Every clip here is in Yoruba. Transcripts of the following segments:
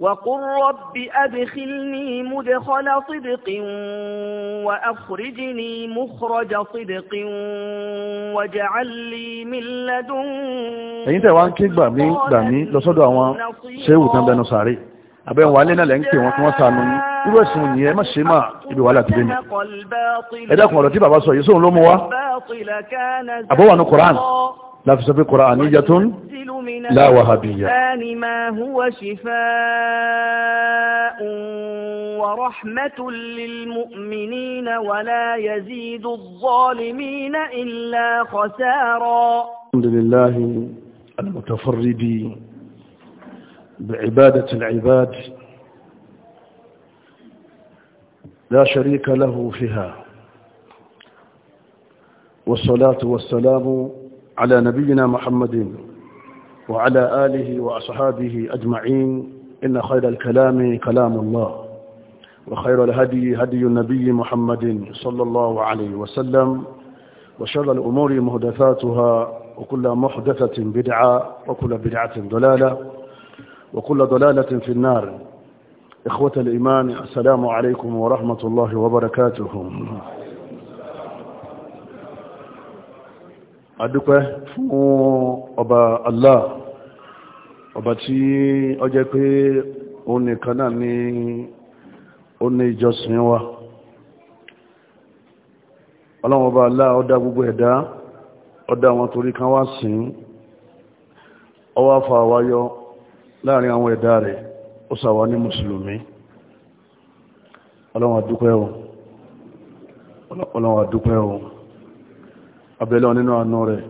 وقل رب أدخلني مدخل صدق وأخرجني مخرج صدق واجعل لي من لدن ẹ̀yin tẹ́ wá ń ké gbà mí gbà mí lọ́sọ́dọ̀ àwọn ṣéwù tán bẹnu sàárè abẹ́ wọn alẹ́ náà lẹ́ ń pè wọn kí wọ́n sànù ní irú ẹ̀sìn òyìn ẹ má ṣe máa ibi wàhálà ti lẹ́nu ẹ dákun ọ̀rọ̀ tí bàbá sọ yìí sóun ló mú wa àbọ̀wà ní Koran لا تسبب قرآنية لا وهبية ما هو شفاء ورحمة للمؤمنين ولا يزيد الظالمين إلا خسارا الحمد لله المتفرد بعبادة العباد لا شريك له فيها والصلاة والسلام على نبينا محمد وعلى آله وأصحابه أجمعين إن خير الكلام كلام الله وخير الهدي هدي النبي محمد صلى الله عليه وسلم وشر الأمور مهدثاتها وكل محدثة بدعة وكل بدعة ضلالة وكل ضلالة في النار إخوة الإيمان السلام عليكم ورحمة الله وبركاته adúpẹ́ fún ọba Allah ọba tí ó jẹ́ pé òun nìkan náà ni ó ní ìjọsìn wa ọlọ́run ọba Allah ó dá gbogbo ẹ̀dá ó dá wọn torí kan wá sìn ó wá fa àwáyọ láàrin àwọn ẹ̀dá rẹ̀ ó sàwá ní mùsùlùmí ọlọ́run adúpẹ́ o ọlọ́run adúpẹ́ o abẹ́lọ́ nínú àánú rẹ̀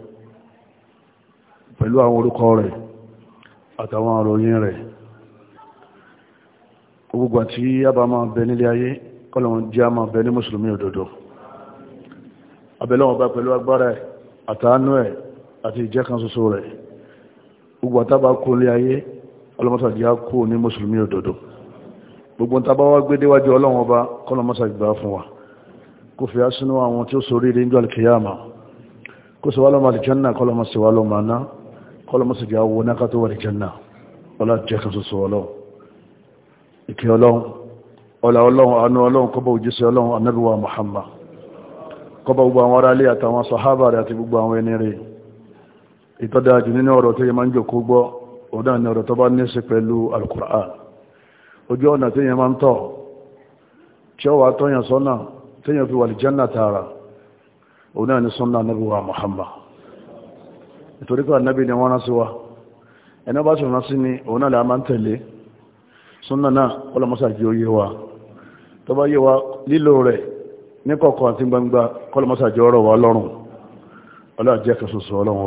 pẹ̀lú àwọn orúkọ rẹ̀ àtàwọn àròyìn rẹ̀ gbogbo àti yába máa bẹ nílé ayé kọlọ̀wọ̀n jẹ́ a máa bẹ ní mùsùlùmí òdodo abẹ́lọ́ wọn bá pẹ̀lú agbára ẹ̀ àtàánú ẹ̀ àti ìjẹ́ kan ṣoṣo rẹ̀ gbogbo àtàbà kú nílé ayé ọlọ́mọ́sà jẹ́ kú ní mùsùlùmí òdodo gbogbo kó sọ wá lọ́mọ àlìjánà kọlọmọ sí wá lọ́mọ aná kọlọmọ sí jẹ́ owó náà tó wà àlìjánà ọlá jẹ́ kan soso ìkẹ́ ọlọ́run ọlọ́run kọ́bọ̀ òjíṣẹ́ ọlọ́run anábíwá Muhammad kọ́bọ̀ gbogbo àwọn ará ilé àtàwọn sọ̀hábà rẹ̀ àti gbogbo àwọn ẹni rẹ̀ ìtọ́dájú nínú ọ̀rọ̀ tó yẹ máa ń jòkó gbọ́ ọ̀dá ni ọ̀rọ̀ tó bá ní sí pẹ̀lú Al-Qur'an ojú ọ̀nà tó yẹ máa ń tọ̀ tí ó wà tọ́yàn sọ́nà tó yẹ fi wà lìjánà tààrà òun náà ni sunna nabi wa muhammad nítorí pé ànábì ni wọ́n rán sí wa ẹni bá sì rán sí ni òun náà lè máa ń tẹ̀lé sunna náà ọlọ́mọsà jẹ́ oyé wa tó bá yé wa lílò rẹ̀ ní kọ̀kọ̀ àti gbangba kọlọ́mọsà jẹ́ ọ̀rọ̀ wa lọ́rùn ọlọ́jẹ́ kẹsọsọ ọlọ́run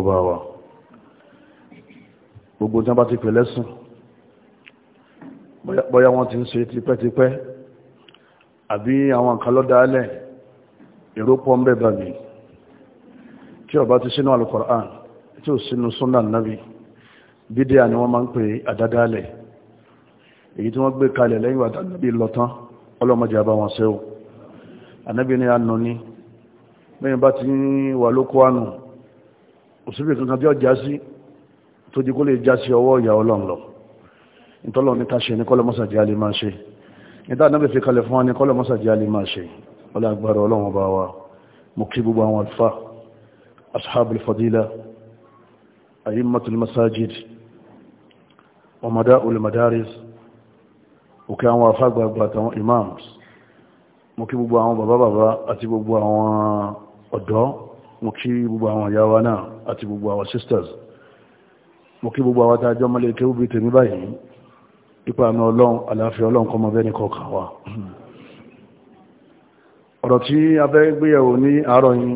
ọba ń ṣe tipẹ́tipẹ́ tí ó bá ti sínú alukoran tí ó sínú sunna nabi bídíà ni wọ́n máa ń pè àdádálẹ̀ èyí tí wọ́n gbé kalẹ̀ lẹ́yìn wà tàbí lọ́tán ọlọ́mọdé àbá wọn sẹ́ò ànábì ní ànà ní mẹ́yìn bá ti ń wà lókó ànù òsìbí kankan tí ó já sí tó jí kó lè já sí ọwọ́ ìyà ọlọ́run lọ ìtọ́lọ̀ ní ká ṣe ní kọ́lọ̀ alẹ́ máa ṣe níta ànábì fi kalẹ̀ fún wa ní kọ́lọ̀ alẹ́ máa ṣe ọlọ́ agbára ọlọ́run bá wa mo kí gbogbo àwọn àlùfáà أصحاب الفضيلة أئمة المساجد ومداء المدارس وكان وافاق بابا إمام mo kí gbogbo àwọn bàbá bàbá àti gbogbo àwọn ọ̀dọ́ mo kí gbogbo àwọn ìyáwa náà àti gbogbo àwọn sisters mo kí gbogbo àwọn tàjọ mọ́lẹ̀ kí gbogbo tèmi báyìí ipa àmì ọlọ́run àlàáfíà ọlọ́run kọmọ bẹ́ẹ̀ ní kọkàn wa ọ̀rọ̀ tí abẹ́ gbéyàwó ní àárọ̀ yìí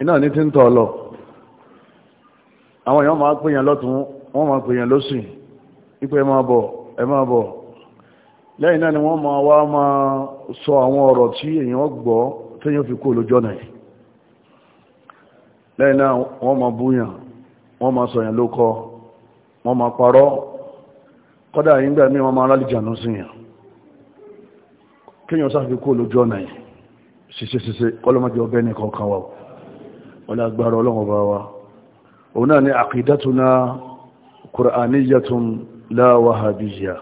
iná ní ti ń tọ̀ lọ àwọn èèyàn máa pèèyàn lọ́tún wọ́n máa pèèyàn ipò ni wọ́n máa wá máa sọ àwọn ọ̀rọ̀ tí èèyàn gbọ́ téèyàn fi kó lójọ́ náà lẹ́yìn náà wọ́n máa búyàn wọ́n máa sọ̀yàn ló wọ́n máa parọ́ kọ́dà wọ́n máa kéèyàn sáfi kó lójọ́ náà kọ́lọ́mọ́jọ́ wọ́n agbára ọlọ́run ọba wa òun náà ni àkídátúná kùránìyàtún láwàhábíyà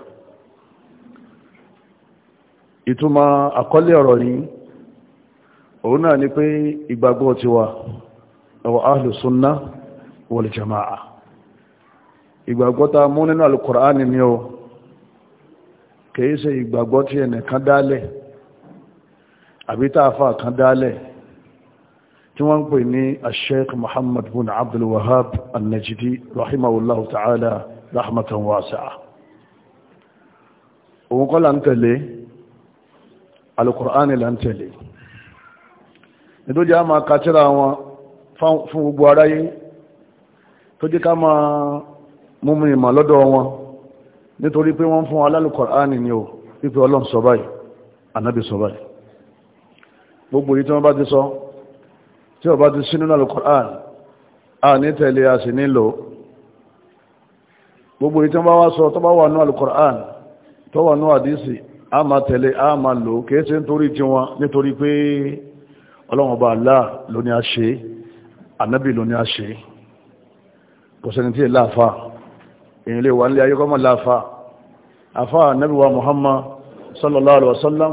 ìtumà àkọlé ọ̀rọ̀ ní òun náà ni pé ìgbàgbọ́ ti wa àwọn ahlùsúnná wal jama'a ìgbàgbọ́ ta mú nínú alukùránì ni o kìí ṣe ìgbàgbọ́ tí ẹnìkan dálẹ̀ àbí tààfà kan dálẹ̀ tí wọ́n ń pè ní asheik muhammad bin abdul wahab annajidi rahimahullahu ta'ala rahmatan wasi'a òun kọ́ la ń tẹ̀lé alukur'ani la ń tẹ̀lé nítorí a máa kàtíra wọn fún gbogbo aráyé tó jẹ́ ká máa múmi ìmọ̀ lọ́dọ̀ wọn nítorí pé wọ́n fún alálùkọ̀rání ni ó pípẹ́ ọlọ́n sọ báyìí ànábì sọ báyìí gbogbo yìí tí wọ́n bá ti sọ tí ọba ti sínú náà Al-Qur'an a ní tẹ̀lé a sì nílò gbogbo ìtàn bá wá sọ tó bá wà ní Al-Qur'an tó wà ní àdísì a máa tẹ̀lé a máa lò kìí ṣe nítorí tiwọn nítorí pé ọlọ́mọba Allah ló ní a ṣe ànábì ló ní a ṣe kò sẹ́ni tí láàfà èyí lè wà nílé ayọ́kọ́mọ̀ láàfà àfà ànábì wa Muhammad sallallahu alaihi wasallam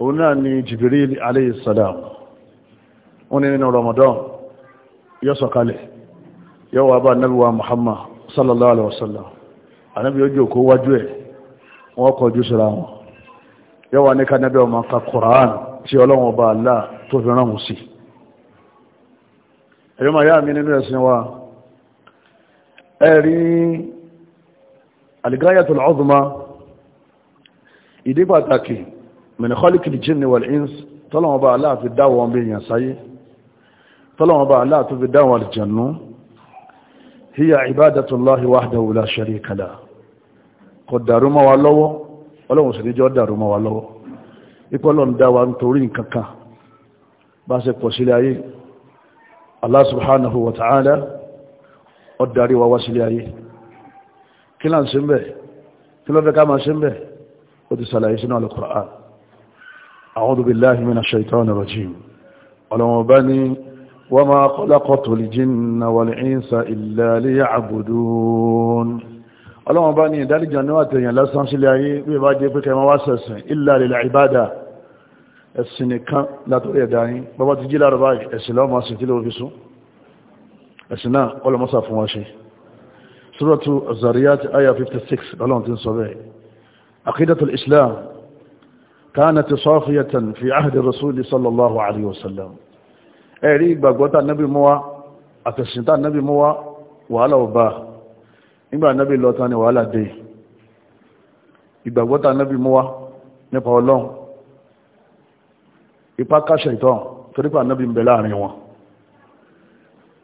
òun náà ni Jibril alayhi salam wọ́n ní nínú Ramadan yóò sọ̀kalẹ̀ yóò wà bá anábíwá Muhammad sallallahu alaihi wasallam anábí yóò jòkó wájú ẹ̀ wọ́n kọjú síra wọn yóò wà ní kanábí ọmọ ka Quran tí ọlọ́wọ́n bá Allah tó fi ránwù sí ẹ̀yọ́ ma yá mi nínú ẹ̀sìn wa ẹ̀rí al-ghayatul uzma ìdí pàtàkì min khalqil jinni wal bá Allah fi dáwọ́ ọmọ tọ́lọ́wọ́n bá aláà tó fi dáwọn àlìjànú hiya ibadatullahi wahdahu la sharika lah kò dàrú mọ́ wa lọ́wọ́ ọlọ́run sì níjọ́ dàrú mọ́ wa lọ́wọ́ ipọ́lọ̀ ń dá wa nítorí nǹkankan bá ṣe pọ̀ sílé ayé Allah subhanahu wa ta'ala ó darí wa wá sílé ayé kí là bá ní وما خلقت الجن والإنس إلا ليعبدون ọlọ́wọ́n bá ní ìdálìjà níwà tèèyàn lásán sílé ayé bí bá jẹ́ pé kẹma wá sẹ̀sìn illa lil ibada ẹ̀sìn nìkan látọ̀rẹ̀ ẹ̀dá yìí bọ́bá ti jí lárọ̀ báyìí ẹ̀sìn lọ́mọ sí tí ló fi sún ẹ̀sìn náà ọlọ́mọ́sà fún wọ́n ṣe suratu Zariyat aya 56 ọlọ́run ti ń sọ bẹ́ẹ̀ aqidatul Islam kanat safiyatan fi ahdi rasuli sallallahu alayhi wa sallam ẹ̀rí ìgbàgbọ́ta nábì mú wá àtẹ̀sìntà nábì mú wá wàhálà ọba nígbà nábì lọ́ta ni wàhálà dé ìgbàgbọ́ta nábì mú wá nípa ọlọ́run ipá káṣẹ ìtàn torípa nábì ń bẹ láàrin wọn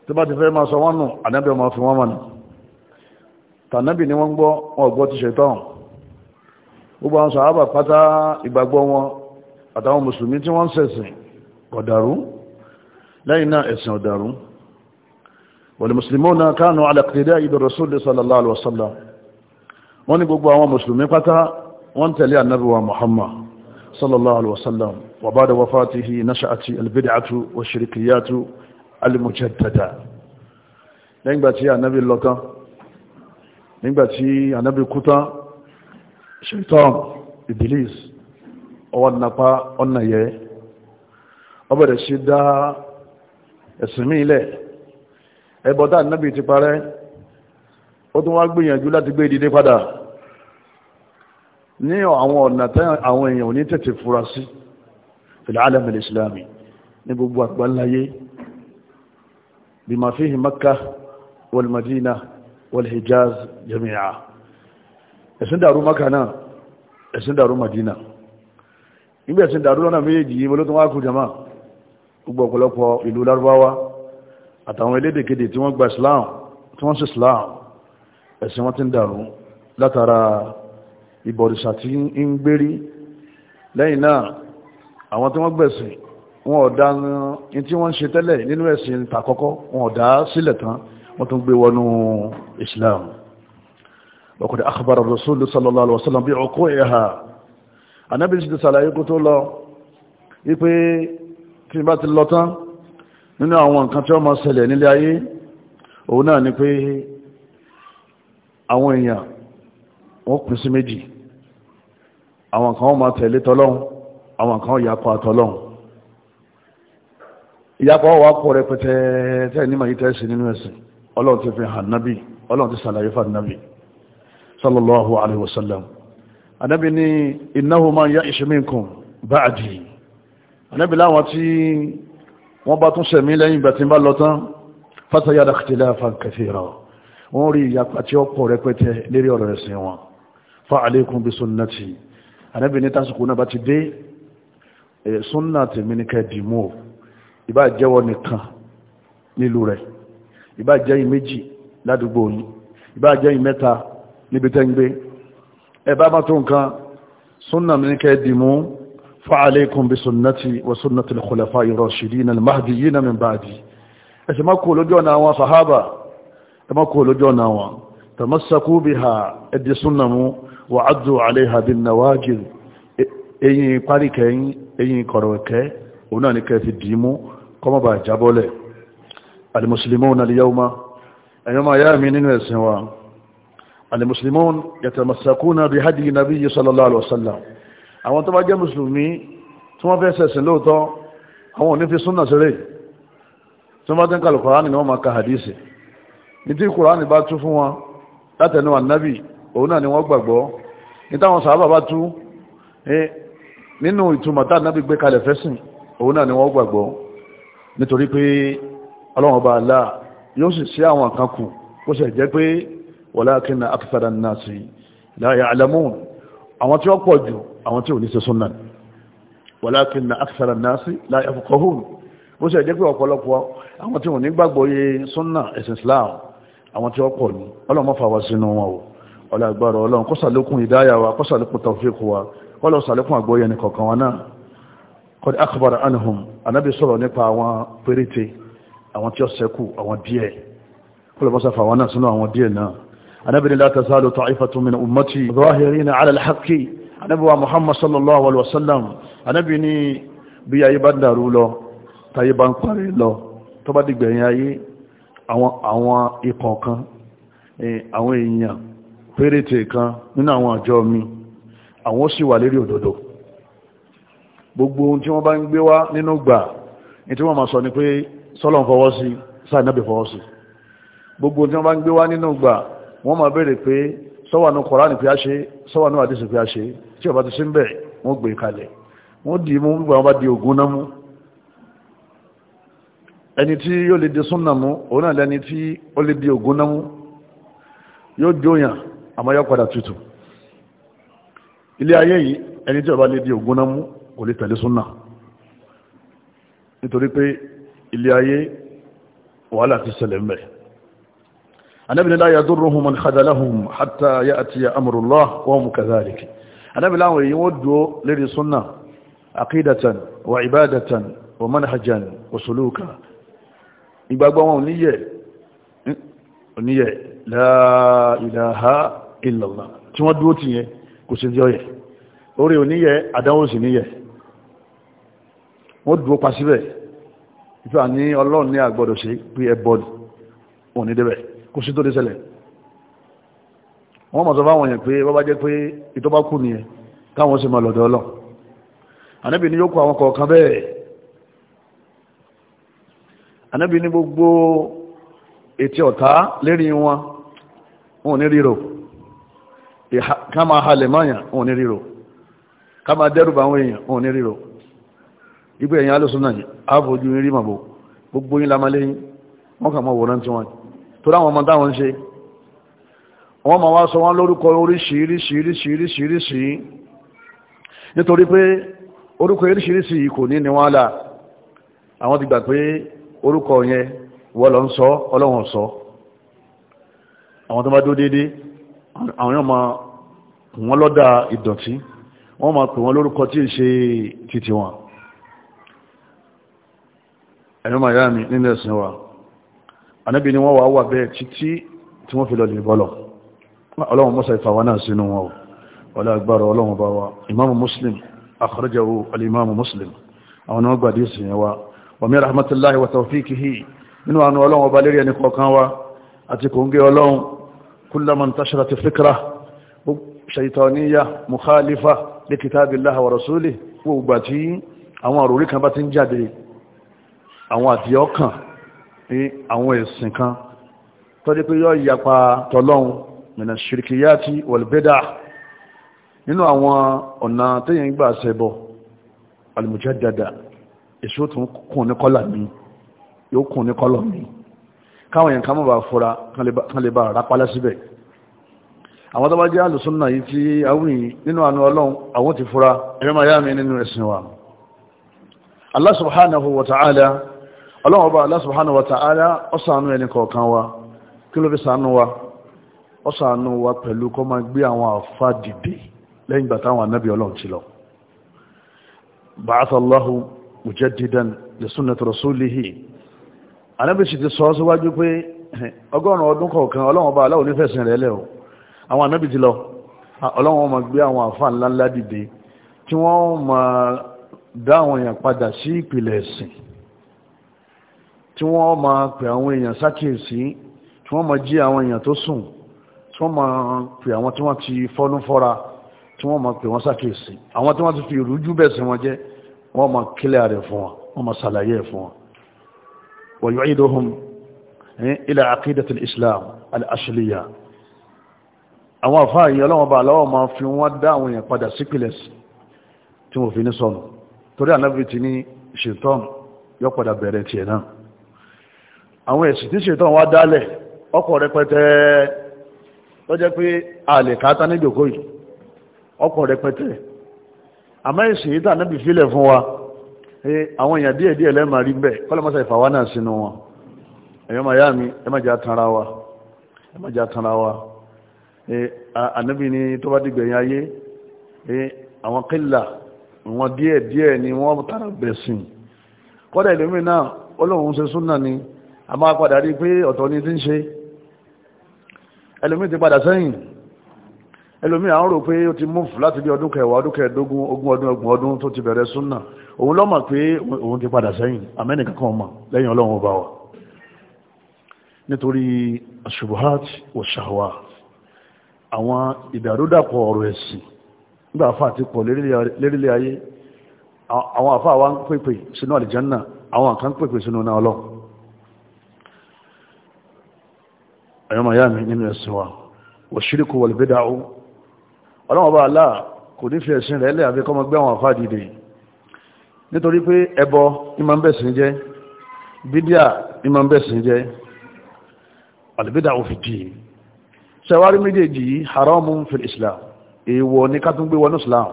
tí bá ti fẹ́ máa sọ wọ́n nù ànábì ọmọ fi wọ́n mọ̀nà tànábì ni wọ́n gbọ́ wọn gbọ́ ti ṣẹ̀tàn gbogbo àwọn sàhábà pátá ìgbàgbọ́ wọn àtàwọn mùsùlùmí tí wọ́n ń ṣẹ̀sìn kọ̀dàrú lẹ́yìn náà ẹ̀sìn ọ̀dàrú wọ̀lẹ̀ mùsùlùmí náà kánú alàkìdá ibi rasulì sallallahu alaihi wasallam wọ́n ní gbogbo àwọn mùsùlùmí pátá wọ́n tẹ̀lé annabi wa muhammad sallallahu alaihi wasallam wa bá da wafatihi nasha'ati albid'atu wa shirkiyatu almujaddada nígbàtí annabi lọ́tán nígbàtí annabi kútán shaitan iblis ọwọ́n napa ọ̀nà yẹ ọbẹ̀rẹ̀ sí dáa ẹ̀sìn mí ilẹ̀ ẹbọ̀tá ànábì ti parẹ́ ó tún wá gbìyànjú láti gbé ìdílé padà ní àwọn ọ̀nà tẹ́ àwọn èèyàn ò ní tètè fura sí fìlàálẹ̀ mẹ́lẹ̀ ìsìlámì ní gbogbo àgbáláyé bima fihi Makkah wal Madina wal Hijaz jami'a ẹ̀sìn dàrú Makkah náà ẹ̀sìn dàrú Madina nígbẹ̀sìn dàrú lọ́nà méjì yìí mo ló tún wá kú jama'a gbogbo ọ̀pọ̀lọpọ̀ ìlú lárúbáwá àtàwọn elédèkéde tí wọ́n gba islam tí wọ́n sì islam ẹ̀sìn wọn ti ń dàrú látara ìbọ̀rìṣà tí ń gbérí lẹ́yìn náà àwọn tí wọ́n gbẹ̀sìn wọn ọ̀dá tí wọ́n ń ṣe tẹ́lẹ̀ nínú ẹ̀sìn tàkọ́kọ́ wọn ọ̀dá sílẹ̀ tán wọ́n tún gbé wọnú islam وقد أخبر الرسول صلى الله عليه وسلم بعقوعها النبي صلى الله عليه وسلم tí bá ti lọ tán nínú àwọn nǹkan tí ó máa ṣẹlẹ̀ nílé ayé òun náà ni pé àwọn èèyàn wọ́n pín sí méjì àwọn kan wọ́n máa tẹ̀lé tọ́lọ́hun àwọn kan yàpọ̀ àtọ́lọ́hun ìyàpọ̀ wà pọ̀ rẹpẹtẹ tẹ́ ní màá tẹ́sí nínú ẹ̀sìn ọlọ́run ti fi hàn nábì ọlọ́run ti sàlàyé fà nábì sallallahu alaihi wasallam anábì ní innahu man ya'ish minkum ba'di ànábì láwọn tí wọ́n bá tún sẹ̀mí lẹ́yìn ìgbà tí ń bá lọ tán fásayára kìtìlá fankẹfẹ́ rọ wọ́n rí ìyapa tí ó pọ̀ rẹpẹtẹ lérí ọ̀rọ̀ ẹ̀sìn wọn fa alaykum bí sunnati ànábì ní tásìkò náà bá ti dé sunna tèmi ní kẹ́ẹ̀dì mú ìbá jẹ́wọ́ nìkan nílùú rẹ̀ ìbá jẹ́ ìméjì ládùúgbò yìí ìbá jẹ́ ìmẹ́ta níbi tẹ́ǹgbé ẹ mi ní kẹ́ẹ̀dì mú فعليكم بسنتي وسنة الخلفاء الراشدين المهديين من بعدي ẹ̀sẹ̀ má kò lójú ọ̀nà àwọn sàhábà ẹ má kò lójú ọ̀nà àwọn tàmásàkú bí ha ẹ̀dì súnnà mú wà ádùn àléhà bí nàwájìl ẹ̀yìn paríkẹyìn ẹ̀yìn kọ̀rọ̀kẹ́ òun náà ní kẹ́ fi dìímú kọ́mọ̀bà jábọ́lẹ̀ alimusulimun aliyahuma ẹ̀yọ́ máa yá mi nínú ẹ̀sìn wa alimusulimun yàtàmásàkú náà bí hádìí nàbí yìí sallallahu alaihi àwọn tó bá jẹ́ mùsùlùmí tí wọ́n fẹ́ ṣẹ̀sìn lóòótọ́ àwọn ò ní fi súnà ṣeré tí wọ́n bá ti ń kàlù kùránì ni wọ́n máa ka hadisi ní tí kùránì bá tú fún wọn látẹnu ànábì òun náà ni wọ́n gbàgbọ́ ní táwọn sàábà bá tú nínú ìtumọ̀ tá ànábì gbé kalẹ̀ fẹ́sìn òun náà ni wọ́n gbàgbọ́ nítorí pé ọlọ́run ọba àlá yóò sì sí àwọn kan kù ó sì jẹ́ pé walakinna akthara an-nasi la ya'lamun àwọn tí wọ́n pọ̀ jù àwọn tí ò ní ṣe súnà wàlákin na aksara nasi la yafqahun bó ṣe jẹ́ pé ọ̀pọ̀lọpọ̀ àwọn tí ò ní gbàgbọ́ yé súnà ẹ̀sìn islam àwọn tí ó pọ̀ ní ọlọ́mọ fà wá sínú wọn o ọlọ́gbàrọ̀ ọlọ́run kó sàlékún ìdáyà wa kó sàlékún tàfíkù wa kọ́lọ̀ sàlékún àgbóyẹ ní kọ̀kan wa náà kọ́dí akọbara anhum anábì sọ̀rọ̀ nípa àwọn péréte anábíwa muhammad sallallahu alaihi wasallam anábí ní bí ayé bá dàrú lọ tayé bá ń parí lọ tó bá dìgbẹ̀yìn ayé àwọn ikọ̀ kan àwọn èèyàn péréte kan nínú àwọn àjọ mi àwọn sì wà lérí òdodo gbogbo ohun tí wọ́n bá ń gbé wá nínú gbà ní tí wọ́n máa sọ ni pé sọ́lọ̀n fọwọ́ sí sáà náà bí fọwọ́ gbogbo ohun tí wọ́n bá ń gbé wá nínú gbà wọ́n máa béèrè pé sọ́wọ́nù kọ̀ránì fi á ṣe sọ́wọ́nù àdísì fi á ṣe tí ọba ti sí ń bẹ̀ wọ́n gbé kalẹ̀ wọ́n dì mú gbogbo àwọn bá di ògún náà mú ẹni tí yóò lè di súnnà mú òun náà lẹni tí ó lè di ògún náà mú yóò jóyàn àmọ́ yóò padà tutù ilé ayé yìí ẹni tí ọba lè di ògún náà mú kò lè tẹ̀lé súnnà nítorí pé ilé ayé wàhálà ti ṣẹlẹ̀ ń anábìnrin láyé adúrúhùn mọ̀ kàdàláhùn hátà yá àti àmúrùlá wọ́n mú kàzárìkì anábìnrin láwọn èyí wọ́n dúó lérí súnnà àkídàtàn wà ìbádàtàn wà manhajan wà sùlúkà ìgbàgbọ́ wọn oníyẹ̀ hm, la ilaha illallah tí wọ́n dúó ti yẹn kò sí díọ́yẹ̀ orí oníyẹ̀ àdánwò sí níyẹ̀ wọ́n dúó pa síbẹ̀ ìfẹ́ àní ọlọ́run ní àgbọ́dọ̀ sí pé ẹbọ́dù wọn ní débẹ̀ kò sí tó lè ṣẹlẹ̀ wọ́n mọ̀ sọ fáwọn èèyàn pé bọ́bá jẹ́ pé ìtọ́bá kù nìyẹn káwọn sì máa lọ́dọ̀ ọlọ́ ànábì ní yókù àwọn kọ̀ọ̀kan bẹ́ẹ̀ ànábì ní gbogbo ètí ọ̀tá lérí wọn wọn ò ní ríro ká máa halẹ̀ mọ́yàn wọn ò ní ríro ká máa dẹ́rù àwọn èèyàn wọn ò ní ríro igbó ẹ̀yìn alóṣùnà yìí àfojú rí màbò gbogbo yín lamalẹ́yìn wọ́n kà máa wòrán tí wọ́n ti torí àwọn ọmọ táwọn ń ṣe wọ́n ma wá sọ wọ́n lórúkọ oríṣìíríṣìíríṣìíríṣìí nítorí pé orúkọ oríṣìíríṣìí kò ní níwọ́n là àwọn ti gbà pé orúkọ yẹn wọ́n lọ ń sọ ọlọ́wọ̀n sọ àwọn tó bá dó déédé àwọn yóò ma wọ́n lọ́dà ìdọ̀tí wọ́n ma pè wọ́n lórúkọ tí ì ṣe títí wọn ẹ̀yọ́ màyá mi nílẹ̀ ẹ̀sìn wa anábi ni wọ́n wà wà bẹ́ẹ̀ títí tí wọ́n fi lọ lè bọ́lọ̀ ọlọ́run mọ́sá ìfàwà náà sínú wọn wọlé agbára ọlọ́run bá wa imamu muslim akhrajahu alimamu muslim àwọn ọgbà díìsì yẹn wa wa min rahmatullahi wa tawfiqihi nínú àánú ọlọ́run ọba lérí ẹni kọ̀ọ̀kan wa àti kòǹgé ọlọ́run kullama intasharat fikra shaytaniya mukhalifa li kitabillahi wa rasulihi gbogbo àti àwọn àròrí kan bá ti ń jáde àwọn àdìyọ́kàn àwọn ẹ̀sìn kan tọ́jú pé yóò yapa tọ́lọ́hun mìíràn ṣìrìkìyàtì wọ̀lùbẹ́dà nínú àwọn ọ̀nà tẹ́yìn gbà ṣẹbọ alìmùjẹ́dàdà èso tún kùn ní kọ́là mi yóò kùn ní kọ́lọ̀ mi káwọn èèyàn ká mọ̀ bá fura kán lè bá rápálá síbẹ̀ àwọn tó bá jẹ́ àlùsùnnà yìí tí awìn nínú àánú ọlọ́run àwọn ti fura ẹ̀rọ máa yá mi nínú ẹ̀sìn wa Allah subhanahu wa ta'ala ọlọ́run ọba Allah subhanahu wata ta'ala ó ṣàánú ẹni kọ̀ọ̀kan wa kí ló fi wa ó wa pẹ̀lú kọ́ máa gbé àwọn àfá dìde lẹ́yìn anábì ọlọ́run ti lọ ba'atha Allahu mujaddidan li sunnati anábì sì ti sọ síwájú pé ọgọ́rùn ọdún kọ̀ọ̀kan onífẹ̀sìn rẹ̀ lẹ́wọ̀ àwọn anábì ti lọ gbé àwọn ńláńlá tí wọ́n máa pè àwọn èèyàn sákèèsí tí wọ́n máa jí àwọn èèyàn tó sùn tí wọ́n máa pè àwọn tí wọ́n ti fọ́nú fọ́ra tí wọ́n máa pè wọ́n sákèèsí àwọn tí wọ́n ti fi ìrújú bẹ̀sẹ̀ wọn jẹ́ wọ́n máa kílẹ̀ rẹ̀ fún wọn wọ́n máa ṣàlàyé fún wọn wọ́n dá àwọn èèyàn padà sípìlẹ̀ sí padà bẹ̀rẹ̀ tiẹ̀ náà àwọn ẹ̀sìn tí ṣètọ́ wá dálẹ̀ ọkọ̀ rẹpẹtẹ tó jẹ́ pé àlè káta ní ìjòkó yìí ọkọ̀ rẹpẹtẹ àmọ́ ẹ̀sìn yìí tà níbi fílẹ̀ fún wa àwọn èèyàn díẹ̀ díẹ̀ lẹ́ẹ̀mà rí bẹ́ẹ̀ náà sínú wọn ẹ̀yọ́ màá a máa padà rí pé ọ̀tọ̀ ni tí ń ṣe ẹlòmí ti padà sẹ́yìn ẹlòmí àwọn rò pé ó ti múfù láti bí ọdún kẹwàá ọdún kẹẹ̀dógún ogún ọdún ọgbọ̀n ọdún tó ti bẹ̀rẹ̀ súnà òun lọ́mọ̀ pé òun ti padà sẹ́yìn amẹ́nìkan kan mọ̀ lẹ́yìn ọlọ́run ọba wa nítorí asubuhat wa ṣahwa àwọn ìdàrúdàpọ̀ ọ̀rọ̀ ń pèpè sínú àlìjánná àwọn kan pèpè sínú náà ọlọ́run ẹ̀yọ́ màá yá mi nínú ẹ̀sìn wa òṣìríkù wọ̀lùbídà ó ọlọ́wọ́n bá aláà kò ní fi ẹ̀sìn rẹ̀ lẹ́ àfi kọ́mọ gbé àwọn àfáà dìde nítorí pé ẹbọ ní máa ń bẹ̀sìn jẹ́ bídíà ní máa ń bẹ̀sìn jẹ́ wọ̀lùbídà ó fi dì í méjèèjì haramu fi islam èèwọ̀ ní ká tún gbé wọnú islam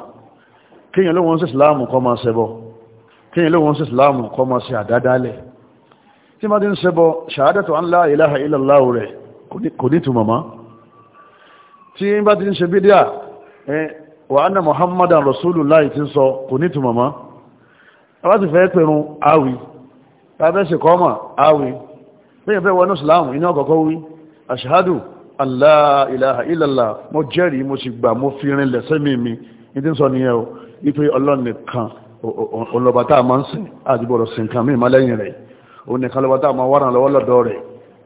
kíyàn ló wọ́n sí islam kọ́ máa ṣẹbọ kíyàn ló wọ́n sí islam kọ́ máa ṣe àdádálẹ̀ tí máa ti ń ṣẹbọ ṣàádẹ́tọ̀ an la ilaha rẹ̀ kò ní tu màmá tí ń bá ti ń ṣe bídíà wà ánà muhammadan rasulullah ti ń sọ kò ní tu màmá wọ́n ti fẹ́ pẹ̀rún awi tàbí ṣe kọ́mà awi lẹ́yìn fẹ́ wọnú islam iná ọkọ̀kọ́ wí ashhadu an la ilaha illallah mo jẹ́rìí mo sì gbà mo fi rin lẹ̀sẹ́ mi mi ní tí ń sọ nìyẹn o ipe ọlọ́nìkan olọ́bàtà máa ń sìn àdìbọ̀rọ̀ sìn kan mí ìmọ̀lẹ́yìn rẹ̀ òun nìkan lọ́bàtà máa wárán lọ́wọ́ lọ́dọ̀ rẹ̀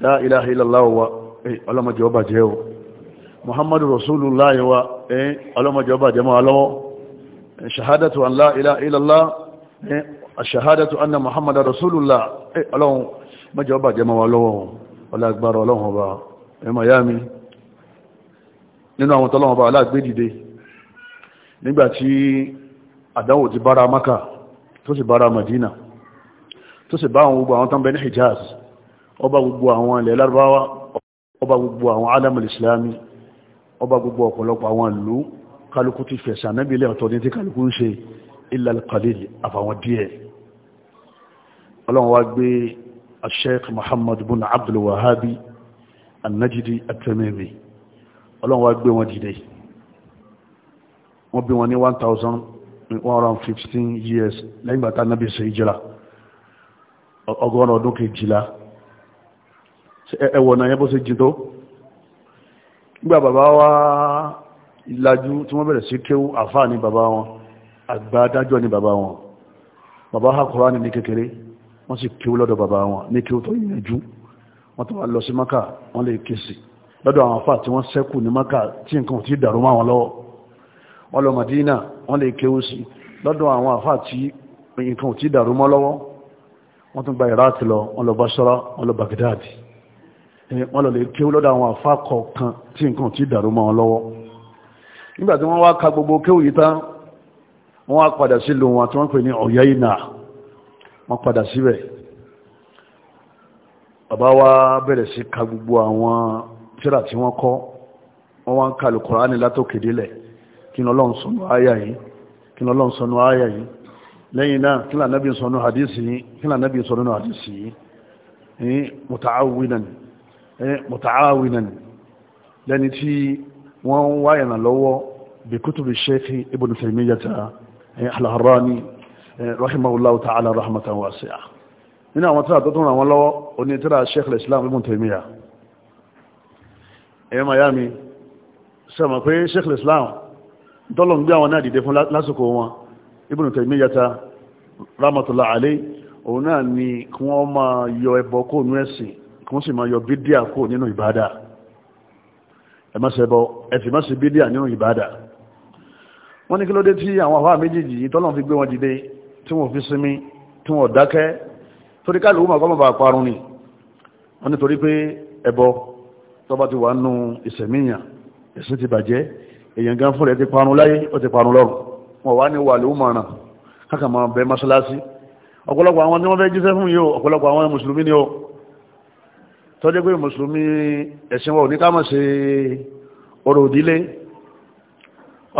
la ilaha illallah wa eh, ọlọ́mọdé ọba jẹ́ o muhammadu rasulullah wa eh, ọlọ́mọdé ọba jẹ́ mọ́ alọ́wọ́ ṣahadatu eh, an la ilaha illallah ṣahadatu anna muhammadu rasulullah ọlọ́run mọ́jẹ́ ọba jẹ́ mọ́ alọ́wọ́ ọlágbára ọlọ́run ọba ẹ miami nínú àwọn tọ́lọ́run ọba aláàgbédìde nígbàtí àdáwò ti bára maka tó sì bára madina tó sì bá àwọn gbogbo àwọn tán bẹ ní hijaz ọba gbogbo àwọn ilẹ̀ lárúbáwá ọba gbogbo àwọn alamul islami ọba gbogbo ọ̀pọ̀lọpọ̀ àwọn ìlú kálukú ti fẹ̀sà nábìlẹ̀ ọ̀tọ̀ ní tí kálukú ń ṣe illa al-qalil àfàwọn díẹ̀ ọlọ́run wá gbé al-sheikh muhammad bin abdul wahabi an-najdi gbé wọn dìde wọ́n bí wọn ní 1115 years lẹ́yìn bàtà nábì ṣe ìjìlá ọgọ́rùn ọdún kejìlá ẹwọ̀nà yẹn bó ṣe jìn tó nígbà bàbá wa ìlàjú tí wọ́n bẹ̀rẹ̀ sí kéwú àfáà ní bàbá wọn àgbà adájọ́ ní bàbá wọn bàbá hakùrá ní ní kékeré wọ́n sì kéwú lọ́dọ̀ bàbá wọn ní kéwú tó yìnyẹ̀jú wọ́n tó wà lọ sí maka wọ́n lè ké sí lọ́dọ̀ àwọn àfáà tí wọ́n sẹ́kù ní maka tí nǹkan ti dàrú máa wọn lọ́wọ́ wọ́n lọ Madina wọ́n lè kéwú sí lọ́dọ̀ àwọn àfáà tí nǹkan ti dàrú mọ́ lọ́wọ́ wọ́n tún gba Iraq lọ wọ́n lọ Basra wọ́n lọ Baghdad Eh, wọ́n lọ lè kí ó lọ́dọ̀ àwọn àfá kọ̀ọ̀kan tí nǹkan ti dàrú mọ́ wọn lọ́wọ́ nígbà tí wọ́n wá ka gbogbo kéwù yìí tán wọ́n wá padà sí lu wọn tí wọ́n pè ní ọ̀yá ìnà wọ́n padà síbẹ̀ bàbá wa bẹ̀rẹ̀ sí ka gbogbo àwọn tíra tí wọ́n kọ́ wọ́n wá ń ka Al-Kùránì látòkèdélẹ̀ kí ni Ọlọ́run sọnù áyà yìí lẹ́yìn náà kí ni Ànábì sọnù hadisi yìí kí ni Ànábì sọnù hadisi yìí eh, muta'awwidan mutaawinan lẹ́ni tí wọ́n ń wá ìrànlọ́wọ́ bí kutubi sheikh ibn taymiyyata al-harrani rahimahullahu ta'ala rahmatan wasi'a nínú àwọn tíra tó tún ràn wọ́n lọ́wọ́ oní tíra sheikh al-islam ibn taymiyyah ẹ̀yẹ́ miami sẹ́mọ̀ pé sheikh al-islam tọ́lọ̀ ń gbé àwọn náà dìde fún lásìkò wọn ibn taymiyyata rahmatullahi alayhi òun náà ni kí wọ́n máa yọ ẹbọ kóònú ẹ̀sìn kí wọ́n sì máa yọ bídíà kó nínú ìbádà ẹ má ṣẹbọ ẹ sì má ṣe bídíà nínú ìbádà wọ́n ní kí ló dé tí àwọn àwa méjèèjì yìí tọ́lọ́n fi gbé wọn dìde tí wọ́n fi sinmi tí wọ́n dákẹ́ torí ká lóòmọ̀ kọ́mọ̀ bá parun ni wọ́n ní torí pé ẹbọ tọ́ba ti wà nù ìsẹ̀míyàn ẹ̀sìn ti bàjẹ́ èèyàn gan fún rẹ̀ ti parun láyé ó ti parun lọ́run wọn wá ní wà lóòmọ̀ ràn káàkà mọ́ṣáláṣí ọ̀pọ̀lọpọ̀ àwọn tí wọ́n fẹ́ jíṣẹ́ fún yìí ọ̀pọ̀lọpọ̀ àwọn mùsùlùmí ni ó tọ́jẹ́ pé mùsùlùmí ẹ̀sìn wọn ò ní ká má ṣe orò òdílé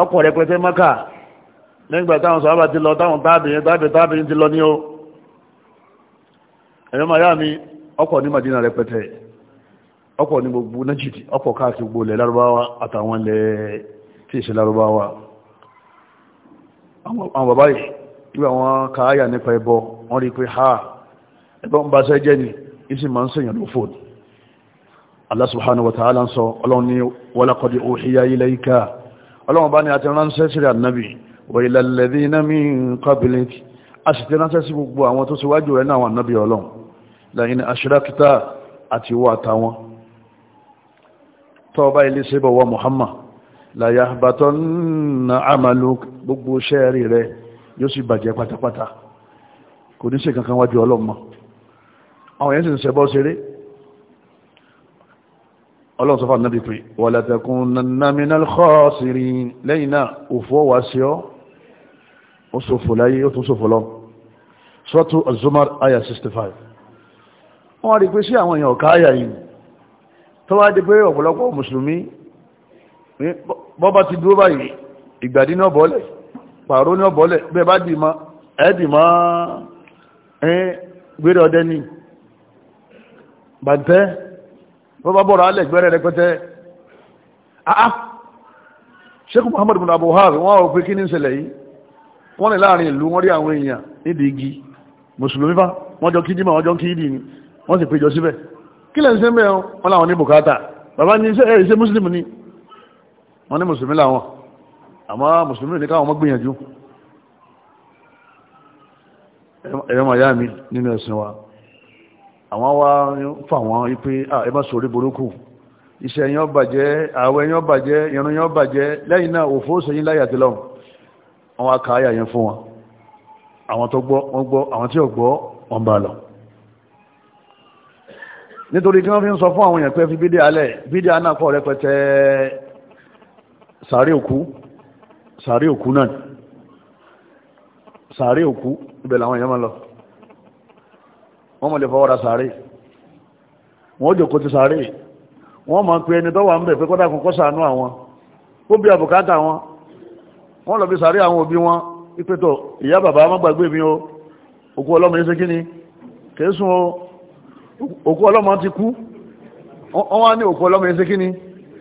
ọkọ̀ rẹpẹtẹ mọ́kà nígbà táwọn sọ́ábà ti lọ táwọn tábìyàn tábìyàn ti lọ ní o ẹ̀yọ́ ma yá mi ọkọ̀ ní Madina rẹpẹtẹ ọkọ̀ ní gbogbo Nàìjíríà ọkọ̀ káàkiri gbogbo ìsìn ń Allah subhanahu wa ta'ala sọ ọlọ́run ní walaqad uhiya ilayka ọlọ́run bá ní àti ránṣẹ́ sí ànábì wa ila alladhina min qablik a sì ti ránṣẹ́ sí gbogbo àwọn tó síwájú rẹ̀ náà ànábì ọlọ́run la'in ashrakta àti wà táwọn tọ́ọ̀bá àwọn yẹn sì ń ṣẹbọ́ ṣeré ọlọ́run sọfà náà ti pè wala takunanna minal khasirin lẹ́yìn náà òfò wá sí ọ́ ó sòfò láyé ó tún sòfò lọ sọ́tù azumar aya 65 wọ́n rí pé sí àwọn èèyàn ọ̀ká aya yìí tó wá di pé ọ̀pọ̀lọpọ̀ mùsùlùmí bọ́bá ti dúró báyìí ìgbàdí náà bọ́lẹ̀ pààrọ̀ náà bọ́lẹ̀ bẹ́ẹ̀ bá dì máa ẹ̀ẹ́dì máa ń gbére ọdẹ ní bàtẹ́ wọ́n bá bọ̀rọ̀ alẹ́ gbẹ́rẹ́ rẹpẹtẹ ah sheikh muhammad bin abuhari wọ́n wọ́n pé kí ní ṣẹlẹ̀ yìí wọ́n ní láàrin ìlú wọ́n rí àwọn èèyàn nídìí igi mùsùlùmí fa wọ́n jọ kíjímọ̀ wọ́n jọ kíjì ni wọ́n sì péjọ síbẹ̀ kí lẹ́yìn sẹ́mbẹ̀ wọn láwọn ní bùkátà bàbá ní iṣẹ́ iṣẹ́ mùsùlùmí ni wọ́n ní mùsùlùmí làwọn àmọ́ mùsùlùmí ní káwọn gbìyànjú ẹ̀rọ màyá mi nínú ẹ̀sìn wa àwọn wá fà wọ́n pé ẹ má sórí burúkú iṣẹ́ yẹn bàjẹ́ àwẹ̀ yẹn bàjẹ́ irun yẹn bàjẹ́ lẹ́yìn náà òfó sẹ́yìn láyà tí lọ́wọ́ àwọn akáyà yẹn fún wọn àwọn tó gbọ́ wọ́n gbọ́ àwọn tí ò gbọ́ wọ́n bá lọ nítorí kí wọ́n fi ń sọ fún àwọn èèyàn pé fi bídí alẹ́ bídí anápọ̀ rẹpẹtẹ sàárè òkú sàárè òkú náà sàárè òkú ibẹ̀ làwọn èèyàn máa lọ wọ́n mọ̀ lè fọwọ́ra sàárè wọ́n jòkó ti sàárè wọ́n mọ̀ pé ẹni tọ́wà ń bẹ̀ pé kọ́dà kan kọ́ sàánú àwọn ó bí àbùkátà wọn wọ́n lọ bí sàárè àwọn òbí wọn ìpẹ́tọ̀ ìyá bàbá má gbàgbé mi o òkú ọlọ́mọ yẹn ṣe kí ni kèésùn o òkú ọlọ́mọ ti kú wọ́n wá ní òkú ọlọ́mọ yẹn kí ni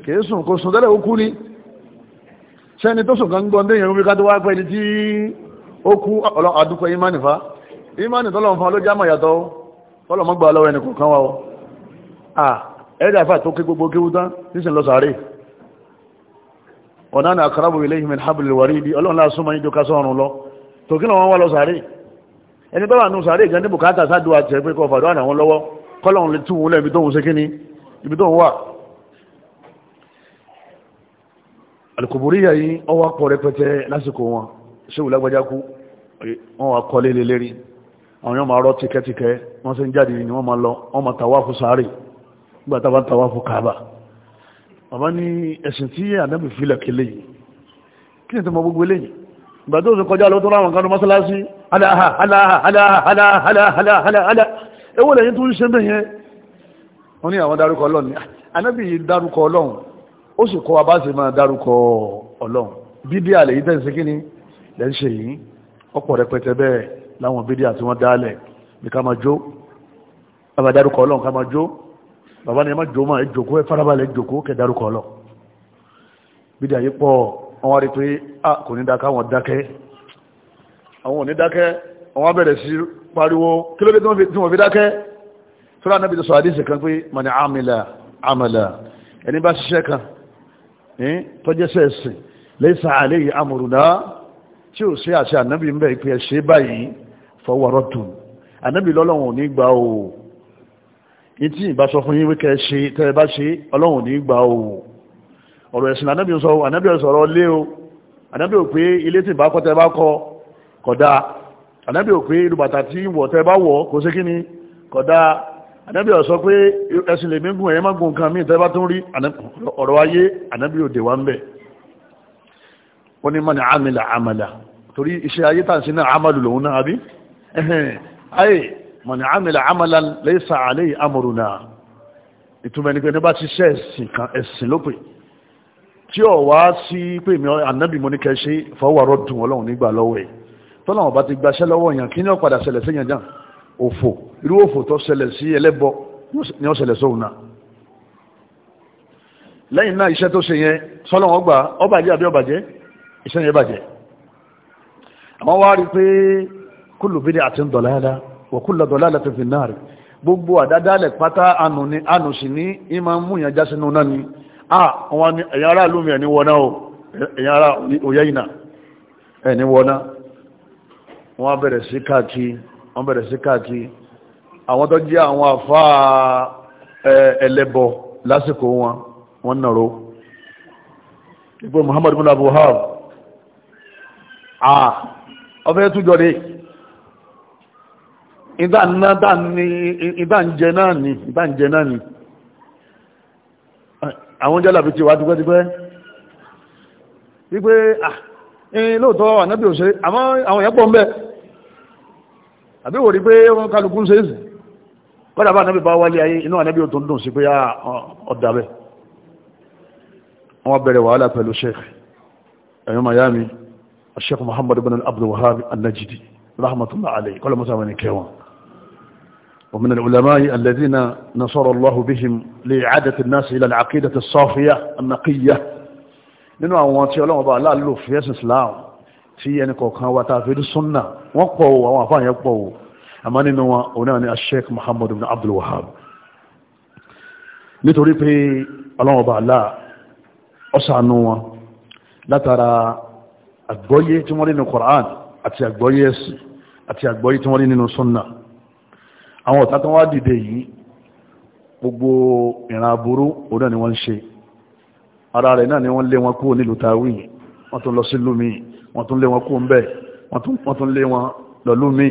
kèésùn kò sùn tẹ́lẹ̀ ó kú ni sẹ́ni tó sùn kan dé yẹn wípé ká tó wá pẹ́ tí ó kú ọlọ́ àdúpẹ́ ìmánìfà ìmánìtọ́lọ́ kọ́lọ̀ mọ́gbà ọlọ́rọ̀ ẹni kọ̀ọ̀kan wa ọ́ ah ẹ̀rẹ́dà fà tó ké gbogbo kéwú tán sísìn lọ sàárè ọ̀nà àná àkàràbò ilé ìhìmẹ̀ hábìlì wàrí ibi ọlọ́run láàsún mọ́ ìjọ kásán ọ̀run lọ tòkí náà wọ́n wá lọ sàárè ẹni bá wà nù sàárè gan ní bùkátà sádùn àti ẹgbẹ́ kọ wọn ṣe kíni ibi wà alukuburiya yìí lé lérí àwọn yóò máa rọ tíkẹ́tíkẹ́ wọ́n sì ń jáde ni wọ́n máa lọ wọ́n máa tàwáfù sáré nígbà táwọn tàwáfù kààbà bàbá ní ẹ̀sìn tí ànábì filẹ̀ kele yìí kí ni tó mọ gbogbo eléyìí ìgbà tó ń kọjá lọ tó láwọn kan ní mọ́sálásí aláha aláha aláha aláha aláha aláha ewu lẹ́yìn tó ń ni ànábì yìí dárúkọ ọlọ́run ó ọ̀pọ̀ rẹpẹtẹ bẹ́ẹ̀ láwọn bídíà tí wọ́n dálẹ̀ bí ká máa jó bàbá dárúkọ ọlọ́run ká máa jó bàbá ni ẹ má jó máa jòkó ẹ farabalẹ̀ jòkó kẹ dárúkọ ọlọ́ bídíà yìí pọ̀ wọ́n wá pé a ah, kò ní dáká wọn dákẹ́ àwọn ò ní dákẹ́ àwọn bẹ̀rẹ̀ sí pariwo kí ló dé tí wọ́n fi dákẹ́ sọ́rọ̀ anábì tó sọ àdíṣẹ́ kan pé mani amìlà amìlà ẹni bá ṣiṣẹ́ kan eh, tọ́jẹ́sẹ̀ ẹ̀sìn lẹ́sà àléyìí amòrùnà tí ò sí àṣẹ ànábì ń bẹ̀ ìpẹ́ ṣe báyìí fọwọ́rọ́ dùn ànábì lọ́lọ́run ò ní gbà o ìtì ìbá sọ fún yín wíkẹ́ ṣe tẹ́ ẹ bá ṣe ọlọ́run ò ní gbà o ọ̀rọ̀ ẹ̀sìn ànábì sọ ànábì sọ̀rọ̀ lé o ànábì ò pé ilé tí ìbá kọ́ tẹ́ bá kọ́ kódà ànábì ò pé irú bàtà tí wọ̀ tẹ́ wọ̀ kò sí kíni kódà ànábì ò sọ pé ẹ̀sìn lèmi gùn ẹ̀yẹ́ má gùn nǹkan míì tún rí ọ̀rọ̀ ayé ànábì ò dè ń bẹ̀ wọ́n ní mọ́ni àmìlà àmàlà torí iṣẹ́ ayé tàǹsí náà àmàlù lòun náà àbí ayé mọ̀nà àmìlà àmàlà lẹ́sà àlẹ́ àmọ̀rùnà ìtumẹ̀ ní pé ní bá ti ṣe ẹ̀sìn kan ẹ̀sìn lópè tí ó wá sí pé mi ànábì mo ní kẹ́ ṣe fọwọ́rọ́ dùn ọlọ́run nígbà lọ́wọ́ ẹ̀ tọ́lọ́wọ́n bá ti gbaṣẹ́ lọ́wọ́ yàn kí ni ó padà ṣẹlẹ̀ sí yàn dàn òfò irú òfò tó ṣẹlẹ̀ sí ẹlẹ́bọ ni ó ṣẹlẹ̀ sóhun náà lẹ́yìn náà iṣẹ́ tó ṣe yẹn sọ́lọ́wọ́n gbà ó àbí ó iṣẹ́ yẹn bàjẹ́ àwọn wá rí pé kullu bid'atin dalalah wa kullu dalalatin fin nar gbogbo àdádálẹ̀ pátá anù ni anù sì ní ìmá mú ìyànjá sínú náà ni a wọn ni ẹ̀yàn ará lómi ẹ̀ní wọná o ẹ̀yàn ará òyẹ́ ìnà ẹ̀ní wọná wọ́n bẹ̀rẹ̀ sí káàkiri wọ́n bẹ̀rẹ̀ sí káàkiri àwọn tó jẹ́ àwọn àfá ẹlẹ́bọ lásìkò wọn wọ́n nàró ipò Muhammad bin Abu Hab a ọfẹ́ túnjọ́ dé ìdánjẹ náà ni ìdánjẹ náà ni àwọn jálàbí ti wà dúpẹ́dúpẹ́ wípé ah, lóòtọ́ ànábì òṣè àmọ́ àwọn èèyàn pọ̀ ń bẹ àbí wò rí pé wọ́n kálukú ń ṣe èsì kọ́dà bá ànábì bá wálé ayé inú ànábì òtún dùn sí pé ah, ọ̀dàbẹ̀ wọ́n bẹ̀rẹ̀ wàhálà sheikh ẹ̀yọ́ miami sheikh muhammad ibn abdul wahab an-najdi rahmatullah alayhi kọ́lọ̀ mọ́sàmẹ́ni kẹwọn ومن العلماء الذين نصر الله بهم لإعادة الناس إلى العقيدة الصافية النقية nínú àwọn tí ọlọ́wọ́ bá aláàlò fi ẹ̀sìn Islam tí ẹni kọ̀ọ̀kan wa tàbí rí súnnà wọ́n pọ̀ o àwọn àfáà yẹn pọ̀ o àmá nínú wọn òun ni Sheikh Muhammad ibn Abdul Wahhab nítorí pé ọlọ́wọ́ bá aláà ọ̀sánú wọn látara àgbọ́yé tí wọ́n rí nínú Qur'an àti àgbọ́yé ẹ̀sìn àti àgbọ́yé tí wọ́n rí nínú súnnà àwọn ọ̀tá tó wá dìde yìí gbogbo ìran aburú òun ni wọ́n ń ṣe ara rẹ̀ náà ni wọ́n lé wọn kúrò nílùú tawí wọ́n tún lọ sí lúmi wọ́n tún lé wọn kúrò ń bẹ̀ wọ́n tún lé wọn lọ lúmi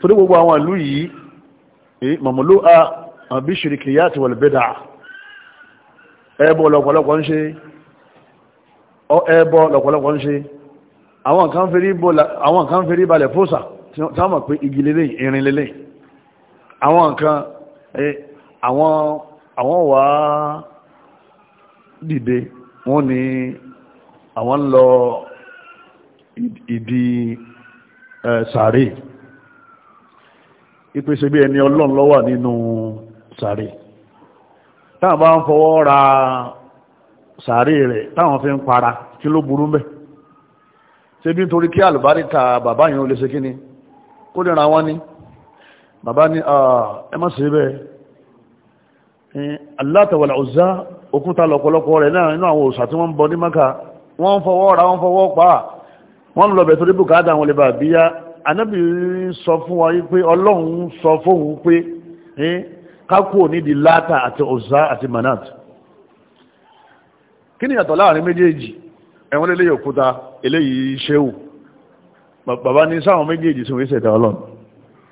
torí gbogbo àwọn ìlú yìí mọ̀mọ̀lú a àbí ṣìríkìyà àti wọ̀lẹ̀bẹ̀dà ẹbọ lọ̀pọ̀lọpọ̀ ń ṣe ẹbọ lọ̀pọ̀lọpọ̀ ń ṣe àwọn kan fẹ́rí balẹ̀ fóòsà tí wọ́n mọ̀ pé igi lélẹ̀ irin lélẹ̀ àwọn nǹkan àwọn àwọn wà dìde wọ́n ní àwọn ń lọ ìdí sàárè ìpèsè bí ẹni ọlọ́run ló wà nínú sàárè táwọn bá ń fọwọ́ ra sàárè rẹ̀ táwọn fi ń para kí ló burú mẹ́ ṣe bí nítorí kí àlùbáríkà bàbá yìí ó lè ṣe kí ni kó lè wọ́n ní bàbá ní ah, ẹ má ṣe bẹ́ẹ̀ alátàwàlà ọ̀zá òkúta lọ̀pọ̀lọpọ̀ rẹ̀ náà inú àwọn òòṣà tí wọ́n ń bọ ní maka wọ́n ń fọwọ́ ra wọ́n fọwọ́ pa wọ́n lọ bẹ̀ torí bùkátà wọn lè bà bíyá anábì sọ fún wa pé ọlọ́run sọ fóun pé kákú òní di látà àti ọ̀zá àti manat kí ni yàtọ̀ láàrin méjèèjì ẹ̀wọ̀n lélẹ́yìn òkúta eléyìí ṣéwù bàbá ní sáwọn méjèèjì sí òun ìṣẹ̀dá ọlọ́run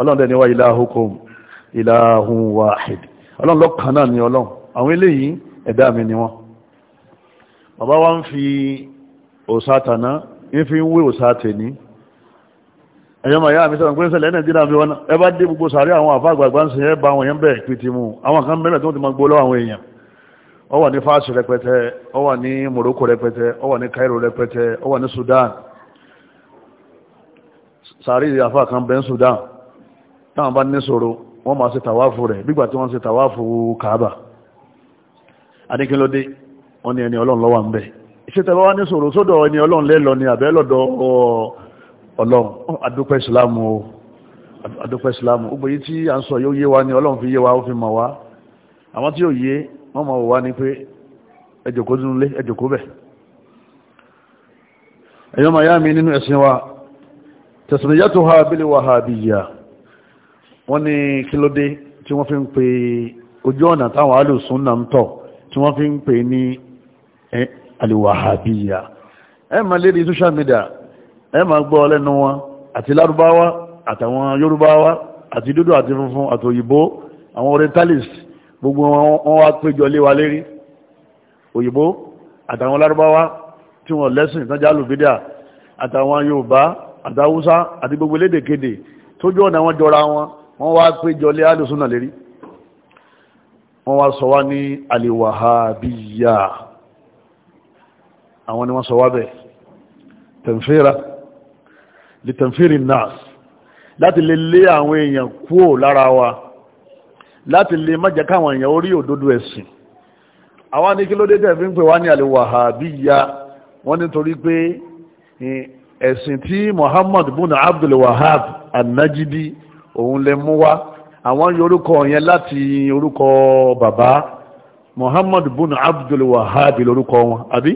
ọlọ́run dẹ̀ ni wá ilahukum ilahun wahid ọlọ́run lọ́kàn náà ni ọlọ́run àwọn eléyìí ẹ̀dá mi ni wọ́n bàbá wa ń fi òsátàná ń fi ń wé òsátẹ̀ní ẹ̀yọ́ màá yá àmì sọ́rọ̀ pínṣẹ́ lẹ́nà ìdílà bí wọ́n ẹ bá dé gbogbo sàárẹ́ àwọn àfá àgbàgbà ń sin ẹ bá àwọn èèyàn bẹ̀rẹ̀ pìtì mú kan bẹ̀rẹ̀ ń Sudan táwọn bá ní sọ̀rọ̀ wọ́n máa ṣe tàwáfù rẹ̀ bígbà tí wọ́n ṣe tàwáfù kàábà adékínlódé wọ́n ní ẹni ọlọ́run lọ́wọ́ ń bẹ̀ ṣe wá ní sọ̀rọ̀ sódọ̀ ẹni ọlọ́run lẹ́lọ ni àbẹ́ lọ́dọ̀ ọlọ́run adúpẹ́ ìsìlámù o a fi wa fi wọ́n ní kílódé tí wọ́n fi ń pe ojú ọ̀nà táwọn alùsùn náà ń tọ̀ tí wọ́n fi ń pe ní aliwahabiya ẹ ma lérí social media ẹ ma gbọ́ lẹ́nu wọn àti lárúbáwá àtàwọn yorùbáwá àti dúdú àti funfun àti òyìnbó àwọn orientalist gbogbo wọn wá péjọ lé wa lérí òyìnbó àtàwọn lárúbáwá tí wọ́n lẹ́sìn tán jálù àtàwọn yorùbá àtàwúsá àti gbogbo lédèkéde tójú ọ̀nà wọn jọra wọn wọ́n wá péjọ lé alùsùnà lérí wọ́n wá sọ wá ní alìwàhábíyà àwọn ni wọ́n sọ wá bẹ̀ tẹ̀mfẹ́ra lè tẹ̀mfẹ́rì nas láti lè lé àwọn èèyàn kúò lára wa láti lè má jẹ́ káwọn èèyàn orí òdodo ẹ̀sìn àwọn ní kí ló dé tẹ̀ ń pè wá ní alìwàhábíyà wọ́n nítorí pé ẹ̀sìn tí Muhammad bùnà Abdul Wahab an-Najdi òun lè mú wá àwọn yorùkọ yẹn láti orúkọ bàbá Muhammad bun Abdul Wahhab lórúkọ wọn àbí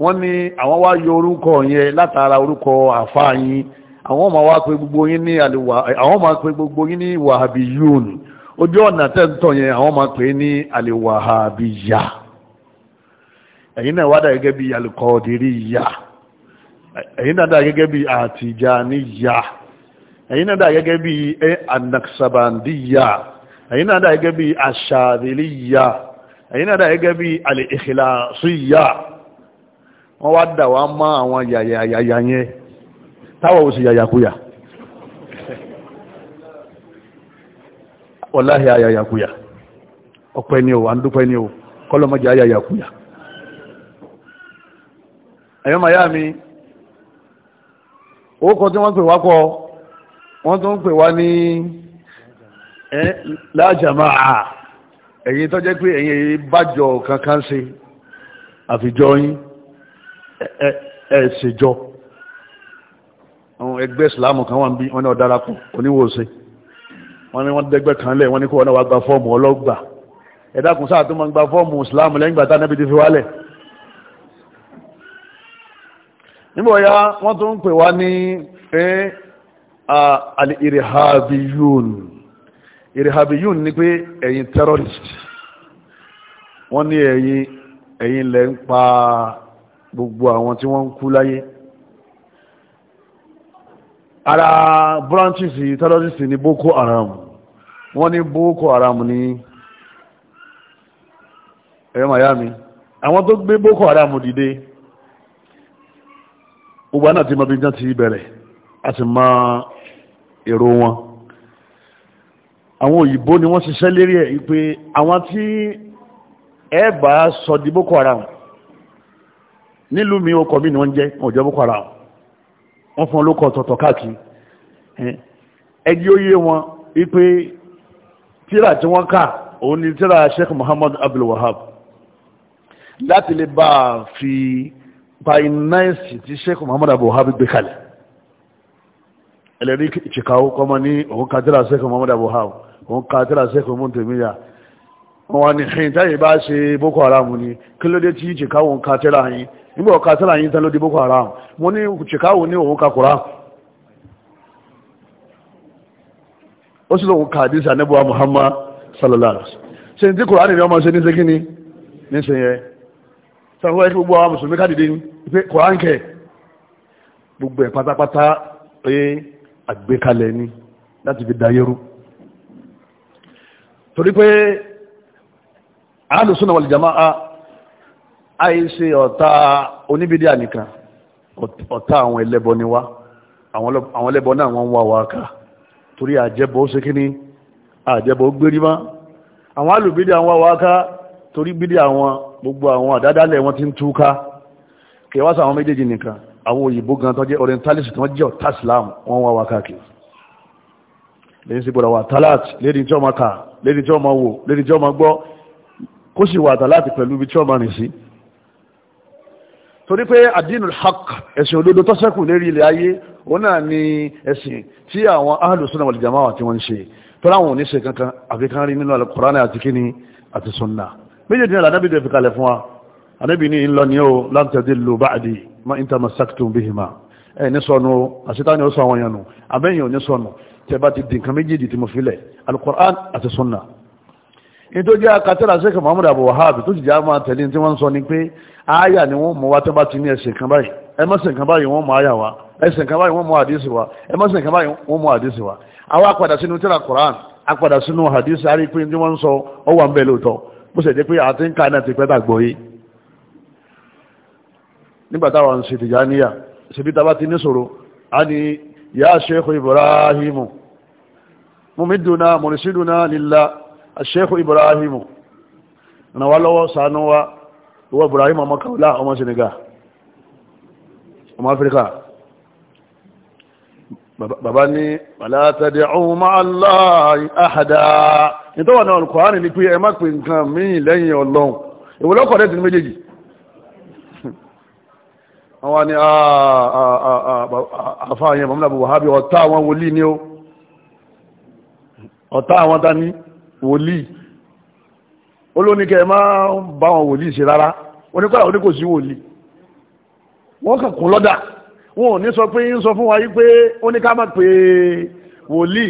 wọ́n ní àwọn wá yorùkọ yẹn látara orúkọ àfáàyín àwọn ma wá pé gbogbo yín ní àwọn ọmọ pé gbogbo yín ní Wahhabiyun ojú ọ̀nà tẹ́ntọ̀ yẹn àwọn ọmọ pé ní al-Wahhabiyya ẹ̀yin náà wádà gẹ́gẹ́ bí al-Qadiriyya ẹ̀yin náà dà gẹ́gẹ́ bí ẹ̀yin náà dà gẹ́gẹ́ bí anaksabandiyya ẹ̀yin náà dà gẹ́gẹ́ bí aṣàdìlíyà ẹ̀yin náà dà gẹ́gẹ́ Ali alìkìlàṣíyà wọ́n wá dà wá mọ́ àwọn yàyàyà yẹn táwọn ò sì yàyàkúyà wọláhì ayàyàkúyà ọpẹ́ ni o àndúpẹ́ ni o kọlọmọjì ayàyàkúyà ẹ̀yọ́ màyá mi ó tí wọ́n pè wọ́n tún ń pè wá ní lájàmáà ẹ̀yin tó jẹ́ pé ẹ̀yin bájọ kankan ṣe àfijọ́ yín ẹ̀ ṣèjọ́ àwọn ẹgbẹ́ ìsìláàmù kan wà ń bí wọ́n ní ọ̀darapọ̀ oníwòsè wọ́n ní wọ́n dẹ́gbẹ́ kan lẹ̀ wọ́n ní kó wọ́n wá gba fọ́ọ̀mù ọlọ́gbà ẹ̀dákun sáà tó máa gba fọ́ọ̀mù ìsìláàmù lẹ́yìn níbi ti fi wálẹ̀ nígbà wọ́n tún ń pè wá ní al-irhabiyun irhabiyun ni pé ẹ̀yin terrorist wọ́n ní ẹ̀yin ẹ̀yin lẹ ń pa gbogbo àwọn tí wọ́n ń kú láyé ara branches terrorist ni Boko Haram wọ́n ní Boko Haram ni ẹ̀yọ́ miami àwọn tó gbé Boko Haram dìde gbogbo náà ti mọ bí jẹ́ ti bẹ̀rẹ̀ a sì máa èrò wọn àwọn òyìnbó ni wọ́n ṣiṣẹ́ lérí ẹ̀ wípé àwọn tí ẹ bá sọ di boko haram nílùú mi ọkọ̀ mi ni wọ́n jẹ́ wọ́n jẹ́ boko haram wọ́n fún olókọ̀ tọ̀tọ̀ káàkiri ẹgbẹ́ oyé wọn wípé tíra tí wọ́n kà òun ni tíra Sheikh Muhammad Abdul Wahab láti lè bá a fi pa iná ẹ̀sìn tí Sheikh Muhammad Abdul Wahab gbé kalẹ̀ ẹlẹ́rí ìṣìkàwó kọ́mọ ní òun kátírà sẹ́kùn mọ́mọ́dà buhari òun kátírà sẹ́kùn mọ́tòmíyà wọ́n wá ní ṣìn bá ṣe boko haram ni kí ló dé tí ìṣìkàwó ń kátírà yín nígbà ọ̀ kátírà tán ló di boko haram mo ní ìṣìkàwó ní òun kakura ó sì lóun ka àdísà níbuwa muhammad sallallahu alaihi wasallam ṣe ní tí kùránì ni ọmọ ṣe ní ṣekí ni ní ṣe yẹ sọ́wọ́ ẹ̀kí gbogbo àwọn mùsùlùmí kádìdí ní pé kùránì kẹ gbogbo ẹ̀ pátápátá àgbékalẹ̀ ni láti fi dayérú torí pé alùsùnà wal jama'a àìṣe ọ̀tá oníbídíà nìkan ọ̀tá àwọn ẹlẹ́bọ ni wá àwọn ẹlẹ́bọ náà wọ́n wá wá ká torí àjẹbọ ó ṣe kí ni àjẹbọ ó gbérí má àwọn alùbídíà wọ́n wá torí bídíà wọn gbogbo àwọn àdádálẹ̀ wọn ti ń túká kẹwàá sàwọn méjèèjì nìkan àwọn òyìnbó gan tó jẹ́ orientalist tó jẹ́ ọ̀tá islam wọ́n wá wá káàkiri lẹ́yìn sí gbọ́dọ̀ wà talat lẹ́ni tí ọmọ kà lẹ́ni tí ọmọ wò lẹ́ni tí ọmọ gbọ́ kó sì wà talat pẹ̀lú ibi tí ọmọ rìn sí torí pé adínul haq ẹ̀sìn òdodo tó ṣẹ́kù lérí ilẹ̀ ayé òun náà ni ẹ̀sìn tí àwọn ahlùsùn wal jama'a tí wọ́n ń ṣe tó láwọn òní ṣe kankan àfikán rí nínú alkùránà àti kíni àti sunna méjèèjì ní aládàbí tó fi kalẹ̀ fún wa anábì ní ìlọ ni ó lan tadillu ba'di ma intamasaktum bihima ẹ ní sọnù àṣetáni ó sọ àwọn yẹn nù abẹ́yìn ò ní sọnù tẹ bá ti dìkan méjèèjì tí mo filẹ̀ alukur'an àti sunna ní tó jẹ́ akatẹ́lá sẹ́kẹ̀ muhammad abu wahab tó sì jẹ́ àwọn àtẹ̀lé tí wọ́n ń sọ ni pé àáyà ni wọ́n mú wa tẹ́ bá ti ní ẹsẹ̀ kan báyìí ẹ má sẹ̀ kan báyìí wọ́n mú àyà wa ẹsẹ̀ kan báyìí wọ́n mú àdísì wa ẹ má sẹ̀ kan báyìí wọ́n mú àdísì wa àwa padà sínú tẹ́lá quran a padà sínú àdísì àríkpé tí wọ́n ń sọ ọwọ́ à ń bẹ̀ lóòótọ́ bó sì jẹ́ pé àti ń ka náà ti pẹ́ bá gbọ́ yìí nígbàtà wọn sì tìjáníyà síbí tàbá ti níṣòro a ní ya ṣeéhù ibrahimu mumiduna mursiduna lillah ṣeéhù ibrahimu na wá lọ́wọ́ sànú wa wọ́n ibrahim ọmọ kaula ọmọ senegal ọmọ afirka bàbá ní wala tad'u ma'a Allahi ahada ìtọ́wọ̀n náà Al-Qur'ani ní pé ẹ má pè nǹkan míì lẹ́yìn ọlọ́run ìwòlọ́kọ̀ọ́dẹ́ ti méjèèjì wọ́n wá ní ah, ah, ah, àfáàyàn Muhammad Abu Wahabi ọ̀tá àwọn wòlíì ni ó ọ̀tá àwọn tání wòlíì olóníkẹ́ má bá wọn wòlíì ṣe rárá oníkọ́lá oníkò sí wòlíì wọ́n kàn kún lọ́dà wọn ò ní sọ pé ń sọ fún wa yí pé ó ní ká má pé wòlíì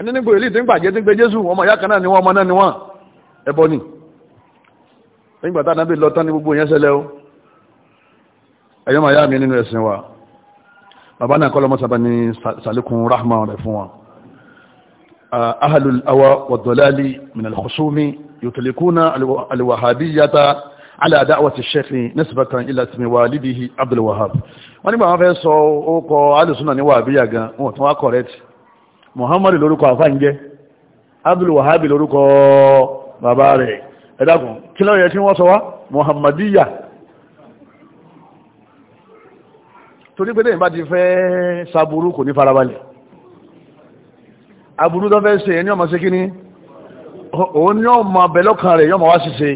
ẹni nígbò wòlíì tí ń gbàjẹ́ tí ń pe Jésù ọmọ ìyá kan náà ni wọ́n ọmọ náà ni wọ́n ẹbọ ni nígbà tá àdábì lọ tán ní gbogbo yẹn ṣẹlẹ̀ o ẹ̀yọ́ màá yá mi nínú ẹ̀sìn wa bàbá náà kọ́ lọ́mọ́sàbá ní sàlékún rahma rẹ̀ fún wa ahalul awa wàdọ̀láàlì minal khusumi yutlikuna alwahabiyata ala da'wati sheikh nisbatan ila ismi walidihi abdul wahhab wọ́n nígbà wọ́n fẹ́ sọ ókọ alùsùnà ní wàhábíyà gan wọ́n tún wá correct muhammad lórúkọ àfáǹjẹ́ abdul wahhab torí pé lẹ́yìn bá ti fẹ́ saburú kò ní farabalẹ̀ aburú tó fẹ́ ṣe ẹni ọmọ ṣe kí ni òun ní ọmọ abẹ́lọ́kàn rẹ̀ yọmọ wá ṣiṣẹ́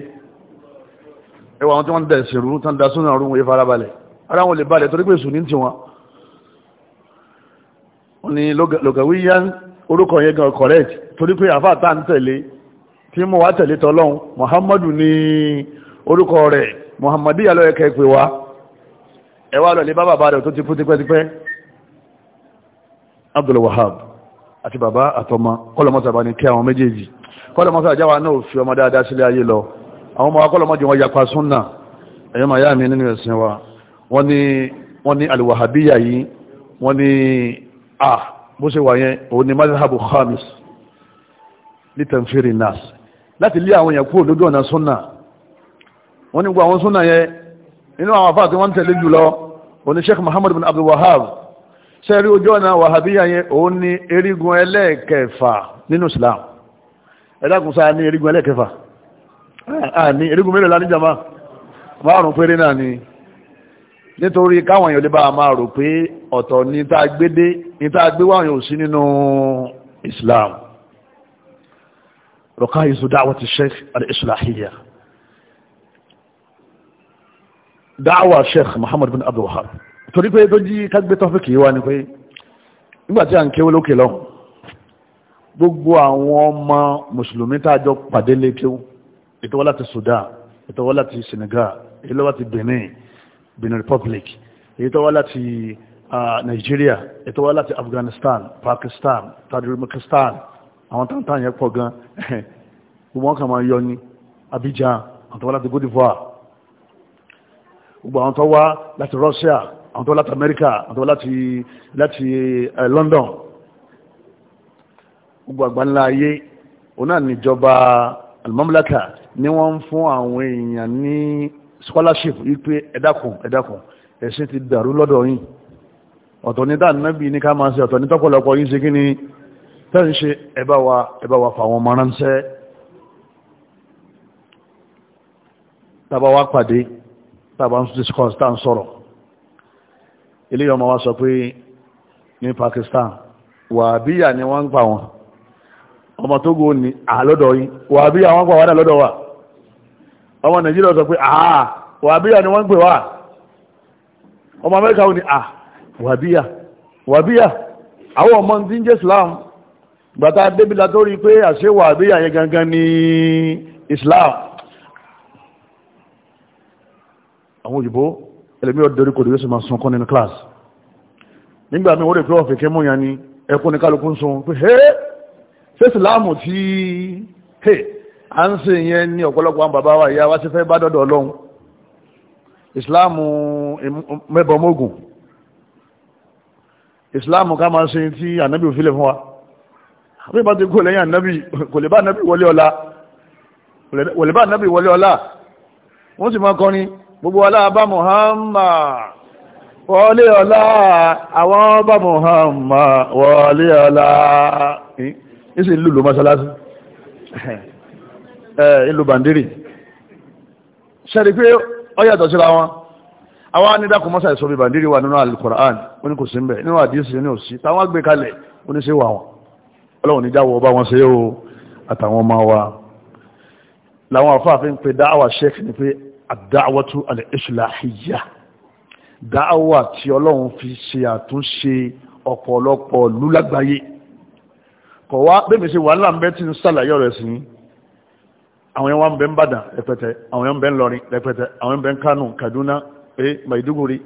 ẹwà àwọn tí wọ́n ń dẹ̀sẹ̀ rú tán da súnà rú wọ́n farabalẹ̀ ara wọn lè balẹ̀ torí pé sùn ní tiwọn wọn ni lọ́gàwíyá orúkọ yẹn gan correct torí pé àfáà tá à ń tẹ̀lé tí mo wá tẹ̀lé tọ́lọ́hún Muhammadu ní orúkọ rẹ̀ Muhammadu yàlọ́ ẹ̀kẹ́ pé wa ẹ lọ lè bá bàbá rẹ̀ tó ti kú tipẹ́tipẹ́ Abdul Wahab àti bàbá àtọmọ kọlọmọsà bá ní kí àwọn méjèèjì kọlọmọsà jáwa náà fi ọmọ dáadáa sílé ayé lọ àwọn ọmọ akọlọmọdé wọn yapa súnà ẹ̀yọ́ màá yá mi nínú ẹ̀sìn wa wọ́n ní wọ́n ní yìí wọ́n ní à bó ṣe wà yẹn òun ni mazhabu khamis ní tanfiri nas láti lé àwọn èèyàn kúrò lójú ọ̀nà súnà wọ́n ní gbogbo àwọn súnà yẹn nínú àwọn afáà tí wọ́n tẹ̀lé jùlọ òní sheikh muhammad bin abdul wahab sẹ́rí ojú ọ̀nà wàhábíyà yẹn òun ni erigun ẹlẹ́ẹ̀kẹfà nínú islam ẹ̀dàkùnsá ní erigun ẹlẹ́ẹ̀kẹfà àní erigun mélòó lání jama márùn péré náà ni nítorí káwọn èèyàn lè bá máa rò pé ọ̀tọ̀ ní tá rọ̀ká ìsúdáwọ̀ ti sheikh al-islahiyya dáwà sheikh muhammad bin abdul wahab torí pé tó jí kágbé tọ́fíkì wá ní pé nígbàtí à ń kéwé lókè lọ gbogbo àwọn ọmọ mùsùlùmí tààjọ pàdé lékéw ìtọ́wọ́ láti sudan ìtọ́wọ́ láti senegal ìtọ́wọ́ láti benin benin republic ìtọ́wọ́ láti nigeria ìtọ́wọ́ láti afghanistan pakistan tajirimakistan àwọn tàǹtàn yẹn pọ̀ gan wọ́n kàn máa yọ ní abidjan àtọ́wọ́ láti cote d'ivoire gbogbo àwọn tó wá láti Russia àwọn tó láti America àwọn tó láti láti eh, London gbogbo àgbáńlá ayé òun náà níjọba alimamulaka ni wọ́n ń fún àwọn èèyàn ní scholarship wípé ẹ̀dàkùn ẹ̀dàkùn ẹ̀sìn ti dàrú lọ́dọ̀ yìí ọ̀tọ̀ ní dáà nábì ní ká máa ṣe ọ̀tọ̀ ní tọ́pọ̀lọpọ̀ yìí ṣe kí ni tẹ́ ń ṣe ẹ wa ẹ wa fàwọn ọmọ ránṣẹ́ tàbá wa pàdé tàbá ń discuss tá ń sọ̀rọ̀ ilé ọmọ wa sọ pé ní Pakistan wàhábíyà ni wọ́n ń pa wọn ọmọ Tógò ní àlọ́dọ̀ yìí wàhábíyà wọ́n pa wádà lọ́dọ̀ wa ọmọ Nàìjíríà sọ pé àà wàhábíyà ni wọ́n ń pè wá ọmọ Amẹ́ríkà wọn ni à wàhábíyà wàhábíyà àwọn ọmọ ti ń jẹ́ Islam gbàtà débìlà tó rí pé àṣẹ wàhábíyà yẹn gangan ní Islam àwọn òyìnbó ẹlẹ́mí ọ̀dọ́rí kò lè yóò sì máa sunkún nínú class nígbà mi wọ́n lè fi ọ̀fẹ́ kí múyàn ni ẹkún ní kálukú ń sun pé hé ṣé ìsìláàmù tí hé à ń sìn yẹn ní ọ̀pọ̀lọpọ̀ àwọn bàbá wa ìyá wa ti fẹ́ bá dọ̀dọ̀ ọlọ́run ìsìláàmù mẹ́bọmógún ìsìláàmù ká máa sin tí ànábì ò filẹ̀ fún wa àbí ìbá ti kú lẹ́yìn ànábì kò lè bá ànábì wọlé ọlá wọ́n sì máa kọrin gbogbo ọlá bá Muhammad wọlé ọlá àwọn bá Muhammad wọlé ọlá ìsìn lùlù mọ́sálásí ìlú bàndírì ṣẹ́rí pé ọ yàtọ̀ síra wọn àwọn anídàkùn mọ́sá ìsọ́bí bàndírì wà nínú al-Qur'an ó ní kò sí mbẹ̀ nínú àdíyèsí ní òsí táwọn gbé kalẹ̀ ó ní sí wà wọn ọlọ́run níjáwọ̀ ọba wọn ṣe yóò àtàwọn ọmọ wa làwọn àfáàfin pe dáwà sheikh ni pé àdáwọ́tú alẹ́ṣùláhìyà dáwà tí ọlọ́run fi ṣe àtúnṣe ọ̀pọ̀lọpọ̀ lúlágbáyé kọ̀ wá bẹ́ẹ̀ ṣe wàhálà ń bẹ́ tí ń sàlàyé rẹ̀ sí àwọn yẹn wá ń bẹ ń bàdàn rẹpẹtẹ àwọn yẹn ń bẹ ń lọrin rẹpẹtẹ àwọn yẹn ń bẹ kaduna ẹ eh, maiduguri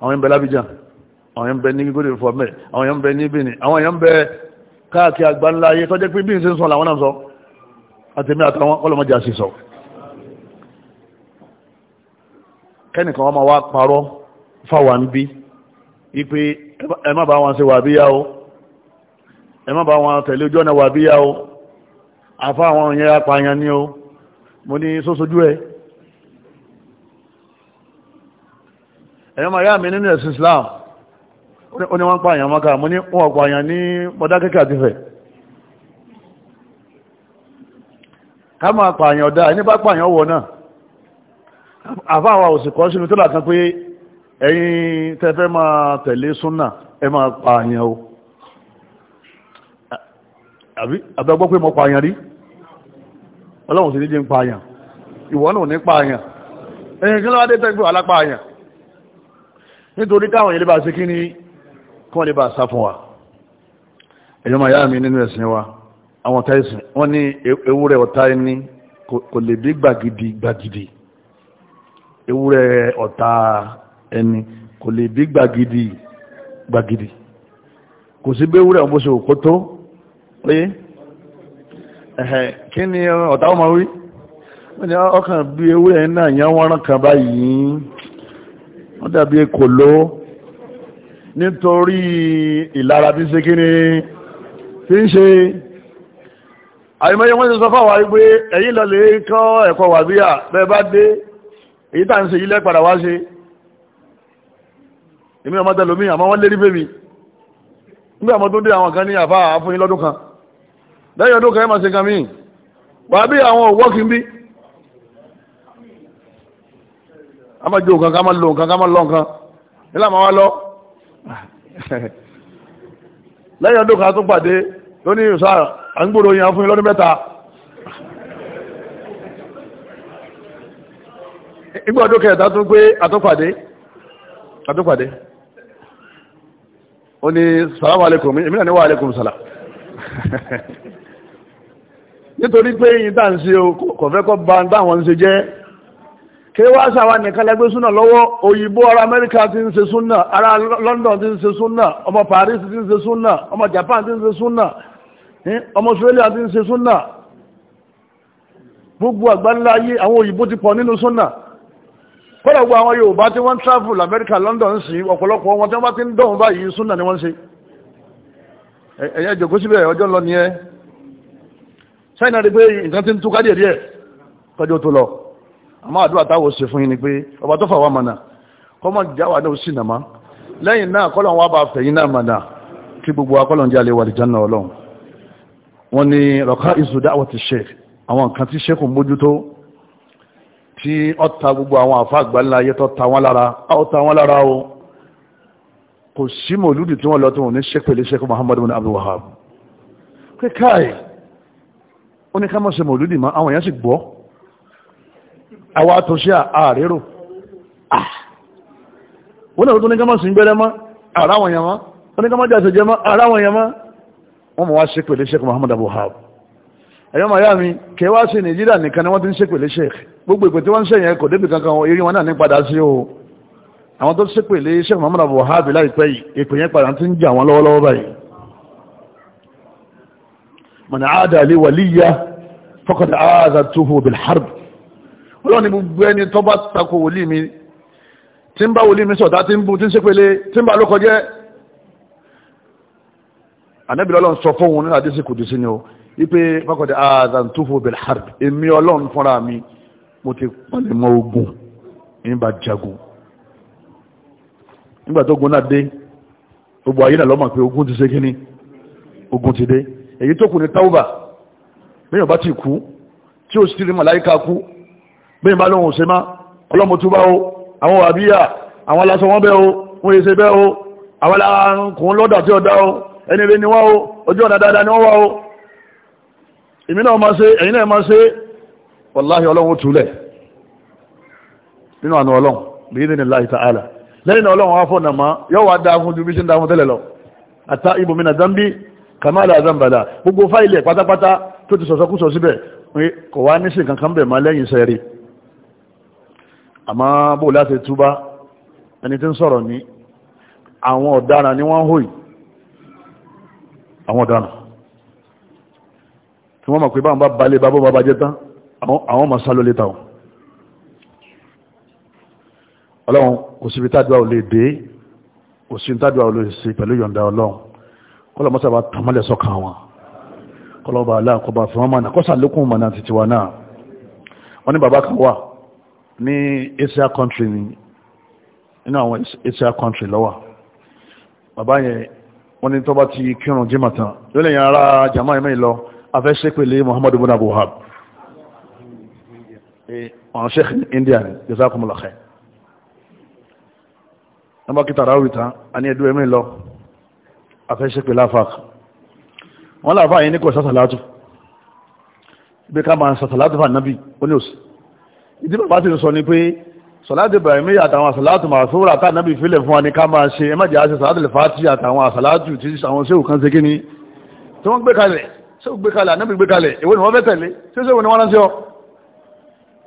àwọn yẹn ń bẹ lábíjà àwọn yẹn ń bẹ ní gígódì fọmẹ àwọn yẹn ń bẹ ní benin àwọn yẹn ń bẹ káàkiri àgbáńlá ayé tọ́jú pé bí n ṣe ń sọ làwọn náà sọ àtẹ̀mí àtàwọn ọlọ́mọdé àṣìṣọ́. kẹ́nìkan wọ́n máa wá parọ́ fáwà ń bí ipé ẹ má bá wọn ṣe wàbíyá o ẹ má bá wọn tẹ̀lé ojú ọ̀nà wàbíyá o àfá àwọn yẹn apààyàn ni o mo ní sósojú ẹ ẹ̀yọ́ yá mi nínú ẹ̀sìn Islam ó ní wọ́n pààyàn mọ́ká mo ní wọ́n pààyàn ní mọ́dákẹ́kẹ́ àtifẹ̀ ká máa pààyàn ọ̀dá ẹni bá pààyàn wọ̀ náà àfáwà òsìkọ́ sínú tó làkan pé ẹ̀yin tẹ́fẹ́ ma tẹ̀lé súnà ẹ máa pààyàn o àbẹ́gbọ́ pé mọ́ pààyàn rí ọlọ́run sì ní jẹ́ ń pààyàn ìwọ náà ní pààyàn ẹ̀yìn kí ló wá dé tẹ́gbẹ́ alápààyàn nítorí káwọn ilé bá ṣe kí ni kí wọ́n lè bá sá fún wa ẹ̀yọ́ máa mi nínú ẹ̀sìn wa àwọn táìsìn wọ́n ní ewúrẹ́ ọ̀tá ẹni kò lè bí gbàgidi gbàgidi ewúrẹ́ ọ̀tá ẹni kò lè bí gbàgidi gbàgidi kò sí bí ewúrẹ́ ọ̀bọ̀sọ òkó tó oyé ẹ̀hẹ̀ kí ni ọ̀tá ọmọ wí wọ́n ni ọkàn bí ewúrẹ́ náà yán wọ́n kan báyìí wọ́n dàbí ekòló nítorí ìlara tí ń ṣe kí ni tí ń ṣe àìmọye wọ́n ti sọ fáwọn wípé ẹ̀yìn lọ lè kọ́ ẹ̀kọ́ wàbíyà bẹ́ẹ̀ bá dé èyí tàà ń ṣe ilẹ̀ padà wá ṣe èmi ọmọ tẹlomi àmọ́ wọ́n lérí fèmí nígbà mọ́ tó dé àwọn kan ní àfá àfún lọ́dún kan lẹ́yìn ọdún kan ẹ máa ṣe kan míì wà bí àwọn òwọ́kì ń bí a máa jó nǹkan ká máa lo nǹkan ká máa lọ nǹkan nílà máa wá lọ lẹ́yìn ọdún kan tó pàdé lónìí ìṣà àgbòròyìn àfún lọ́dún mẹ́ta igbó ọdún kẹta tún pé àtúnpàdé àtúnpàdé ó ní salamu alaikum èmi náà ní wà alaikum salam nítorí pé yìí tá ń ṣe kọ̀fẹ́kọ́ bá ń dáwọn ń ṣe jẹ́ kí wá sáwà nìkan lẹ́gbẹ́ súnà lọ́wọ́ òyìnbó ará amẹ́ríkà ti ń ṣe súnà ará london ti ń ṣe súnà ọmọ paris ti ń ṣe súnà ọmọ japan ti ń ṣe súnà ọmọ australia ti ń ṣe súnà gbogbo àgbáńlá ayé àwọn òyìnbó ti pọ̀ nínú súnà kọ́dà gbogbo àwọn Yorùbá tí wọ́n ń travel Amẹ́ríkà London sí ọ̀pọ̀lọpọ̀ wọn tí wọ́n bá ti ń dọ̀hún báyìí súnà ni wọ́n ń ṣe ẹ̀yẹ́ jòkó síbẹ̀ ọjọ́ lọ ni ẹ́ ṣáìnà rí pé nǹkan ti ń túká díẹ̀ díẹ̀ tọ́jú tó lọ àmọ́ àdúrà táwọ̀ ṣe fún yín ni pé ọba tó fà wá mọ̀nà kọ́mọ̀ jáwà náà sì nàmá lẹ́yìn náà kọ́lọ̀ wá bá fẹ̀yìn náà mọ̀nà kí gbogbo akọ́lọ̀ jẹ́ alẹ́ wàlìjá náà ọlọ́run wọ́n ní rọ̀ká ìsùdá àwọn ti ṣe àwọn nǹkan tí ṣe kò mójútó tí ó ta gbogbo àwọn àfá àgbàlá ayé tó ta wọ́n lára ó ta wọ́n lára o kò sí mòlúdì tí wọ́n lọ tó wọ́n ní sẹ́pẹ̀lẹ́ sẹ́kọ̀ muhammadu bin abdul wahab pé káì ó ní ká mọ́ sí mòlúdì ma àwọn èèyàn sì gbọ́ àwọn àtúnṣe àárérò ah! wọ́n náà tó ní ká mọ́ sí gbẹ́rẹ́ mọ́ ara wọn yẹn mọ́ ó ní ká mọ́ jẹ́ àṣẹjẹ́ mọ́ ara wọn yẹn mọ́ wọ́n mọ̀ wá sẹ́pẹ̀lẹ́ sẹ́kọ̀ muhammadu bin abdul wahab ẹ̀yọ́ màyá mi kẹwàá sí nàìjíríà nìkan ni wọ́n ti ń sẹ́pẹ̀lẹ́ sẹ́kọ̀ gbogbo ìpè tí wọ́n ń ṣe yẹn kò débi kankan wọn eré wọn náà ní padà sí o àwọn tó ṣépè lé Sheikh Muhammad Abdul Wahab láìpẹ́ yìí ìpè yẹn padà ti ń jà wọn lọ́wọ́lọ́wọ́ báyìí man aada li waliya faqad aazatuhu bil harb ọlọ́ni gbogbo ẹni tó bá takò wòlíì mi tí ń bá wòlíì mi sọ̀tá tí ń bú tí ń ṣépè lé tí ń bá ló kọjẹ́ ànábì Ọlọ́run sọ fóun nínú mo ti palẹ̀ mọ́ ogun nígbà jagun nígbà tó gun náà dé gbogbo ayé náà lọ́mọ pé ogun ti ṣe kíní ogun ti dé èyí tó kù ní táwùbà bẹ́ẹ̀ bá ti kú tí ó sì rí màláíkà kú bẹ́ẹ̀ bá lóhun ṣe má ọlọ́mọ tó bá o àwọn àbíyà àwọn aláṣọ wọn bẹ́ẹ̀ o wọ́n yẹ ṣe bẹ́ẹ̀ o àwọn alákùn lọ́dà tí ó o ẹni rẹ ni wọ́n o ojú ọ̀nà dáadáa ni wọ́n wá o èmi náà máa ṣe ẹ̀yin náà máa ṣe wàláhì ọlọ́run ó túlẹ̀ nínú àánú ọlọ́run bí ní láì ta'ala lẹ́yìn ọlọ́run wá fọ́nà máa yọ́ wá dáhùn ju bí sí dáhùn tẹ́lẹ̀ lọ àtà ibò mìíràn zambi kamala zambala gbogbo fáìlẹ̀ pátápátá tó ti sọ̀sọ́kúsọ síbẹ̀ kò wá ní sí kankan bẹ̀ máa lẹ́yìn sẹ́rí àmá bó láti túbá ẹni tí ń sọ̀rọ̀ ní àwọn ọ̀daràn ni wọ́n hòyí àwọn ọ̀daràn tí wọ́n mọ̀ pé báwọn bá balẹ̀ bá bó bá bá jẹ́ tán àwọn ma sá lólé táwọn ọlọ́run kò síbi tádùá ò lè dé kò síbi tádùá ò lè ṣe pẹ̀lú yọ̀ǹda ọlọ́run kọ́lọ̀ mọ́sàbà tàmálẹ̀ sọ́kàn wọn kọ́lọ̀ bá aláàkọ́bà fún wọn mọ́nà kọ́sà lókùn mọ́nà títí wa náà wọ́n ní bàbá kan wà ní Asia country ni inú àwọn Asia country lọ́wà bàbá yẹn wọ́n ní tọ́ba ti kírun jímọ̀tàn lólè yẹn ara jàmáà yẹn mẹ́yìn lọ afẹ́ Muhammadu bin ọ̀n sheikh india ni jazakumullah khair nígbà kí tàràwì tán a ní ẹ̀dú ẹ̀mí lọ afẹ́ṣẹ́ pẹ̀lú afák wọ́n láàfá yìí ní kò sàtàlátù bí ká máa sàtàlátù fà nábì oníòsì ìdí bàbá ti sọ ni pé sọ̀láàtì ibrahimi àtàwọn àsàlátù máa fún ràtà nábì fílẹ̀ fún wa ní ká máa ṣe ẹ má jẹ́ àṣẹ sàlátù fàátì àtàwọn àsàlátù tí àwọn séwù kan ṣe kí ni tí wọ́n gbé kalẹ̀ séwù gbé kalẹ̀ ànábì gbé kalẹ̀ ìwé ni wọ́n fẹ́ tẹ̀lé séwù ni wọ́n ránṣẹ́ ọ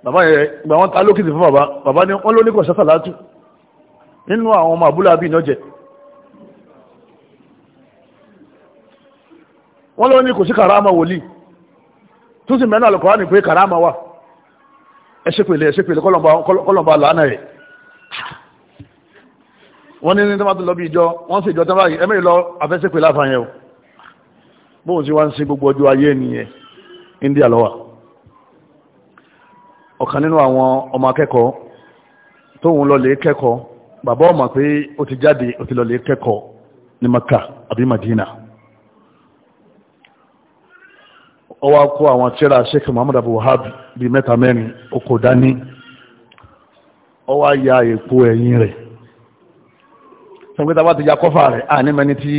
bàbá yẹ ìgbà wọn ta lókìtì fún bàbá bàbá ní wọ́n ló ní kò sẹ́sà látù nínú àwọn ọmọ àbúlà bí ìnájẹ wọ́n ló ní kò sí kàráàmà wòlíì tún sì mẹ́nà àlùkọ́rá ní pé kàráàmà wà ẹṣẹ́pẹ̀lẹ̀ ẹṣẹ́pẹ̀lẹ̀ kọ́lọ̀mbà lánàá rẹ̀ wọ́n ní ní tó máa tó lọ bí ìjọ wọ́n sì ìjọ tán báyìí ẹmẹ́rin lọ afẹ́sẹ́pẹ̀lẹ̀ àfààyàn bóun sì wá ń sin gbogbo ọjọ́ ayé nìyẹn India lọ́wọ́ ọ̀kan nínú àwọn ọmọ akẹ́kọ̀ọ́ tóun lọ lè kẹ́kọ̀ọ́ bàbá ọmọ pé ó ti jáde ó ti lọ lè kẹ́kọ̀ọ́ ní Maka àbí Madina ó wá kó àwọn tíra Sheikh Muhammad Abu Wahab bíi mẹ́ta mẹ́rin ó kò dání ó wá ya èpo ẹ̀yìn rẹ̀ sọ́gbẹ́ta bá ti ya kọ́fà rẹ̀ à ní mẹ́ni tí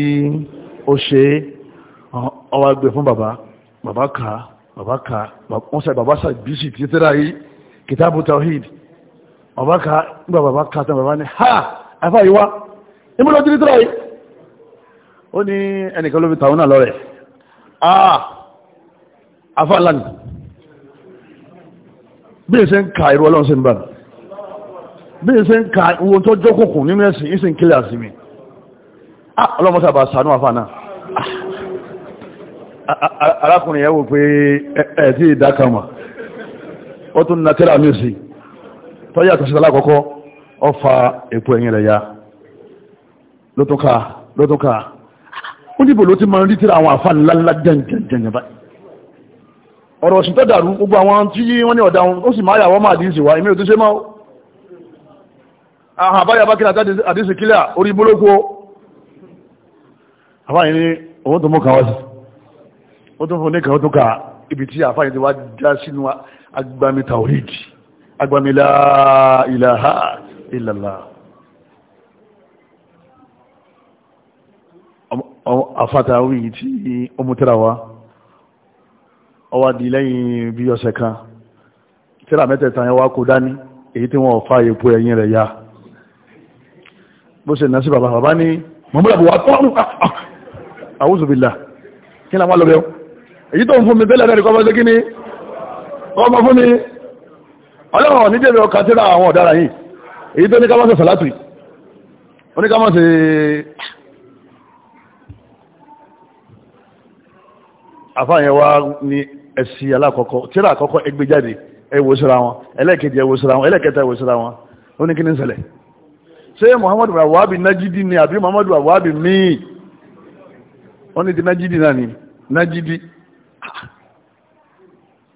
ó ṣe ó wá gbé fún bàbá bàbá kà bàbá kà wọ́n sẹ́ bàbá sàbísì títẹ́ra yìí kìtàbù tawhid ọba ká gbà bàbá ká tán bàbá ní ha afá ìwá ìmúlò tí nítorá yìí ó ní ẹnìkan ló fi tàwọn náà lọ́rẹ̀ ah afá lánì bí i ṣe ń ka ìrú ọlọ́run sí ń bá bí i ṣe ń ka ìwò tó jókòkùn nínú ẹ̀sìn ìsìn kílẹ̀ àsì mi ah ọlọ́run sábà sànú afá náà arákùnrin yẹn wò pé ẹ̀ tí ìdákàmà ó tún na tẹ́lá mi sí tọ́jú àtúnṣe alákọ̀ọ́kọ́ ọ fa èpo ẹ̀yìn rẹ̀ ya lótúnká lótúnká ó níbo ló ti máa ń rí tíra àwọn àfa ńláńlá jẹ̀ǹjẹ̀ǹjẹ̀ báyìí ọ̀rọ̀ òsìn tó dàrú gbogbo àwọn tí wọ́n ní ọ̀dá wọn ó sì máa yàwọ́ máa dìísì wá ìmí ò tó ṣe máa àhàn àbáyà bá kí láti àdìsì kílẹ̀ orí bólókó àfáyìn ní òun tó mú kàwá sí ó tó fún ní kàwá tó kà ibi tí àfáyìn ti wá já sínú agbami tawhid agbami la ilaha illallah afata wí tí ọmọ tíra wa ọwá di lẹ́yìn bí ọ̀sẹ̀ kan tíra mẹ́tẹ̀ẹ̀ta yẹn wá kó dání èyí tí wọ́n fa èpo ẹ̀yìn rẹ̀ ya bó ṣe násí bàbá bàbá ní mọ̀mọ́lábù wà tọ́rù àwúzùbìlà kí ni àwọn lọ́bẹ̀ẹ́ èyí tó ń fún mi tẹ́lẹ̀ rẹ̀ kọ́ ọmọ fún mi ọlọ́run ní jẹ́bi ọkà tíra àwọn ọ̀dára yìí èyí tó ní ká má ṣe sàlátù ó ní ká má ṣe àfáàyàn wa ní ẹ̀sì alákọ̀ọ́kọ́ tíra àkọ́kọ́ ẹgbẹ́ jáde ẹwò síra wọn ẹlẹ́ẹ̀kejì ẹwò síra wọn ẹlẹ́ẹ̀kẹta ẹwò síra muhammadu rawabi najidi ni àbí muhammadu rawabi míì ó ní ti najidi náà ni najidi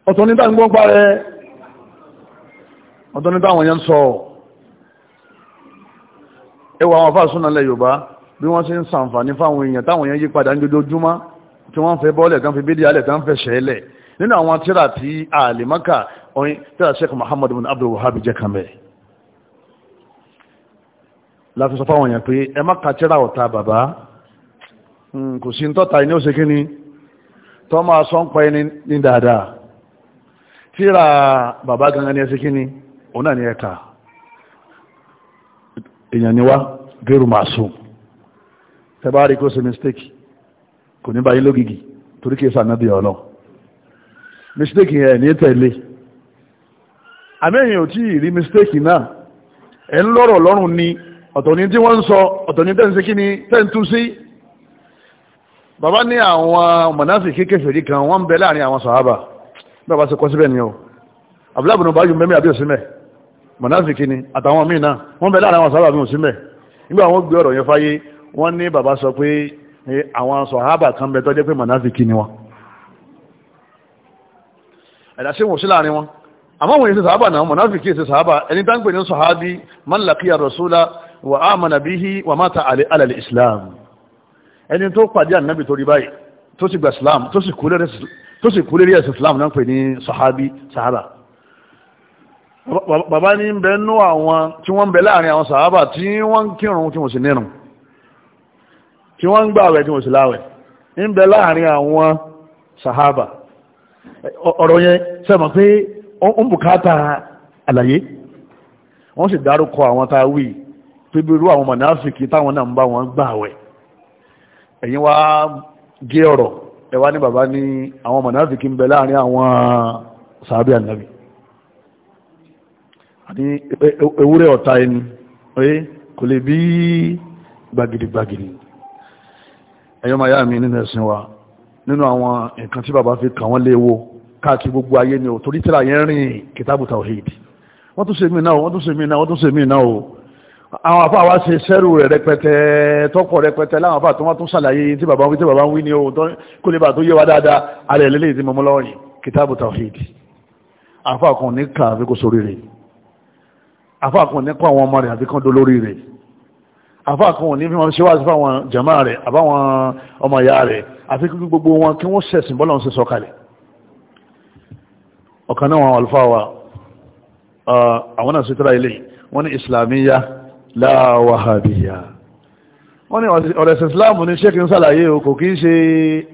ọ̀tọ̀ ní táwọn gbọ́n parẹ́ ọ̀tọ̀ ní táwọn yẹn sọ ẹwà àwọn afá súnà lẹ Yorùbá bí wọ́n ṣe ń sàǹfàní fáwọn èèyàn táwọn yẹn yí padà ní dojoojúmọ́ tí wọ́n fẹ́ bọ́ọ̀lẹ̀ kan fi bídí alẹ̀ kan fẹ́ ṣẹlẹ̀ nínú àwọn tíra tí àlèmákà ọyìn tíra Sheikh Muhammad bin Abdul Wahab jẹ́ kan bẹ́ẹ̀ láti sọ fáwọn èèyàn pé ẹ má ka tíra ọ̀tá bàbá hmm, kò sí ń tọ́ta ẹni ó ṣe kí ni tọ́ máa sọ ń pa ẹni ní dáadáa tíra bàbá gangan ní ẹsẹ̀ kí ni òun náà ní ẹ̀ka èèyàn ni wá gẹ́rù màásùn tẹ́bá rí kó ṣe mistake kò ní báyìí lógìgì torí kí ẹsà náà bí ọ̀nà mistake yẹn ní tẹ̀lé àmẹ́yìn ò tí rí mistake náà ẹ̀ ń lọ́rọ̀ lọ́rùn ni ọ̀tọ̀ ni tí wọ́n ń sọ ọ̀tọ̀ ni tẹ́ǹsí kí ni tẹ́ǹtú sí bàbá ní àwọn mọ̀násì kékeré kan wọ́n ń bẹ láàrin àwọn sàhábà bẹ́ẹ̀ bá ṣe kọ́ síbẹ̀ ni o abúlábùnú bá yù mẹ́mí àbí òsínmẹ̀ mọ̀náfìkì ni àtàwọn míì náà wọ́n bẹ láàrin àwọn sábà bí òsínmẹ̀ nígbà wọn gbé ọ̀rọ̀ yẹn fáyé wọ́n ní bàbá sọ pé àwọn sọ̀hábà kan bẹ tọ́jẹ́ pé mọ̀náfìkì ni wọn ẹ̀dá sí wọn sí láàrin wọn àmọ́ wọn èsì sàábà náà mọ̀náfìkì èsì sàábà ẹni tó sì kú lérí ẹ̀sìn Islam náà pè ní sahabi Sahara bàbá ní bẹ nú àwọn tí wọ́n bẹ láàrin àwọn sahaba tí wọ́n ń kírun tí wọ́n sì nírun tí wọ́n ń gbààwẹ̀ tí wọ́n sì láwẹ̀ ń bẹ láàrin àwọn sahaba ọ̀rọ̀ yẹn sẹ́mọ̀ pé ó ń bùkátà àlàyé wọ́n sì dárúkọ àwọn tá a wí pé bí irú àwọn mọ̀náfìkì táwọn náà ń bá wọn gbààwẹ̀ ẹ̀yin wá gé ọ̀rọ̀ ẹwà ní bàbá ní àwọn mọ̀náfíkí ń bẹ láàrin àwọn sàábí ànàbì àti ewúrẹ́ ọ̀ta ẹni oye kò lè bí gbàgìdìgbàgìdì ẹ̀yọ́ yá mi nínú ẹ̀sìn wa nínú àwọn nǹkan tí bàbá fi kàn wọ́n léwo káàkiri gbogbo ayé ni ò torí tíra yẹn rìn kìtàbù tàwhídì wọ́n tún ṣe náà wọ́n tún ṣe náà wọ́n tún ṣe náà àwọn àfáà wá ṣe sẹ́rù rẹ̀ rẹpẹtẹ tọ́pọ̀ rẹpẹtẹ láwọn àfáà tó wọ́n tún ṣàlàyé tí bàbá wí tí bàbá wí ní ohun tó kó lè bà tó yé wa dáadáa ara ẹ̀ lélẹ́yìn tí mo mú lọ́wọ́ yìí kìtàbù tawhid àfáà kan ní kà àfi kó sórí rẹ̀ àfáà kan ní kó àwọn ọmọ rẹ̀ àfi kan dolórí rẹ̀ àfáà kan ní fi wọn ṣe fáwọn jàmá rẹ̀ àbáwọn ọmọ ìyá rẹ̀ àfi gbogbo wọn kí wọ́n ṣẹ̀sìn bọ́lọ̀ ń ní ìsìlámíyá láwàhábíyà wọ́n ní ọ̀rọ̀ ẹ̀sìn islam ní ṣékin sàlàyé o kò kí ń ṣe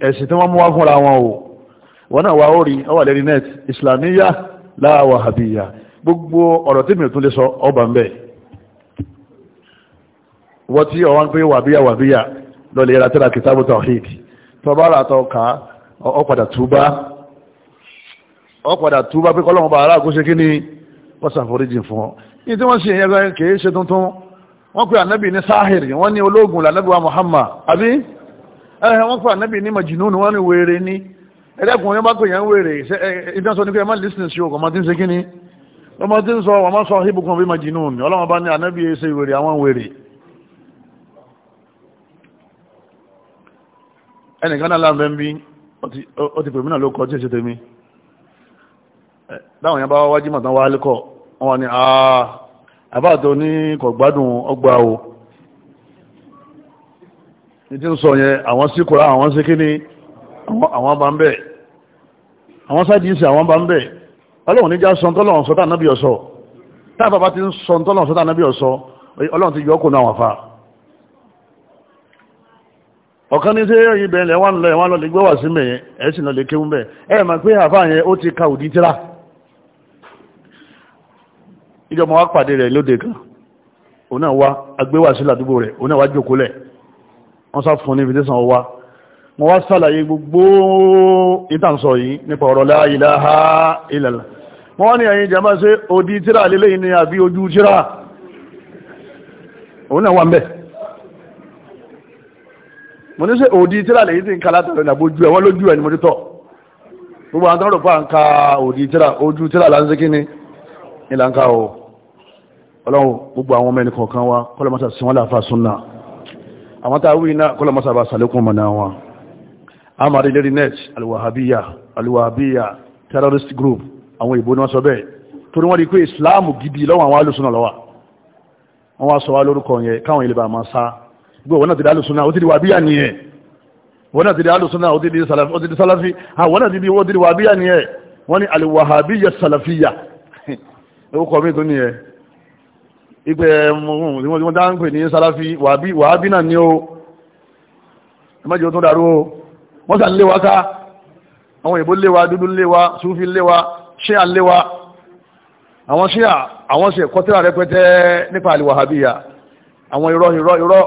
ẹ̀sìn tí wọ́n mú wá fúnra wọn o wọ́n náà wà orí ọwà lẹ́rí net islamiyya láwàhábíyà gbogbo ọ̀rọ̀ tí mi ò tún lè sọ ọba ń bẹ̀ wọ́n tí ọwọ́ ń pè wàbíyà wàbíyà lọ́lẹ̀ yẹra tẹ́lá kìtàbù ni wọ́n ṣàforíjì fún ọ ní tí wọ́n wọ́n pè ànábì ní sáhìrì wọ́n ní ológun lànábì wa Muhammad àbí ẹ̀hẹ̀ wọ́n pè ànábì ní majinúnù wọ́n ní wèrè ní ẹ̀dẹ́kùn yẹn bá pè yẹn wèrè ìdánsọ ní pé lísìn sí ọkọ̀ mọ́tí ń ṣe kí ni ọmọdé ń sọ wọ́n má sọ ibùkún bí majinúnù ọlọ́wọ́n bá ní ànábì ṣe wèrè àwọn wèrè ẹnìkan náà lábẹ́ ń bí ó àbáàtọ̀ ní kọ̀gbádùn ọgbà o ní tí ń sọ yẹn àwọn sí kòrá àwọn sí kí ní àwọn bá ń bẹ̀ àwọn sáàdìsì àwọn bá ń bẹ̀ ọlọ́run níjá sọ tọ́lọ́run sọ́tà fa ọ̀kan ní sí ibẹ̀ ilẹ̀ wà ń lọ ẹ̀wọ̀n lọ lè gbé sí mẹ́ ẹ̀ lọ lè kéwú mẹ́ ẹ̀ pé àfáà yẹn ó ti ka òdí tíra níjọ́ mọ́ wá pàdé rẹ̀ lóde kan òun náà wá agbéwà sí ládùúgbò rẹ̀ òun náà wá jókòólẹ̀ wọ́n sá fún ní invitation wá mo wá sàlàyé gbogbo ìtànsọ̀ yìí nípa ọ̀rọ̀ la ilaha illallah mo ni àbí ojú tíra òun náà wà ń bẹ̀ mo ní ṣe òdi tíra lèyí tí ń ka ni mo ti tọ̀ gbogbo àwọn tó ń rò pé à ń ka òdi tíra ojú ni ìlànà ká ọlọ́run gbogbo àwọn ọmọ ẹni kọ̀ọ̀kan wa kọlọmọ́sà sí wọ́n láàfà súnnà àwọn tàà wí iná kọlọmọ́sà bá sàlékún mọ̀nà wọn a máa rí lérí net alwahabiya alwahabiya terrorist group àwọn ìbò ní wọ́n sọ bẹ́ẹ̀ tó ní wọ́n rí pé islam gidi lọ́wọ́ àwọn alùsùnà lọ́wà wọ́n wá sọ wá lórúkọ yẹn káwọn ilẹ̀ bá salafi àwọn náà ti di wọ́n ti di salafiya ó ah, kọ́ mi ìpẹ́ mm, mm, wọ́n dá ń pè ní sáláfí wàhábí náà ní o ẹmọ́jọ́ tó dárú o wọ́n sà léwa ká àwọn ìbò léwa dúdú léwa súfí léwa ṣíà léwa àwọn ṣíà àwọn ṣe kọtíra rẹpẹtẹ nípa àlìwàhábíyà àwọn irọ́ irọ́ irọ́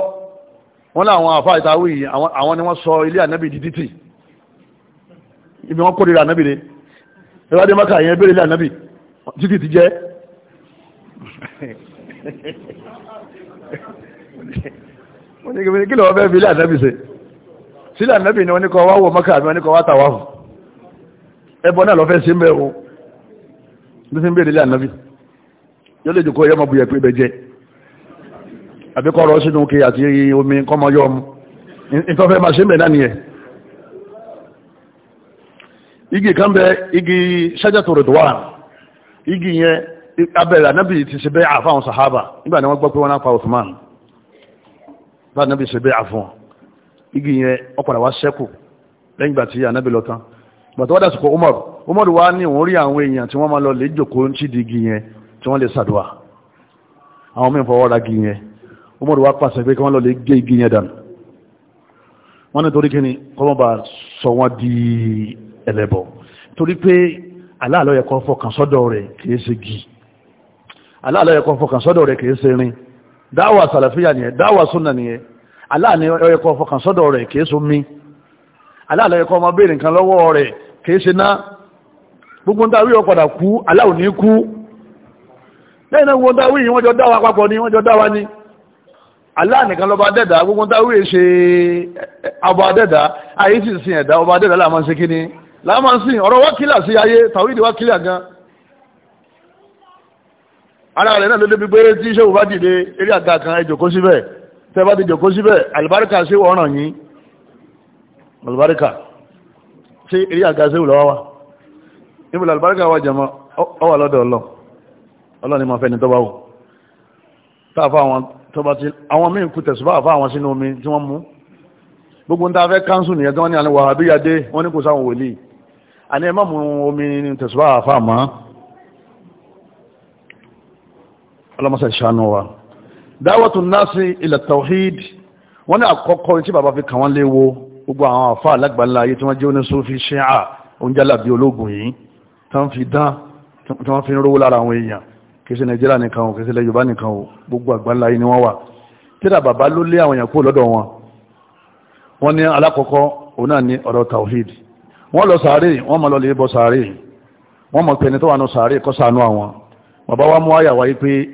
wọ́n ní àwọn àfá ìtawí àwọn ni wọ́n sọ ilé ànábì di títì ibi wọ́n kórìíra ànábì rẹ̀ ẹwà dé mọ́kà yẹn bèrè ilé ànábì títì ti jẹ́ wọ́n ni kí lọ́wọ́ fẹ́ fi ilé ànábì ṣe sílẹ̀ ànábì ni wọ́n ní kọ́ wá wọ mọ́kà àbí wọ́n ní kọ́ wá tàwa fún ẹbọ náà lọ́fẹ́ sí mbẹ́ o bí sí ń bèèrè ilé ànábì yóò lè jòkó yọmọ buyẹ̀ pé bẹ̀jẹ̀ àbí kọ́ ọ̀rọ̀ sínú kí àti omi kọ́mọ yọ ọmọ ìtọ́fẹ́ máa ṣe mbẹ̀ náà nìyẹn igi kan bẹ igi ṣájà tó tó wà igi yẹn abẹ́rẹ́ anábì ti ṣe bẹ́ẹ̀ àfáwọn sàhábà nígbà ni wọ́n gbọ́ pé wọ́n nápa Uthman bá anábì ṣe bẹ́ẹ̀ àfọ́n igi yẹn ọ̀padà wá ṣẹ́kù lẹ́yìn ìgbà tí anábì lọ tán bàtà wọ́n dàsìkò Umar Umar wá ní òun rí àwọn èèyàn tí wọ́n máa lọ lè jòkó ń ṣídi igi yẹn tí wọ́n lè ṣàdùà àwọn mí fọwọ́ igi yẹn Umar wá pàṣẹ pé kí wọ́n lọ lè gé igi yẹn dànù wọ́n ní torí kíni kọ́mọ́ bá sọ wọ́n di ẹlẹ́bọ̀ torí pé aláàlọ́ kọ́ fọkàn sọ́dọ̀ rẹ̀ kì í ṣe gi ala ala ya fọkàn kan rẹ̀ kìí ka rin dáwà sàlàfíà nìyẹn dáwà ya nìyẹn aláàlọ́ yẹ kọ́ fọkàn sọ́dọ̀ rẹ̀ mi aláàlọ́ yẹ kọ́ ọmọ béèrè nǹkan lọ́wọ́ rẹ̀ gbogbo ń dáwí ọ̀padà kú aláwò gbogbo ń dáwí jọ dáwà ni jọ dáwà eh, ni lọba gbogbo ṣe adẹ́dà ọba adẹ́dà gan ara rẹ̀ náà ló débi pé tí sẹ́wọ̀n bá dìde eré àga kan ẹ jòkó síbẹ̀ tẹ́ bá ti jòkó síbẹ̀ àlùbáríkà sí ọ̀ràn yín àlùbáríkà sí eré àga sẹ́wọ̀n lọ́wọ́ wa níbo àlùbáríkà wa jẹ̀mọ́ ọwà lọ́dọ̀ ọlọ́ ni máa fẹ́ni tọ́ba wò táàfà àwọn tọ́ba ti àwọn míì kú tẹ̀sùbá àfà àwọn sínú omi tí wọ́n mú gbogbo ń ta fẹ́ káńsù nìyẹn tí wọ́n ní àwọn wàhábíyàdé wọ́n ní kò sáwọn wòlíì àní ẹ má mú omi tẹ̀sùbá àfà máa ọlọ́mọsẹ̀ ṣàánú wa dáwọ́tún náàsì ilẹ̀ tawhid wọ́n ní àkọ́kọ́ tí bàbá fi kàn wọ́n léwo gbogbo àwọn àfá alágbàlá ayé tí wọ́n jẹ́ oníṣòfì ṣíà oúnjẹ alábí ológun yìí tán fi dán tí wọ́n fi ń rówó lára àwọn èèyàn kìí ṣe nàìjíríà nìkan o kìí ṣe ilẹ̀ yorùbá nìkan o gbogbo àgbàlá ayé ni wọ́n wà tíra bàbá ló lé àwọn èèyàn kúrò lọ́dọ̀ wọn wọ́n ní alákọ̀ọ́kọ́ òun náà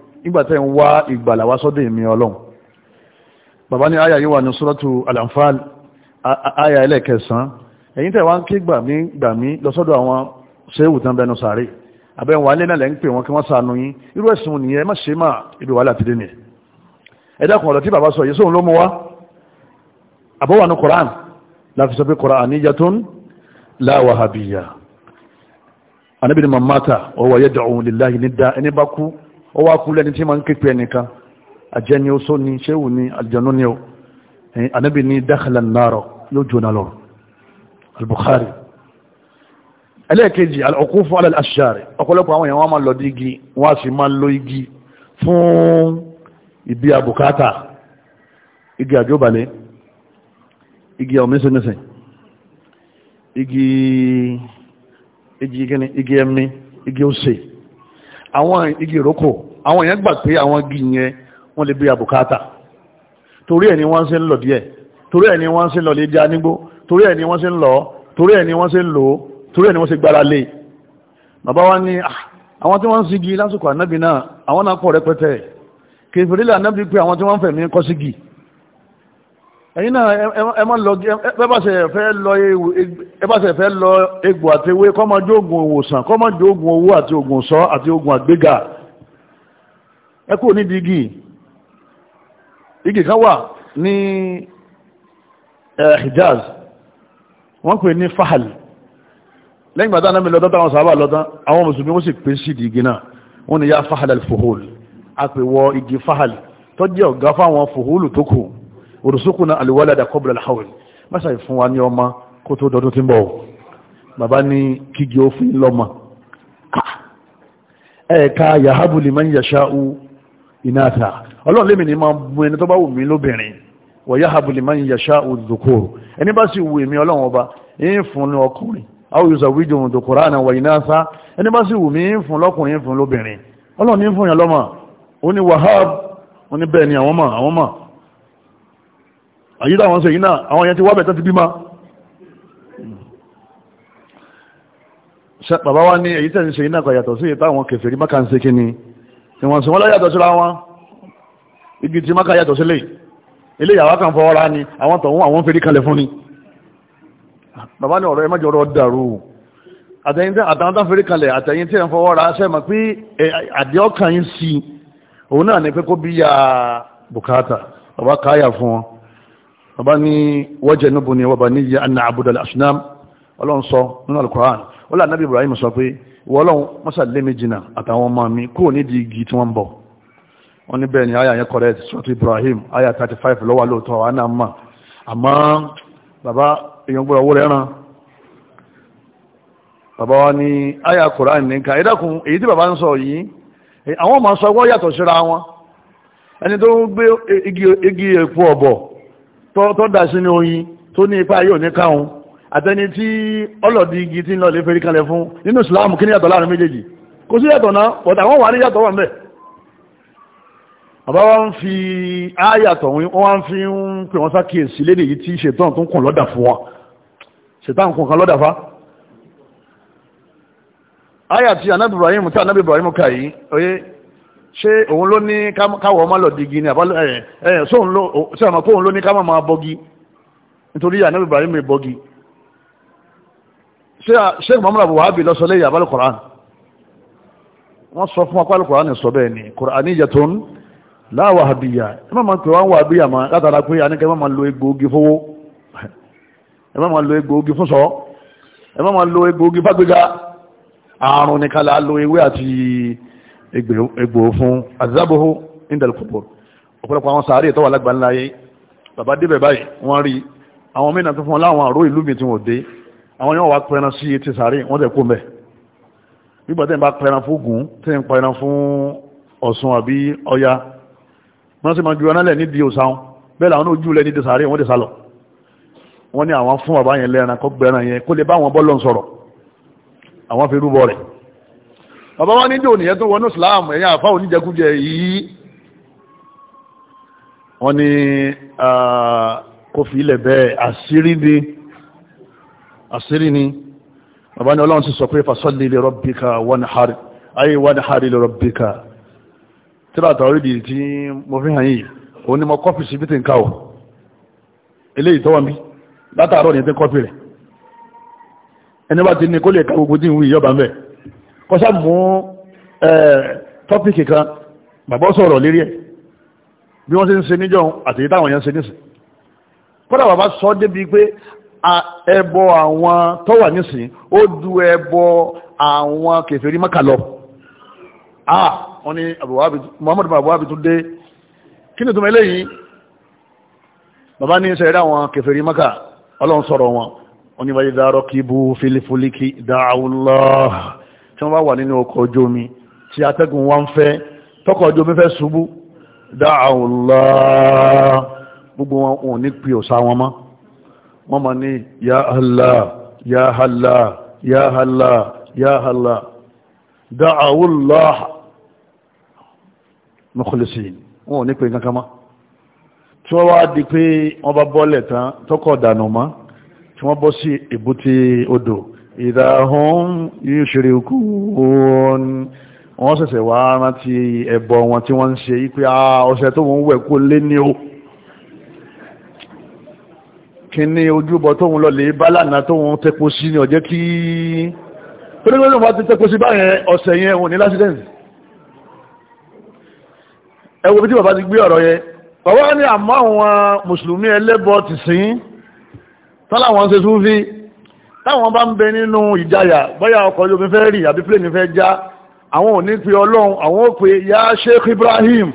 nígbàtẹ́ ń wá ìgbàlà wá sọ́dọ̀ èmi ọlọ́run bàbá ní àyà yíwà ní sọ́rọ́tù al-Anfal àyà ẹlẹ́kẹsàn ẹ̀yìn tẹ̀wá ń ké gbàmí gbàmí lọ́sọ́dọ̀ àwọn sẹ́wù tán bẹnu sàárè àbẹ́ wọn alẹ́ náà ibi wàhálà ti dé nìyẹn ẹ̀dá kan ọ̀rọ̀ tí bàbá sọ yìí sóhun la wahabiyyah anábìnrin mamata ọwọ́ yẹ́dọ̀ òun lè láyé ní ó wá kú lẹ́ni tí ma ń képe ẹnìkan àjẹni oṣó ni ṣéwù ni àlìjànú ni ó anábì ní dákàlà náàrọ̀ yóò jóná lọ al-Bukhari ẹlẹ́ẹ̀kejì al-uqufu ala al-ashjari ọ̀pọ̀lọpọ̀ àwọn èèyàn wọn máa lọ dí igi wọn a sì máa lo igi fún ìbí àbùkátà igi àjóbalẹ̀ igi àwọn mẹ́sẹ̀mẹ́sẹ̀ igi igi ẹmi igi ọ̀sẹ̀ àwọn igi ìrókò àwọn èèyàn gbà pé àwọn igi yẹn wọ́n lè bí àbùkátà torí ẹ̀ ni wọ́n ṣe ń lọ díẹ̀ torí ẹ̀ ni wọ́n ṣe ń lọ lè já nígbó torí ẹ̀ ni wọ́n ṣe ń lọ torí ẹ̀ ni wọ́n ṣe ń lò torí ẹ̀ ni wọ́n ṣe gbára lé e. bàbá wa ní ah, àwọn tí wọ́n sigi lásìkò ànábì náà àwọn náà pọ̀ rẹpẹtẹ kèfèrè lè pé àwọn tí wọ́n fẹ̀mí kọ́sígì ẹ̀yin náà ẹ má lọ ẹbáṣẹ̀ fẹ́ lọ egbò àti ewé kọ́mọjú oògùn òwòsàn kọ́mọjú oògùn owó àti oògùn sọ àti oògùn àgbéga ẹ kúrò níbi igi igi kan wà ní Hijaz wọ́n pè ní fahal lẹ́yìn gbàtà náà mi lọ́tọ́ táwọn sábà lọ́tọ́ àwọn mùsùlùmí wọ́n sì pín sí di igi náà wọ́n ni ya fahal al-fuhul a pè wọ igi fahal tó jẹ́ ọ̀gá fáwọn fuhulu tó kù òrùsùkùnà àlùwálàdà kọ́bùlà làwìn mọ́sà ìfún wa ní ọmọ kó tó dọdún tí ń bọ̀ bàbá ní kígi òfin lọ́mọ ah! ẹ̀ẹ̀ka yahabu liman yasha'u inata ọlọ́run lèmi ni máa mú ẹni tó bá wù mí lóbìnrin wọ yahabu liman yasha'u dhukuru ẹni bá sì wù mí ọlọ́run ọba ń fún ní ọkùnrin aw yuzawwijuhum dhukurana wa inatha ẹni bá sì wù mí ń fún lọ́kùnrin ń fún lóbìnrin ọlọ́run ní fún yàn lọ́mọ ó wahab ó ní ni àwọn mọ̀ àwọn mọ̀ àyí táwọn ṣe yìí náà àwọn yẹn ti wá bẹ̀tẹ́ ti bímá bàbá wa ní èyí tẹ̀ ń náà kọ̀ yàtọ̀ sí èyí táwọn kèfèrí Mákà ń ṣe kí ni ìwọ̀n sí wọ́n lọ yàtọ̀ síra wọn igi tí Mákà yàtọ̀ sílẹ̀ ilé ìyàwó kan fọwọ́ ra ni àwọn tọ̀hún àwọn fèrè kalẹ̀ fún ni bàbá ní ọ̀rọ̀ ẹ má jẹ́ ọ̀rọ̀ dàrú àtẹ̀yìn tí àtàwọn bàbá ni wọ́jẹ̀ níbo ni wọ́bà ní yẹ anna abudul asunam ọlọ́run nínú alukoran ó là ibrahim sọ pé wọ́lọ́run mọ́sàlémi jìnnà àtàwọn ọmọ mi kúrò nídìí igi tí wọ́n ń bọ̀ wọ́n ní bẹ́ẹ̀ ni aya yẹn correct sọ́tù ibrahim aya 35 lọ́wọ́ lóòótọ́ àwọn náà àmọ́ bàbá èèyàn gbọ́dọ̀ owó rẹ̀ràn bàbá wa ní aya nìkan èyí tí bàbá ń sọ yìí àwọn ọmọ sọ wọ́n yàtọ̀ síra wọn ẹni tó tó dà sí ní oyin tó ní ipa yóò ní káhùn àtẹni tí ọlọ́dí igi tí ń lọ lè fẹ́rí kalẹ̀ fún nínú Islam kí ní yàtọ̀ láàrin méjèèjì kò sí yàtọ̀ náà pọ̀tà wọ́n wà ní yàtọ̀ wọ́n bẹ̀ bàbá wọn fi áyàtọ̀ wọn wá fi ń pè wọn sákèèsí lédè yìí tí ṣètàn tó ń kùn lọ́dà fún wa ṣètàn kùn kan lọ́dà fa áyà tí anábì Ibrahim tí anábì Ibrahim kà yìí ṣé òun ló ní káwọ̀ ọmọ lọ̀dìgì ni àbálẹ̀ ẹ̀ ẹ̀ ṣé ọmọ kóhun ló ní káwọ̀ máa bọ́gi nítorí yà níbi Ibrahim bọ́gi ṣé Muhammad Abu Wahabi lọ́sọ lẹ́yìn àbálẹ̀ Qur'an wọ́n sọ fún apá Qur'an sọ bẹ́ẹ̀ ni Qur'aniyyatun la Wahabiyya ẹ má máa pè wọ́n Wahabiyya mọ́ látara pé àníkẹ́ má máa lo egbòogi fowó ẹ má máa lo egbòogi fún sọ ẹ má máa lo egbòogi fágbégá àrùn nìkan là á lo ewé àti egbò fún azabohu indalkubur ọ̀pọ̀lọpọ̀ àwọn sàárì ìtọ́wà lágbà ńlá ayé bàbá débẹ̀ báyìí wọ́n rí àwọn mìíràn tó fún láwọn àrò ìlú mi tí wọ́n dé àwọn yóò wá pẹran sí ti sàárì wọ́n tẹ̀ kó mẹ́ nígbà tẹ́ ń bá pẹran fún Ògún tẹ́ ń pẹran fún Ọ̀ṣun àbí Ọya wọ́n sì máa ju ọ̀nà lẹ̀ nídìí òsàn bẹ́ẹ̀ làwọn ojú lẹ̀ nídìí sàárì wọ́n tẹ̀ sálọ wọ́n ní àwọn fún bàbá yẹn lẹ́ran kó gbẹran yẹn kó lè bá àwọn bọ́ọ̀lọ́ sọ̀rọ̀ àwọn fi rúbọ rẹ̀ bàbá wa níjẹ́ òníyẹ́ tó wọnú islam ẹ̀yìn àfá oníjẹkújẹ yìí wọ́n ní kò fi ilẹ̀ bẹ́ẹ̀ àṣírí ni àṣírí ni bàbá ní ọlọ́run ti sọ pé fasalli li rabbika wanhar ayé wanhar li rabbika tíráta orídìí tí mo fi hàn yìí òun ni mo kọ́pì sí bítí nǹkan ò eléyìí tọ́wọ́ mi látàárọ̀ ní ti kọ́pì rẹ̀ ẹni bá ti ní kó lè ka gbogbo dín wí yọba mẹ́ẹ̀ kọ́sá mú tọ́pìkì kan bàbá sọ̀rọ̀ lérí ẹ̀ bí wọ́n ti ń ṣe níjọ́ àti ìtàwọn èèyàn ṣe nísìn kọ́dà bàbá sọ débi pé ẹbọ àwọn tó wà nísìn ó ju ẹbọ àwọn kèfèrí Mákà ah wọ́n ní Muhammadu Buhari tún dé kí ni tó mẹ́lẹ́ yìí bàbá ní sẹ́yẹ́dá àwọn kèfèrí Mákà ọlọ́run sọ̀rọ̀ wọn oníbàyí dárọ́ kí bú fílífúlíkì dáàwùlọ́ọ̀ tí wọ́n bá wà nínú ọkọ̀ ojú omi tí atẹ́gùn wá ń fẹ́ tọkọ̀ ojú omi fẹ́ ṣubú dáàwòlá ya Allah ya Allah ya Allah ya Allah dáàwòlá mọ́kànlẹ́sì wọn ò ní pè kankan mọ́ tí wọ́n wá di pé wọ́n bá bọ́lẹ̀ tán tọkọ̀ dànù mọ́ tí wọ́n bọ́ sí èbúté odò ìdáhùn ìṣirikú wọn wọ́n ṣẹ̀ṣẹ̀ wá rántí ẹbọ wọn tí wọ́n ń ṣe pé ọṣẹ tó ń wẹ̀ kó lé ní o kí ní ojúbọ tóun lọ lè bálànà tóun tẹpo sí ní ọjẹ́ kí pẹ́lẹ́gbẹ́lẹ́ wọn ti tẹpo sí báyẹn ọ̀sẹ̀ yẹn òun ní lásìdẹ̀ǹsì ẹ wo bí tí bàbá ti gbé ọ̀rọ̀ yẹn bàbá ní àmọ́ àwọn mùsùlùmí ẹlẹ́bọ ti sìn tọ́lá wọn ṣe súnfí táwọn bá ń bẹ nínú ìjayà bóyá ọkọ̀ ojú omi fẹ́ rì àbí plane fẹ́ já àwọn ò ní pe ọlọ́run àwọn ò pe ya sheikh ibrahim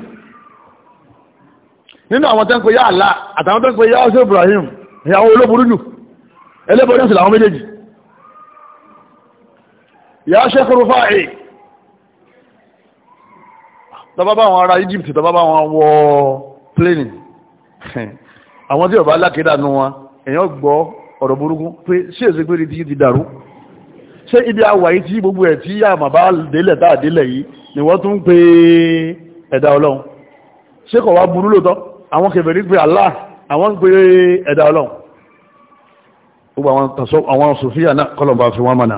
nínú àwọn tẹ́ ń pe ya Allah àtàwọn tẹ́ ń pe ya sheikh ibrahim ìyàwó olóburú jù ẹlẹ́bọ̀ọ́dẹ́sì làwọn méjèèjì ya sheikh rufai tọba bá àwọn ará Egypt tọba bá àwọn wọ plénì àwọn tí ó bá lákèdánú wọn èyàn gbọ́ ọ̀rọ̀ burúkú pé sí èsì pé ti ti dàrú ṣé ibi àwàyí tí gbogbo ẹ̀ tí àmà bá délẹ̀ tá àdélẹ̀ yìí ni wọ́n tún pé ẹ̀dá ọlọ́run ṣé kọ̀ wá burú lóòótọ́ àwọn kèfèrí pé Allah àwọn ń pé ẹ̀dá ọlọ́run gbogbo àwọn tàṣọ àwọn sòfíà náà kọlọ̀mbà fi wọ́n mọ̀nà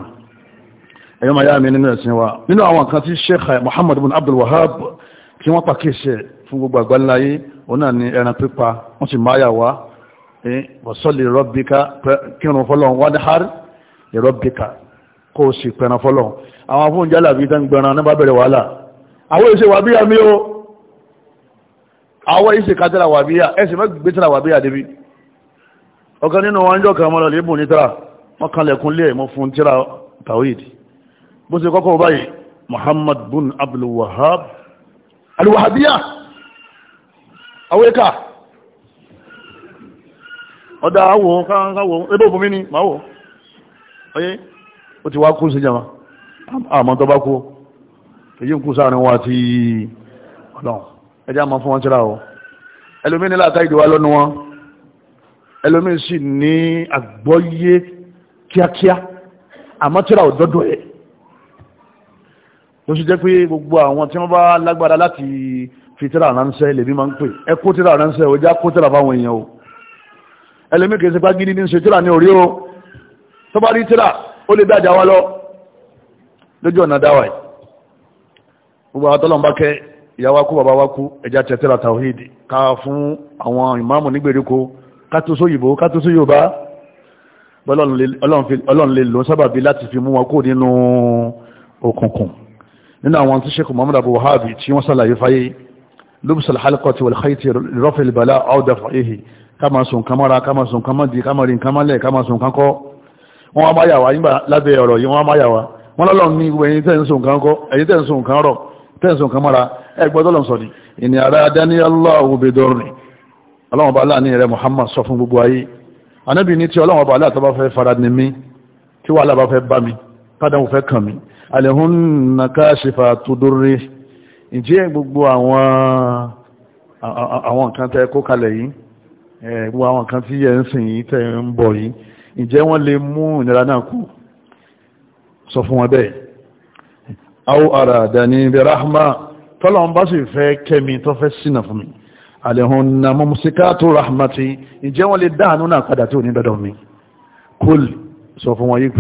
ẹ̀yọ́ ma yá mi nínú Sheikh Muhammad bin Abdul Wahhab kí wọ́n pàkíṣẹ̀ fún gbogbo àgbáńláyé òun náà ni ẹran pípa wọ́n sì máyà wá wọ́sọ́lì rọ́bíkà kírun fọ́lọ́n wádìhár ìrọ́bíkà kó o sì pẹ̀ràn fọ́lọ́n àwọn afún jálà bí tán gbẹ̀ràn ní bá bẹ̀rẹ̀ wàhálà àwọn ìṣe wàbíyà mi o àwọn ìṣe kátàrà wàbíyà ẹ̀sìn mẹ́gbẹ̀tàrà wàbíyà débi ọ̀kan nínú wọn jọ kan mọ́lọ̀ lébùn nítara wọ́n kan lẹ̀kún lé ẹ̀mọ́ fún tíra tawhid bó ṣe kọ́kọ́ báyìí muhammad bun abdul wahab alwahabiya aweka ọ̀dá àwò káwò ebó fún mi ni máa wò ọyé ó ti wá kú sí jama àmọ́ tó bá kú èyí ń kú sáàrin wá ti ọlọ́run ẹjá máa fún wọn tíra o ẹlòmí ní láta ìdíwá lọ́nu wọn ẹlòmí sì ní àgbọ́yé kíákíá àmọ́ tíra ò dọ́dọ̀ ẹ̀ ló sì jẹ́ pé gbogbo àwọn tí wọ́n bá lágbára láti fi tíra ránṣẹ́ lèmi máa ń pè ẹ kó tíra ránṣẹ́ o já kó tíra fáwọn èèyàn o ẹlẹ́mí kìí ṣe fagídí ní ṣe tíra ní orí o tó bá rí tíra ó lè dájà wá lọ lójú ọ̀nà dáwà ẹ̀ gbogbo àwọn tọ́lọ̀ ń bá kú bàbá wa kú ẹja tẹ tíra tawhid ká fún àwọn ìmáàmù nígbèríko kátó sóyìnbó kátó sóyìnbá ọlọ́run lè lọ sábàbí láti fi mú wọn kó nínú òkùnkùn nínú àwọn tí Sheikh Muhammad Abu Wahabi tí wọ́n sàlàyé fáyé lóbùsàlẹ̀ halkọ̀tì wal khayti rọ́fẹ̀lì bàlá ọ̀dà fàyéhì káma sùn kan mọ́ra káma sùn kan mọ́dí káma rí nǹkan mọ́lẹ̀ káma sùn kan kọ́ wọ́n wá máyà wá nígbà lábẹ́ ọ̀rọ̀ yìí wọ́n wá máyà wá wọ́n lọ́lọ́ ní ẹ̀yin tẹ́ ń sùn kan kọ́ ẹ̀yin tẹ́ ń Muhammad sọ fún gbogbo ayé anábì ní tí aláwọ̀ bá láàtọ́ bá fẹ́ fara ní mí tí wàhálà bá fẹ́ bá mi tádàwọ̀ fẹ́ kàn mí alẹ́hún gbogbo àwọn nǹkan tẹ́ kó kalẹ̀ yìí gbogbo àwọn kan tí ẹ ń sìn yìí tẹ́ ń bọ̀ yìí ǹjẹ́ wọ́n lè mú ìnira náà kú sọ fún wọn bẹ́ẹ̀ rahma bá sì fẹ́ kẹ́mi tó fẹ́ sínà fún mi alehunna mumsikatu rahmati ǹjẹ́ wọ́n lè dáànú náà padà tí ò ní dọ́dọ̀ mi kúl sọ fún wọn yìí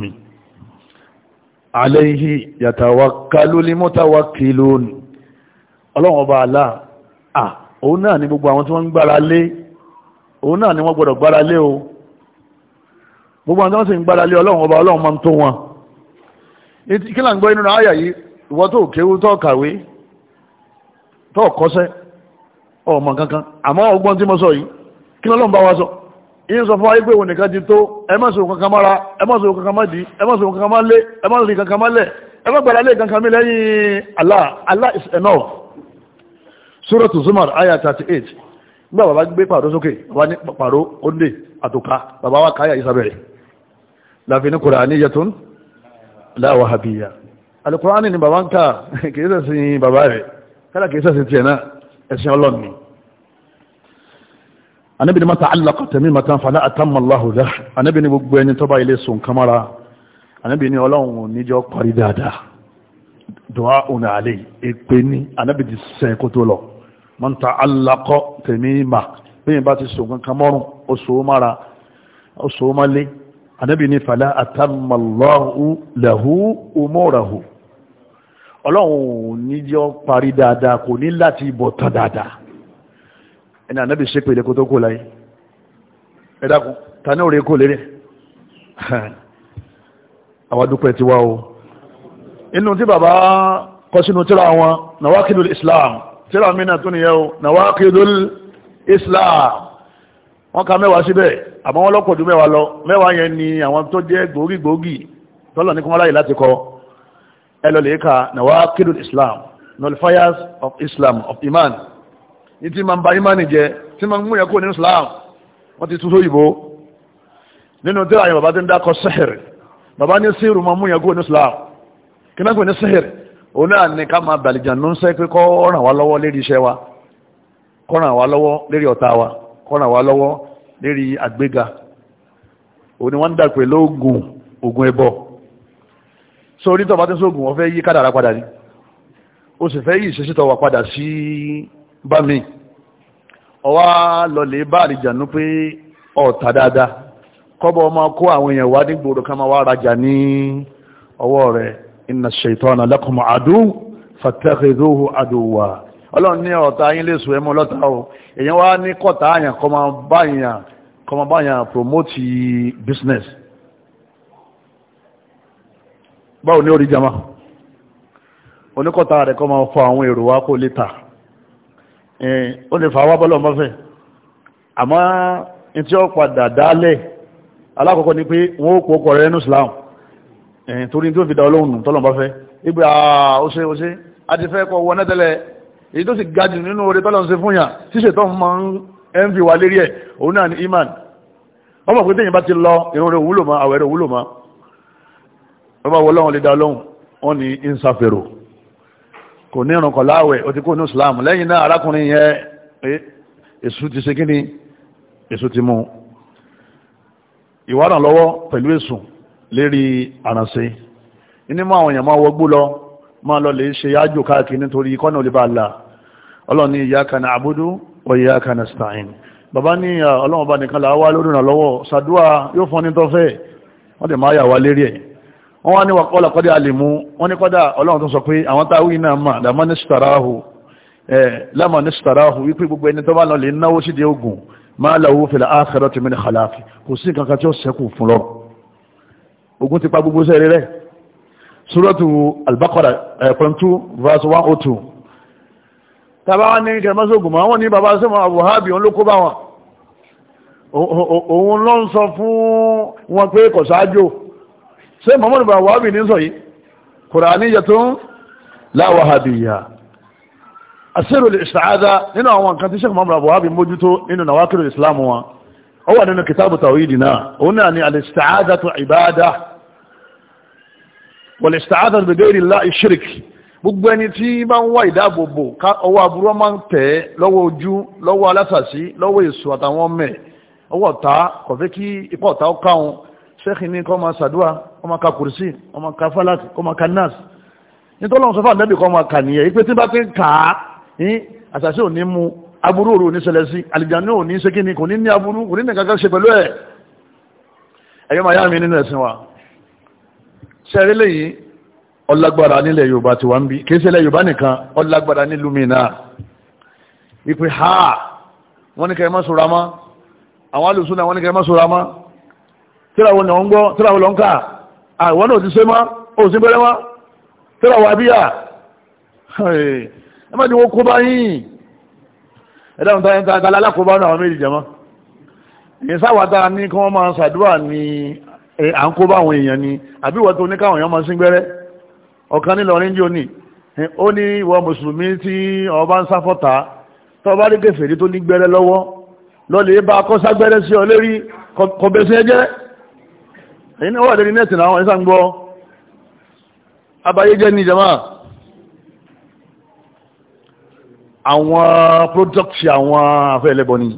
mi aléhì yàtàwàkálú lè mọ́tàwàkìlò ọlọ́run ọba àlá à òun náà ni gbogbo àwọn tí wọ́n ń gbára lé òun náà ni o gbogbo àwọn tí wọ́n sì ń gbára lé ọlọ́run ọba ọlọ́run máa ń tó wọn kí là ń gbọ́ inú àyà yìí tó kéwú kankan àmọ́ ọgbọ́n tí mo sọ yìí wa sọ yín sọ fún ayégbé òun nìkan ti tó ẹ má sọ kankan mára ẹ má sọ kankan má di ẹ má sọ kankan má lé ẹ má sọ kankan má lẹ̀ ẹ má gbàdá lé kankan mi lẹ́yìn Allah Allah is enough Suratu Zumar ayah thirty eight nígbà bàbá gbé pàró sókè wà ní pàró òde àtòká bàbá wa káyà ìsàbẹ̀rẹ̀ láfi ní Qur'aniyyatun la wahabiyya Al-Qur'ani ni bàbá ń ká kìí sẹ́sìn bàbá rẹ̀ kálá kìí sẹ́sìn tiẹ̀ náà ẹ̀sìn ọlọ́ni anábì ni mata allaka tamimatan fala atamma Allahu lah anábì ni gbogbo ẹni tó bá ilé sùn kamara anábì ni ọlọ́run níjọ́ parí dáadáa dùwà ònà àlè èpè ní anábì ti sẹ́ kó tó lọ man ta'allaqa tamima bẹ́yìn bá ti sùn kankan mọ́rùn ó so mọ́lé anábì ni fala atamma Allahu lahu umurahu ọlọ́run níjọ́ parí dáadáa kò ní láti bọ̀ tán dáadáa ẹni ànábì ṣe pèlè kó tó kó láyé ẹ̀dàkùn ta ní òrè kó lérè àwọn dúpẹ́ ti wá o inú tí bàbá kọ sínú tíra wọn nawakidul islam tíra mìíràn tó nìyẹn o nawakidul islam wọ́n ka mẹ́wàá síbẹ̀ àmọ́ wọ́n lọ́pọ̀ ju mẹ́wàá lọ mẹ́wàá yẹn ni àwọn tó jẹ́ gbòógì gbòógì tọ́lọ̀ ní kọ́mọ́láyè láti kọ ẹ lọ lè ka nawakidul islam nullifiers of islam of iman ní tí máa ń ba imáni jẹ tí máa ń múyàn kó ní islam wọ́n ti tún sóyìnbó nínú tí àyàn bàbá ti ń dákọ sẹ́hẹ̀rì bàbá ní sírù máa múyàn kó ní islam kí náà pè ní sẹ́hẹ̀rì òun náà ní ká máa bàlìjà ló ń sẹ́ pé kó ràn wá lọ́wọ́ lérí iṣẹ́ wa kó ràn wá lọ́wọ́ lérí ọ̀tá wa kó ràn wá lọ́wọ́ lérí àgbéga òun ni wọ́n ń dà pé lóògùn ògùn ẹbọ sórí tó bá ti sóògùn wọ́n fẹ́ yí kádàrá padà ni ó sì fẹ́ yí ìṣesítọ̀ wà padà sí bá mi ọwá lọlẹ̀ bá àrìjànú pé ọ̀tà dáadáa kọ́bọ̀ ọmọ kó àwọn èèyàn wá nígboro ká máa wá rajà ní ọwọ́ rẹ̀ inna shaytana lakum adu fattakhidhuhu aduwwa ọlọ́run ní ọ̀tá yín lè sọ ẹmọ lọ́ta o èèyàn wá ní kọ́ta àyàn kọmọ báyàn kọmọ báyàn promote business báwo ní orí jama oníkọ́ta rẹ̀ kọmọ fọ àwọn èrò wá kó lè ta Eh, ó lè fà wá bọ́lọ̀ mọ́fẹ́ àmọ́ in tí ó padà dálẹ̀ alákọ̀ọ́kọ́ ni pé wọ́n ó pọ̀ọ́kọ̀ rẹ̀ ní Islam eh, torí tí ó fi dá ọlọ́run nù tọ́lọ̀ mọ́fẹ́ ibi àóṣe ah, òṣe a ti fẹ́ kọ wọná tẹ́lẹ̀ èyí tó sì ga jù nínú oore tọ́lọ̀ ń ṣe fún yàn ṣíṣe tó mọ ń fi wà lérí ẹ̀ òun náà ni iman ọmọ pé téèyàn bá ti lọ ìrun rẹ̀ òwúlò mọ́ àwẹ̀ rẹ̀ òwúlò mọ́ ọba wọlọ́run lè dá ọlọ́run wọn ni ń sáfẹ́rò kò ní ìrùn kọ̀láwẹ̀ ó ti kó ní islam lẹ́yìn náà arákùnrin yẹn esu ti ṣe kí ni ti mú ìwádàn lọ́wọ́ pẹ̀lú esu lérí àrànṣe inú mọ́ àwọn èèyàn máa lọ máa lọ lè ṣe yájò káàkiri nítorí kọ́nà olè bá la ọlọ́run ní iyyaka na'budu wa iyyaka nasta'in bàbá ní ọlọ́run nìkan làá wá lórí ìrànlọ́wọ́ sàdúà yóò ní tọ́fẹ́ wọ́n dẹ̀ máa yà wá lérí wọ́n wá ní wàkọ́lá kọ́dá alìmú wọ́n ní kọ́dá ọlọ́run tó sọ pé àwọn táwí náà mà lámà ní sùtàráhù lámà ní sùtàráhù wípé gbogbo ẹni tó bá lọ lè náwó sídi ogun máa lọ́wọ́ fìlà áàkẹ́rọ ti mẹ́ni kàláàfì kò sí nǹkan kan tí ó sẹ́kù fún lọ ogun ti pa gbogbo sẹ́rẹ̀ rẹ̀ suratu albakara pẹ̀ntú verse one oh two tàbá wọn ní kẹrìmọ́sọ́gùn mọ́ wọn ní bàbá sọ́mọ́ àbúhábì òun ló kó bá wọn òun ló ń sọ fún wọn pé kọ̀sáájò Sai muhammadu bá wà bí ní sọ yìí la wahabiyya al-isti'adha nínú àwọn nǹkan tí sheikh muhammadu bá wà bí mójútó na nawakiru islam wọn ó wà kitabu tawhidi náà òun ni al-isti'adhatu ibada wal-isti'adha bi ghayri la gbogbo ẹni tí bá ń wá ìdáàbòbò ká ọwọ́ aburú máa ń lọ́wọ́ ojú lọ́wọ́ alásàsí lọ́wọ́ èso àtàwọn ọmọ ẹ̀ ọwọ́ ọ̀tá kọ̀fẹ́ kí ọ̀tá ó sẹ́kì ní kọ́ máa sàdúwà kọ́ máa ka kùrìsì kọ́ máa ka fálàtì kọ́ máa ka nọ́ọ̀sì nítorí wọn sọ fún àdẹ́bì kọ́ máa kà nìyẹn ipe tí bá ti kà á ní àṣàṣe òní mu aburú òru òní ṣẹlẹ̀ sí àlìjáni òní ṣékì ni kò ní ní aburú kò ní ní kankan ṣe pẹ̀lú ẹ̀ ẹ̀yọ́ máa yá mi nínú ẹ̀sìn wa ṣẹ́rí lẹ́yìn ọlágbára nílẹ̀ Yorùbá ti wá ń bí kìí ṣẹlẹ̀ Yorùbá nìkan ọlágbára ha wọ́n ní kẹ́ ẹ má sọ̀rọ̀ àmọ́ àwọn tíráwọ̀ ni wọ́n gbọ́ tíráwọ̀ lọ ń ká àwọn náà ti ṣe mọ́ òsì bẹ́rẹ̀ wá tíráwọ̀ abíyà ẹ mẹ́jọ wọ́n kó bá yìí ẹ̀dàmù tààtàlá alákòóbá náà méjì jẹmọ́ ìsáwàtà ní kí wọ́n máa ṣàdúrà ní à ń kó bá àwọn èèyàn ni àbí wọ́n tó ní káwọn èèyàn máa sí gbẹ́rẹ́ ọ̀kan nílọrin jí ó ní ó ní ìwọ mùsùlùmí tí ọba ń sáfọ́ta tó bá rí kèfèrí tó ní gbẹ́rẹ́ lọ́wọ́ lọ́lẹ̀ bá kọ́ságbẹ́rẹ́ sí ọ lérí kọ̀bẹ̀sẹ̀ jẹ́rẹ́ èyí ni ó wà lórí nẹ́ẹ̀tì náà ẹ̀sà ń gbọ́ abayéjẹ́ ní ìjọba àwọn product àwọn afẹ́ ẹlẹ́bọ ni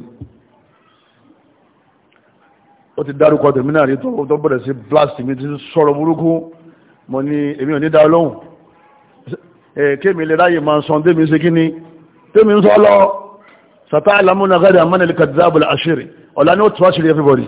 ó ti dárúkọ tèmi náà rí tó bọ̀rẹ̀ sí blast mi ti sọ̀rọ̀ burúkú mo ní èmi ò ní dá lóhùn kémi lè ráyè máa sọ tèmi sí kíní tèmi ń sọ lọ sàtà àlámúnagádà mánilì kàdìdábùl àṣírí ọ̀la ni ó tún àṣírí everybody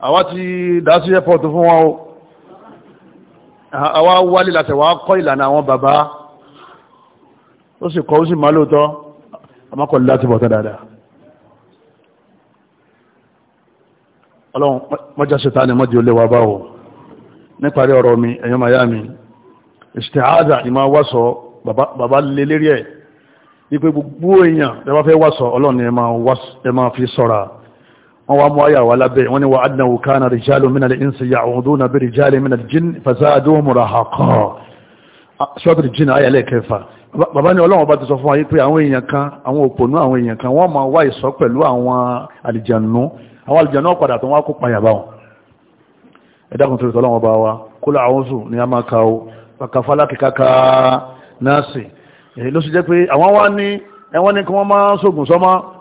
àwa ti dá sí airport fún wọn o àwa wálé láti wá kọ́ ìlànà àwọn bàbá ó sì kọ́ ó sì máa lóòótọ́ àmọ́kọ̀ láti bọ̀tán dáadáa ọlọ́run mọ́já ṣe tánì mọ́já olè wa báwo níparí ọ̀rọ̀ mi ẹ̀yọ́ maya mi ìṣtẹ̀háza ìmá wáṣọ bàbá lè lérí ẹ̀ wípé gbogbo èèyàn ẹ bá fẹ́ wáṣọ ọlọ́run ẹ máa fi sọ́ra wọ́n wá mú ayà wà lábẹ́ wọ́n ni wà adnáwò kánà rìjálù mínà lè ìnsì yà òhùdó na bí rìjálù mínà jìn fàzádó múra àkọ́ ṣọ́bìrì jìn ayà lẹ́kẹfà bàbá ni ọlọ́wọ́ bá ti sọ fún ayé pé àwọn èèyàn kan àwọn òpònú àwọn èèyàn kan wọ́n máa wá ìsọ pẹ̀lú àwọn àlìjànú àwọn àlìjànú padà tó wá kó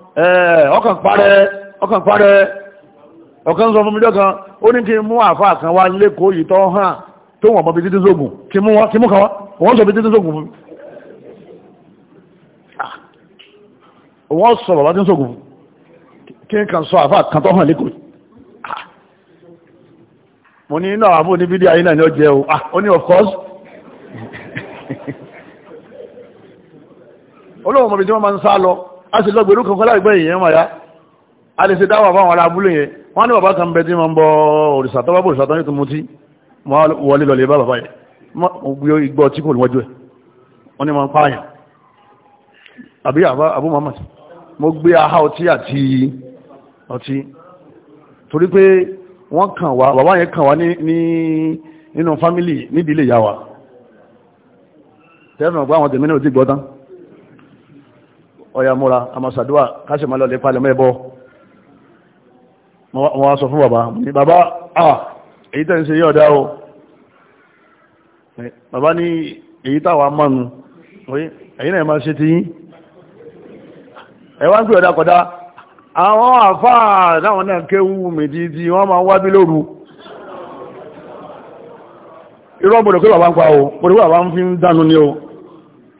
payà ọkàn parẹ́ ọ̀kan sọ fún mi lọ́kan ó ní kí n mú àfáà kan wá lẹ́kọ̀ọ́ yìí tọ́ hàn tó wọ̀n bọ̀bí títí sógùn kí mú kan wá wọ́n sọ bí títí sógùn fún ah. wọ́n sọ bàbá tí ń sógùn kí n kàn sọ àfáà kan tọ́ hàn lẹ́kọ̀ọ́ ah. mo ní inú àwọn ní fídíò ayé náà ni ó jẹ́ ah ó ní of course olóòwò mọ̀bí tí wọ́n máa ń sá lọ a sì lọ gbèrú kankan láìpẹ́ ìyẹn wọ̀nyá a lè ṣe dáwà fáwọn ará abúlé yẹn wọ́n ní bàbá kan bẹ tí ma ń bọ òrìṣà tó bá bọ̀ òrìṣà tó ní tó mú tí wọlé lọlẹ̀ bá bàbá yẹn igbó tí kò níwájú ẹ̀ wọ́n ní ma ń pààyàn àbí àbú mamad mo gbé aha ọtí àti ọtí torí pé wọ́n kàn wá bàbá yẹn kàn wá nínú fámílì nídìílé ìyá wa tẹ́fẹ̀ ọgbà àwọn tèmi náà ti gbọ́ wọ́n sọ fún bàbá ní bàbá ah èyí tẹ́ ń ṣe yọ́ dá o bàbá ní èyí táwà mọ́nu èyí náà máa ṣe ti yí ẹwà ń pè ọ̀dá kọ̀dá àwọn àfáà láwọn náà kéwú mìdídí wọ́n máa wá bí lóru irọ́ gbọ́dọ̀ pé bàbá ń pa o gbọ́dọ̀ pé bàbá ń fi ń dánú ní o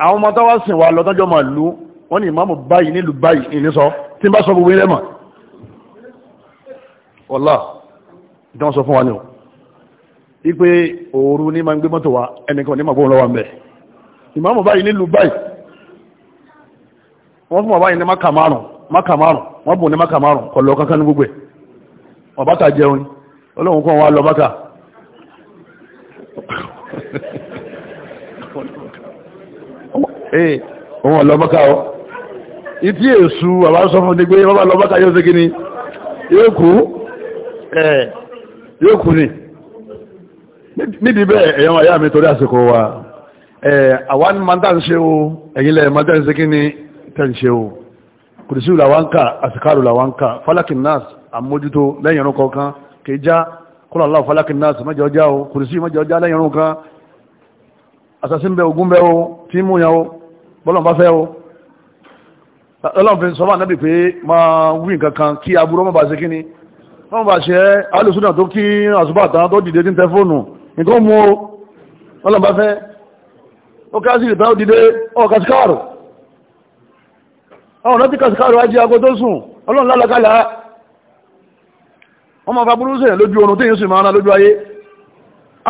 àwọn ọmọ táwà sìn wà lọ́tọ́jọ́ màlú wọ́n ní ìmáàmù báyìí nílùú báyìí ìníṣọ́ tí ń bá sọ gbogbo ilẹ̀ mọ̀ wọ́lá ìdán sọ fún wa ní o ipé ooru ní ma ń gbé mọ́tò wa ẹnìkan ní ma bóun lọ́wọ́ mẹ́ ìmáàmù báyìí nílùú báyìí wọ́n fún bàbá yìí ní maka márùn maka márùn wọ́n bùn ní maka márùn kọ̀ kankan ní gbogbo ẹ̀ jẹun ọ eh, ni yóò kú ẹ̀ eh, yóò kú ní nídi bẹ́ẹ̀ ẹ̀yàn àyà mi torí àsìkò wa ẹ̀ eh, àwọn mọ́tà ń ṣe o ẹ̀yìn lẹ̀ mọ́tà ń ṣe kí ni tẹ̀ ń ṣe o kùdìsí làwánkà àsìkárù làwánkà fálákì nas àmójútó lẹ́yìn ọ̀run kọ̀ọ̀kan nas mọ́jọ já o kùdìsí mọ́jọ já lẹ́yìn ọ̀run kan àsàsìn bẹ ogun bẹ o tí mú yan o bọ́lọ̀ bá fẹ́ o ọlọ́run fi sọ fún kí wọ́n bá ṣe alùsùnà tó kí àṣùbà tán tó dìde tí ń tẹ fóònù nǹkan mú ọlọ́mbà fẹ́ ó kásì ìtàn ó dìde ọ̀ kàṣíkàrò àwọn ọ̀nà tí kàṣíkàrò ajé ago tó sùn ọlọ́run lálàkàlà wọ́n máa fa burú sèyàn lójú oorun tí yín sì máa ná lójú ayé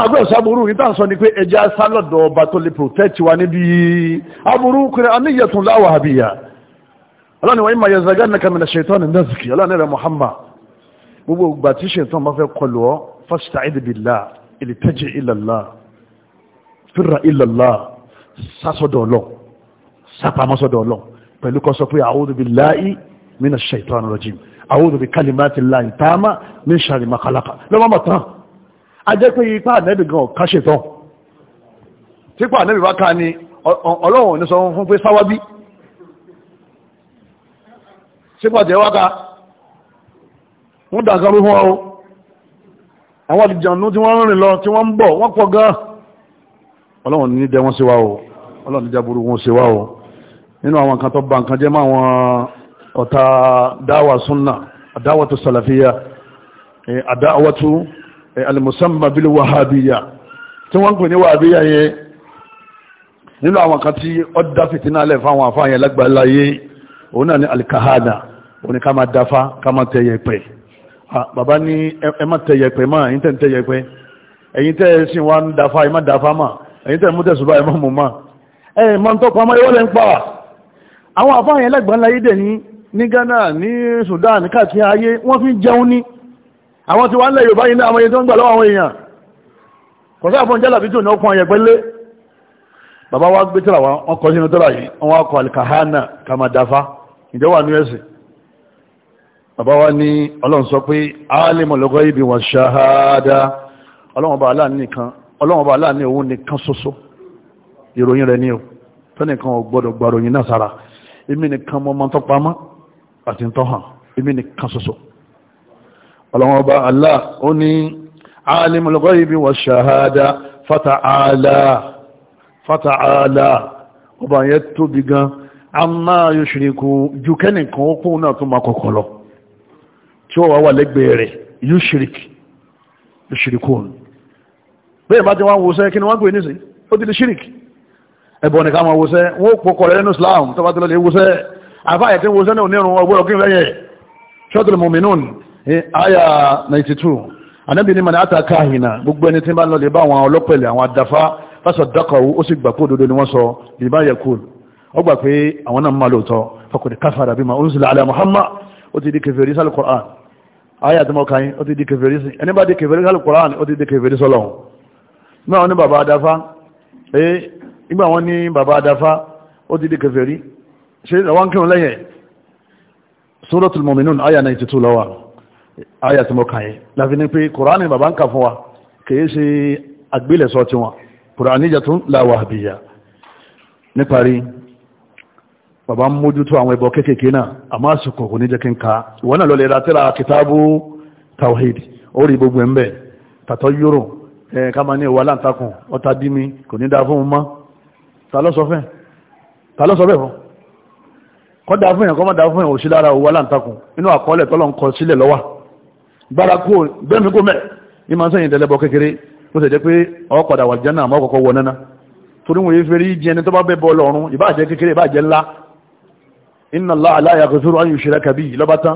agbẹ́ ìsàbúrú yìí tàn sọ ni pé ẹja sálọ̀dọ̀ ọba tó lè protect wa níbi aburú kiri aníyẹ̀tún láwàábìyà ọlọ́run wọ́n yí máa yẹ gbogbo ìgbà tí ṣètàn bá fẹ́ kọlù ọ fasta'id billah iltaji ila Allah firra ila Allah sásọ̀dọ̀ ọlọ́ sápamọ́sọ̀dọ̀ ọlọ́ pẹ̀lú kọ́ sọ pé a'udhu billahi minash shaitanir rajim a'udhu bi kalimatillahi tama min sharri ma khalaqa lọ́wọ́ tán a jẹ́ pé ipá ànẹ́bì gan ká típa ànẹ́bì ni ọlọ́run ní sọ fún pé sáwábí wọ́n dàgbàrú fún ọ́ àwọn àdìjànú tí wọ́n rìn lọ tí wọ́n ń bọ̀ wọ́n pọ̀ gan ọlọ́run ní dẹ wọ́n ṣe wá o ọlọ́run ní jábúrú wọ́n ṣe wá o nínú àwọn kan tó ba nǹkan jẹ́ máwọn ọ̀tá dáwà súnà àdáwàtú sàlàfíà àdáwàtú alìmùsàmà bílí wàhábíyà tí wọ́n ń pè ní wàhábíyà yẹn nínú àwọn kan tí ó dá fìtínà lẹ̀ fáwọn àfáàyàn lágbàláyé òun náà ní alìkàhánà òun ni ká máa dáfá ká máa tẹ̀yẹ̀ pẹ̀ bàbá ní ẹ má tẹ̀yẹ̀pẹ̀ má ẹ̀yin tẹ̀ ń tẹ̀yẹ̀pẹ̀ ẹ̀yin tẹ̀ ẹ sì wá ń dafa ẹ má dafa má ẹ̀yin tẹ̀ mú tẹ̀sùbá ẹ má mú má ẹ má ń tọ́pọ̀ amáyéwọ́ lẹ́ ń pa wà. àwọn àfáà yẹn lẹ́gbọ̀n láyé dẹ̀ ní ní Ghana ní Sudan káàkiri ayé wọ́n fi jẹun ní àwọn tí wọ́n lẹ̀ Yorùbá yìí ní àwọn èèyàn gbà lọ́wọ́ àwọn èèyàn kò sáà fún jálàbí tó ní ọkùnrin yẹn pẹ́lẹ́ bàbá wa gbé tíra wa wọn sínú tíra yìí wọn wá kọ bàbá wa ní ọlọ́run sọ pé alimul ghaibi wa shahada ọlọ́run bá aláàánú nìkan ọlọ́run bá aláàánú òun nìkan ṣoṣo ìròyìn rẹ̀ ní o tẹ́nìkan ò gbọ́dọ̀ gbàròyìn náà sára èmi nìkan mọ́ mọ́ tọ́pamọ́ àti tọ́hàn èmi nìkan ṣoṣo ọlọ́run bá aláà ó ní alimul ghaibi wa shahada fata'ala fata'ala tí ó wà wà lẹ́gbẹ̀ẹ́ rẹ̀ yushrik yushrikun bẹ́ẹ̀ bá ti wá wọ́sẹ́ kí ni wọ́n pè ní sí ó ti di shirik ẹ̀bọ̀n nìkan máa wọ́sẹ́ wọ́n kò kọ̀ rẹ̀ nínú Islam tó bá ti lọ́lẹ̀ wọ́sẹ́ àfáàyẹ̀ tí wọ́sẹ́ náà nírun ọgbọ́rọ̀ kí n lẹ́yẹ Suratul Mu'minun 92 eh, anábì ní man ata kahina gbogbo ẹni tí bá lọ́lẹ̀ bá àwọn ọlọ́pẹ̀lẹ̀ àwọn adáfá fasaddaqahu ó sì gbà pé òdodo ni wọ́n sọ bíbá yẹ kúl ó gbà pé àwọn náà máa lóòótọ́ faqad kafara bima unzila ala Muhammad ó ti di kèfèrí sálùkọ̀ọ́ ayé àti mọ́ka yín ó ti di kèfèrí sí ẹni bá di kèfèrí sí alukoran ó ti di kèfèrí sọ́lọ́hun náà wọ́n ní bàbá adáfá ee nígbà wọ́n ní bàbá adáfá ó ti di kèfèrí ṣe àwọn kírun lẹ́yìn suratul mu'minun ayé 92 lọ́wọ́ ayé àti mọ́ka yín láfi ní pé koran ni bàbá ń kà fún wa kìí ṣe àgbélẹ̀sọ tiwọn koran níjà tún láwà àbíyà níparí bàbá ń mójútó àwọn ẹbọ kéékèèké náà àmọ́ àsìkò kò ní jẹ́ kí n ka ìwọ náà lọ lè ra tírà kìtàbù tawhid ó rí gbogbo ẹ̀ ń bẹ̀ tàtọ́ yúrò ẹ̀ ká máa ní ìwà aláǹtakùn ọ̀tá dími kò ní dáa fún un mọ́ ta ló sọ fẹ́ ta ló sọ bẹ́ẹ̀ fún kọ́ dáa fún yẹn kọ́ má dáa fún yẹn ò sí lára òwò aláǹtakùn inú àkọọ́lẹ̀ tọ́lọ́ ń kọ sílẹ̀ lọ́wà gbára kó gbẹ́mi kó mẹ́ ní máa ń sẹ́yìn tẹ́lẹ́bọ kékeré ó sì jẹ́ pé ọ padà wà jẹ́ náà àmọ́ kọ̀kọ́ wọ náná torí wọn yé fẹ́rí jẹni tó bá bẹ́ bọ́ lọ́rùn ìbáàjẹ́ kékeré ìbáàjẹ́ inna Allah la yaghfiru an yushraka bihi lọ́ba tán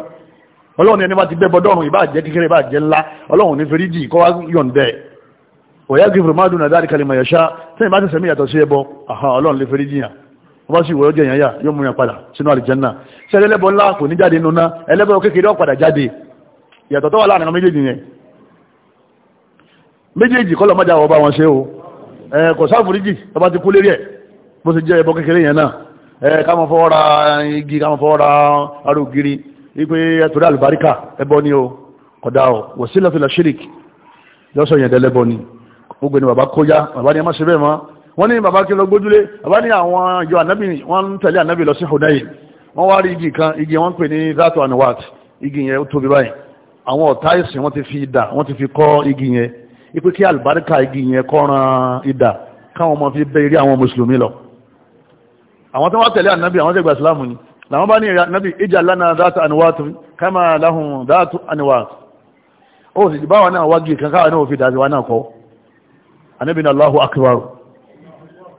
ọlọ́run ẹni bá ti bẹ́ẹ̀ bọ́dọ̀rùn ìbá jẹ́ kékeré ìbá jẹ́ ńlá ọlọ́run ní fèrèjì kọ́ wá yọ̀ǹdẹ̀ òyà gífùrù máa dùn àdáàrí kalẹ̀ mayọ̀ṣá tẹ́yìn bá ti sẹ̀mí yàtọ̀ sí ẹbọ ọlọ́run lè fèrèjì yàn wọ́n bá sì wọ́n jẹ́ yànyà yóò mú yàn padà sínú àlìjẹ́nà sẹ́lẹ̀ ẹlẹ́bọ ńlá kò ní jáde nínú náà ẹlẹ́bọ kékeré ó padà jáde yàtọ̀ tó wà láàrin méjèèjì yẹn méjèèjì kọ́ lọ́mọdé àwọn ọba wọn ṣe o kò sáfùríjì ọba ti kú lérí ẹ̀ bó ṣe jẹ́ ẹbọ kékeré yẹn náà Eh, káwọn fọ́ igi káwọn fọ́ ra arúgiri wípé ẹ̀tọ́rẹ́ àlùbáríkà ẹbọ ni o kọ̀dá o wò sí lọ́fìlà ṣíríkì lọ́sọ̀ yẹn dẹ́lẹ́bọ ni gbogbo ni bàbá kójá bàbá ni ẹ má ṣe bẹ́ẹ̀ mọ́ wọ́n ní bàbá kí lọ gbójúlé bàbá ní àwọn ìjọ ànábì wọ́n ń tẹ̀lé ànábì lọ sí Hunayn wọ́n wá rí igi kan igi wọ́n pè ní zato and wat igi yẹn ó tóbi báyìí àwọn ọ̀tá ìsìn wọ́n ti fi idà wọ́n ti fi kọ́ igi yẹn ipé kí àlùbáríkà igi yẹn kọ́ran idà káwọn ọmọ fi bẹ́ eré àwọn mùsùlùmí lọ àwọn tó wá tẹ̀lé ànábì àwọn tẹ́gbà ìsìlámù ni làwọn bá ní ìrìn ànábì ìjà lánà dáta àníwàtún kama láhùn dáta àníwàtún ó sì bá wọn náà wájú ìkankáwà náà fi dàbí wọn náà kọ́ ànábì ní Allahu akbar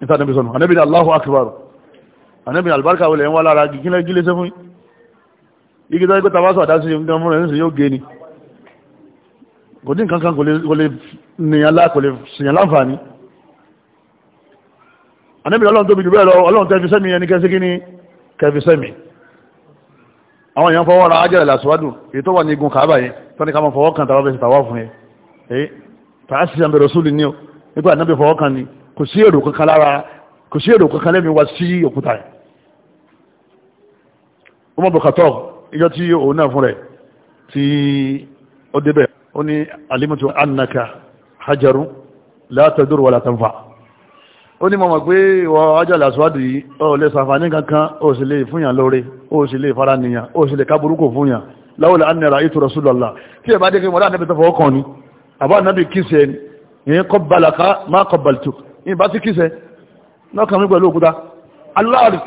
níta ànábì sọ́nù ànábì ní Allahu akbar ànábì ní albarka wọlé ń wá lára gígílẹ̀ gílé sẹ́fún igi tó gbé tabasọ̀ àdásí nǹkan fún ẹ̀sìn yóò gé ni kò ní nǹkan kan kò lè ní alá kò lè sìyàn láǹfààní ànábì ọlọ́run tóbi jù bẹ́ẹ̀ lọ ọlọ́run tẹ́ fi sẹ́mi ẹni kẹsí kíní kẹfì sẹ́mi àwọn èèyàn fọwọ́ ra ájẹ́rẹ̀ làṣíwájú èyí tó wà ní igun kàábà yìí tó ní ká máa fọwọ́ kan tàwọn fẹsẹ̀ tàwọn fún yẹn tàà sí àmì rẹ̀súlì ní o nígbà ànábì fọwọ́ kan ni kò sí la tadur wala tanfa ó ní mọ̀mọ̀ pé ìwọ ajọ́lẹ̀ àṣíwádìí yìí ó lè sàfàní kankan ó sì lè fúnyàn lórí ó sì lè fara nìyàn ó sì lè kábúrúkò fúnyàn láwọ́lẹ̀ anìyàrá ìtù Rasulullah tí ẹ̀bá dékè mọ́lá anábì tọ́fọ́ ọkàn ni àbá anábì kíṣẹ́ ni ìyẹn qabbalaka ma qabbaltuk ní ìbá sí kíṣẹ́ lọ́kàn mi pẹ̀lú òkúta aláàrí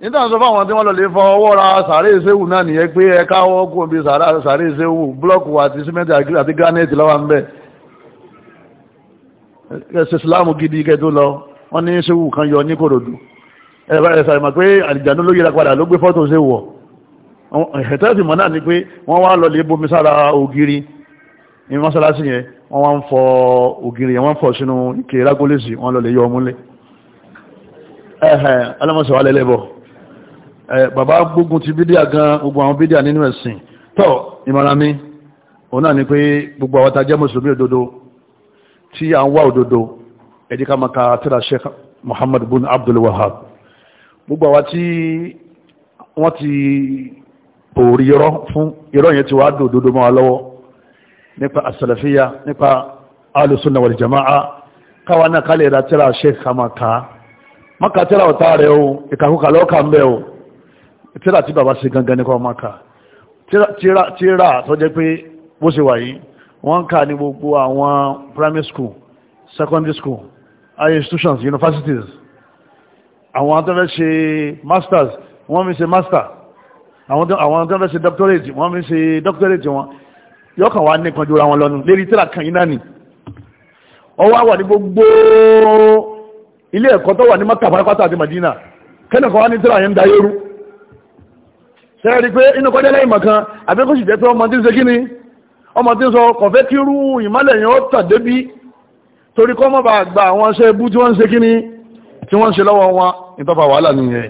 nígbà sọ fáwọn tí wọ́n lọ lè fọ ọwọ́ ra sàárè ìṣẹ́wù náà nìyẹn pé ẹ̀ka ọkùnrin bíi sàárè ìṣẹ́wù búlọ́ọ̀kù àti símẹ́ntì àti gíránẹ́ẹ̀tì lọ́wọ́ ń bẹ́ẹ̀ ẹ̀sẹ̀ ìsìláàmù gidi ike tó lọ wọ́n ní ṣéwù kan yọ ní kòròdú ẹ̀sà ìmọ̀ pé àlìjànú ló yíra padà ló gbé fọ́tò ṣe wọ̀ ẹ̀tẹ́sì mọ̀ náà ni pé wọ́n wá lọ lè bomi sára ògiri ní mọ́sálásí yẹn wọ́n wá ń fọ ògiri yẹn wọ́n fọ sínú ike rágólésì wọ́n lọ lè yọ ọmúlé ẹ̀hẹ̀ alámọ̀sọ̀ wà lẹ́lẹ́bọ̀ bàbá tí a ń wá òdodo ẹ̀dí ká maka tíra sheikh muhammad bin abdul wahab gbogbo àwa tí wọ́n ti pòórí irọ́ fún irọ́ yẹn ti wá dùn òdodo máa lọ́wọ́ nípa asàlàfíà nípa alùsùnà wal jama'a káwa náà kálẹ̀ ra tíra sheikh ká maka maka tíra ọ̀tá rẹ̀ o ìkàkùkà lọ́ọ̀kà ń bẹ́ o tíra tí bàbá ṣe gangan ní kọ́ maka tíra tó jẹ́ pé bó ṣe wà yìí wọ́n kà ní gbogbo àwọn primary school secondary school higher institutions universities àwọn atẹ́fẹ́ ṣe masters wọ́n mi ṣe master àwọn atẹ́fẹ́ ṣe doctorate wọ́n mi ṣe doctorate wọn yóò kàn wá nìkan jura wọn lọ́nu lérí tíra kan iná ni ọwọ́ wà ní gbogbo ilé ẹ̀kọ́ tó wà ní Maka pátápátá àti Madina kẹ́nìkan wá ní tíra yẹn ń dayé rú sẹ́yìn rí pé inú kọ́jẹ́ lẹ́yìn mọ̀kan àbẹ́kọ́sì jẹ́ pé ọmọdé ń ṣe kí ni ọmọ tí ń sọ kọ̀fẹ́ kí rú ìmọ́lẹ̀ yẹn ó tàn débí torí kọ́ mọ́ bá gba àwọn aṣẹ́ ibú tí wọ́n ń ṣe kíní tí wọ́n ń ṣe lọ́wọ́ wọn ìtọ́fà wàhálà nìyẹn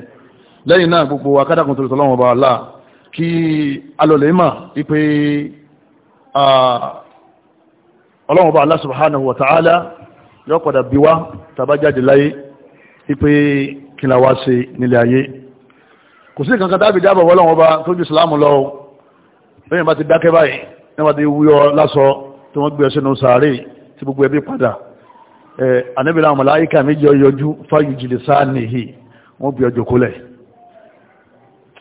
lẹ́yìn náà gbogbo akádàkùn torí tọ́lọ́wọ́ bá wàhálà kí alọ́lẹ̀ mà wípé ọlọ́wọ́ bá Allah wa ta'ala yọ padà bí wá tàbá láyé wípé kí la wá ayé kò sí kankan dábìdábọ̀ wọ́lọ́wọ́ bá tójú ìsìlámù lọ bẹ́yìn bá ti dákẹ́ báyìí níwájú wí ọ lásọ tí wọ́n gbé ọ sínú sàárè tí gbogbo ẹbí padà ànábìlà àwọn màláíkà méjì ọyọjú fáyìjìlì sáà nìhì wọ́n bí ọjọ́ kólẹ̀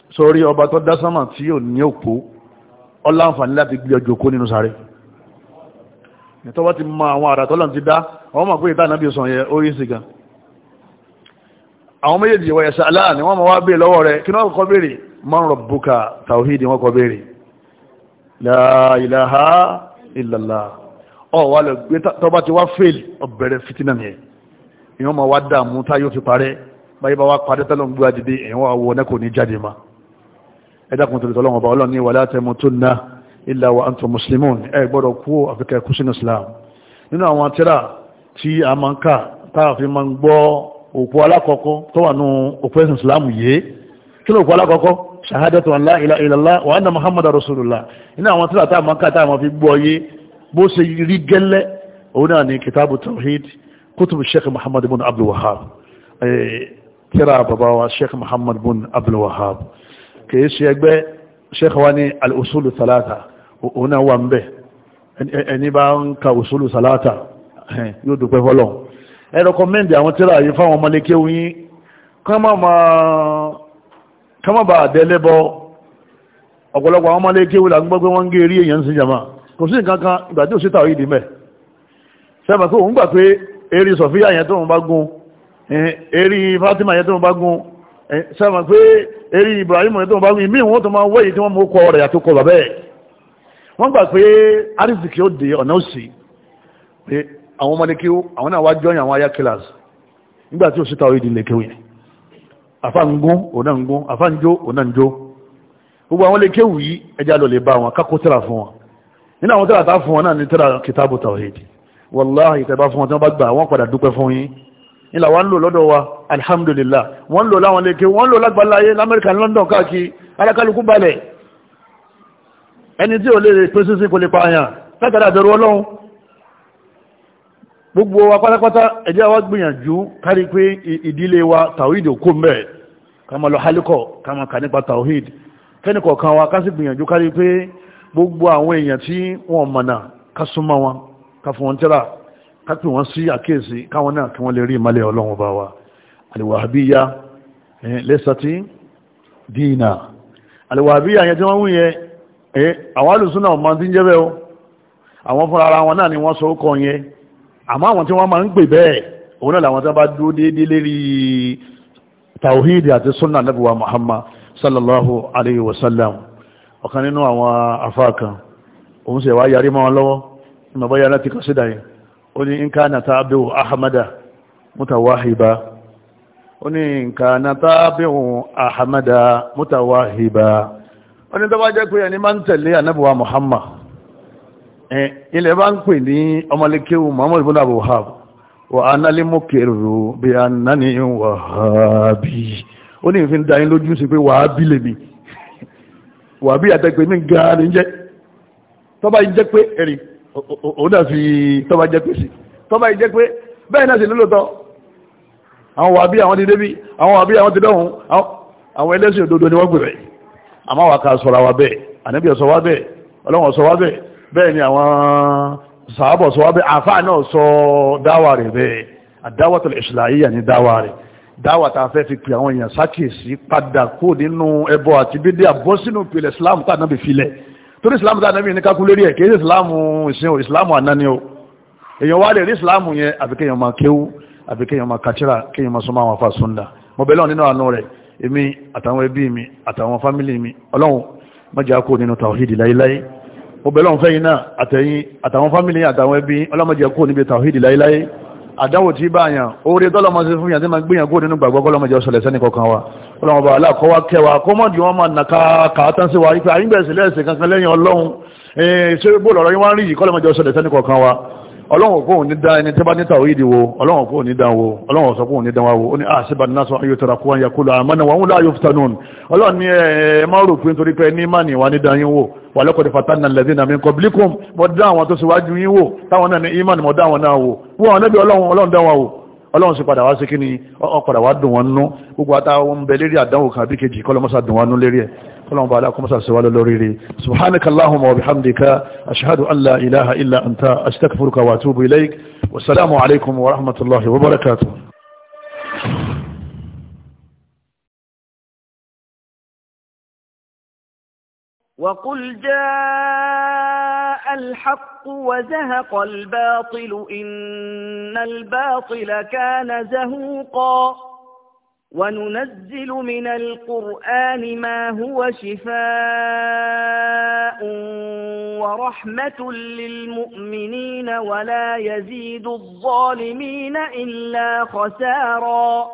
sórí ọba tó dá sánmà tí ò ní òpó ọláǹfààní láti gbé ọjọ́ kó nínú sáré ìtọ́wọ́ ti ma àwọn àrà tọ́lọ̀ ti dá àwọn mọ̀ pé ìta náà bí yẹ orí sí gan àwọn méjèèjì wọ ẹ̀ṣà aláà ni wọ́n mọ̀ wá bèèrè lọ́wọ́ rẹ̀ kí wọ́n kọ́ bèèrè man tawhidi wọ́n la ilaha illallah ọ wà lọ gbé tọba ti wá fail ọbẹ̀rẹ̀ fitina yẹn èyàn ma wá dààmú táyọ̀ fi parẹ́ báyìí bá wá padẹ́ tọ́lọ̀ ń gbé àdìdí èyàn wà wọ ọ̀nà kò ní jáde ma ẹ̀dàkùn tó tọ́lọ̀ ọba ọlọ́ni wala tamutunna illa wa antum muslimun ẹ gbọ́dọ̀ kú àfikà ẹkú sínú islam nínú àwọn tíra tí a máa ń kà táàfin máa ń gbọ́ òkú alákọ̀ọ́kọ́ tó wà nù òkú ẹ̀sìn islam yìí kí ló òkú alákọ̀ọ́kọ́ shahadatu an la ilaha illallah wa anna muhammadar rasulullah ina àwọn tí láta maka tá ma fi gbọ́yé bó ṣe rí gẹ́lẹ́ òun náà ni kitabu tawhid kutub sheikh muhammad bin abdul wahab kíra bàbá wa sheikh muhammad bin abdul wahab kìí ṣe ẹgbẹ́ sheikh wa ní al'usulu salata òun náà wà ń bẹ ẹni bá ń ka usulu salata yóò dúpẹ́ fọ́lọ́ ẹ rẹkọmẹ́ndì àwọn tíra yìí fáwọn ọmọlẹ́kẹ́ wọ́n yí kọ́ kama ba dẹ́lẹ́bọ ọ̀pọ̀lọpọ̀ àwọn ọmọlé kéwù là ń gbọ́ pé wọ́n ń gé eré èèyàn sí jama kò sí nǹkan kan ìgbà tí ò síta òyìnbí mẹ́ sẹ́mà kó ń gbà pé eré sọ̀fíà yẹn tó ń bá gun eh, eré Fatima yẹn tó ń bá gun sẹ́mà eh, pé eré Ibrahim yẹn tó ń bá gun ìmí wọn tó máa wẹ̀yìn tí wọ́n mú kọ rẹ̀ àti kọ bàbẹ́ wọ́n gbà pé arísìkì ó de ọ̀nà òsì pé àwọn ọmọlé àwọn náà wá jọyìn àwọn ayá kílàsì nígbà tí ò síta òyìnbí lè kéwù yẹn àfáǹgún ònàǹgún àfáǹjó ònàǹjó gbogbo àwọn lè kéwù yìí ẹjá lọ lè bá wọn kákó tíra fún wọn nínú àwọn tíra tá fún wọn náà ní tíra kìtàbù tawhid wàláhì tẹ́bá fún wọn tí wọ́n bá gbà wọ́n padà dúpẹ́ fún yín ilà wọ́n lò lọ́dọ̀ wa alhamdulillah wọ́n lò láwọn lè kéwù wọ́n lò lágbàláyé lamẹ́ríkà ní London káàkiri alákálukú balẹ̀ ẹni tí ò lè pèsè sí kò lè pààyàn látara àbẹ̀rù ọlọ́run gbogbo wa pátápátá ẹjẹ́ wa gbìyànjú kárí pé kama lọ halikọ kama kà nípa tawhid kẹ́nìkọ̀ kan wa ká sì gbìyànjú kárí pé gbogbo àwọn èèyàn tí wọ́n mọ̀nà ká súnmọ́ wọn ká fún wọn tẹ́ra ká pè wọ́n sí àkíyèsí káwọn náà kí wọ́n lè rí ọlọ́run bá wa aliwahabiya lẹ́sàtí dina aliwahabiya yẹn tí wọ́n wù yẹn àwọn ọmọ ń jẹ́ bẹ́ẹ̀ o àwọn fúnra ara wọn náà ni wọ́n yẹn àmọ́ àwọn tí wọ́n máa ń pè bẹ́ẹ̀ tawhid àti sunna nabuwa muhammad sallallahu alayhi wa sallam ọ̀kan nínú àwọn afáàkan òun sì wá yarí máa lọ́wọ́ ìmọ̀báyá láti kọsídà yìí ó ní nǹkan àtàbíwò ahamada mutawahiba ó ní nǹkan àtàbíwò ahamada mutawahiba ó ní tọ́bá jẹ́ pé ẹni máa ń tẹ̀lé ànábùwà muhammad ilẹ̀ bá ń pè ní ọmọlékéwù muhammad ibn abu wà análímọ́kẹ̀rọ bí a náni wàhábí ó ní ìfin dáyín lójú sí pé wàhábí lè mi wàhábí àtẹ́gbẹ̀ ní gáà ní jẹ́ tọ́bá jẹ́ pé ẹ̀rì ó dà fi tọ́bá jẹ́ pé sí tọ́bá jẹ́ pé bẹ́ẹ̀ náà sì lólótọ́ àwọn wàhábí àwọn ti débí àwọn wàhábí àwọn ti dọ́hun àwọn ẹlẹ́sìn òdodo ni wọ́n gbèrè àmọ́ wà ká sọ̀rọ̀ wa bẹ́ẹ̀ ànábì sàábọ̀ sọ wábẹ́ àfáà náà sọ dáwà rẹ̀ bẹ́ẹ̀ àdáwàtò ìṣìláyíyà ní dáwà rẹ̀ dáwà tá a fẹ́ fi pè àwọn èèyàn sákèsí padà kó nínú ẹbọ àti bídí àbọ́ sínú ìpìlẹ̀ islam tá ànábì filẹ̀ torí islam tá ànábì ní kákúlé rí ẹ̀ kí islam ìsìn o islam ànáni o èèyàn wá lè rí islam yẹn àbí kéèyàn máa kéwú àbí kéèyàn máa kàtírà kéèyàn máa súnmọ́ àwọn afásúndà mo bẹ̀lọ́ nínú àánú rẹ̀ èmi àtàwọn ẹbí mi àtàwọn obìnrin fẹ́yìn náà àtẹ̀yìn àtàwọn fámílì àtàwọn ẹbí ọlọ́mọdé kó níbi tàwídì láíláí àdáwò tí bá yàn orí tọ́lọmọdé fún yàn tí ma gbìyàn kó nínú gbàgbọ́ kọ́lọmọdé ọ̀sọ̀lẹ̀ sẹ́ni kọ̀kan wa ọlọ́mọba aláàkọ́wà kẹwàá kọ́mọdé wọn ma nàka kàátán sí wa ipa àyíbẹ̀sẹ̀ lẹ́ẹ̀sẹ̀ kankan lẹ́yìn ọlọ́run ṣe bó lọ́rọ̀ yín wá ń rí yìí kọ́lọmọdé ọ̀sọ̀lẹ̀ ọlọ́run fún òun ní dá ẹni tí bá ní tàwídì wo ọlọ́run fún òun ní wo ọlọ́run sọ fún òun ní dán wo ó ní àṣíbà ah, ní lásán ayò tọ́ra kúwọ́n yakúlọ àmọ́nà wọn láàyò fìtànún ọlọ́run ní eh, ẹ má rò pé nítorí pé ní mánì wà ní dán yín wò wà lọ́kọ̀dẹ̀ fatanna lẹ́dínà min qablikum mọ́ dá àwọn tó síwájú yín wò táwọn náà ní ìmánì mọ́ dá àwọn náà wò wọ́n nẹ́bí ọlọ́run wa wò ọlọ́run sì ni ọ̀padà wá dùn wọn nú gbogbo àtàwọn ń bẹ lérí àdánwò kan àbí kejì اللهم بارك وسلم على سوال لوريري سبحانك اللهم وبحمدك اشهد ان لا اله الا انت استغفرك واتوب اليك والسلام عليكم ورحمة الله وبركاته وقل جاء الحق وزهق الباطل ان الباطل كان زهوقا وننزل من القرآن ما هو شفاء ورحمة للمؤمنين ولا يزيد الظالمين إلا خساراً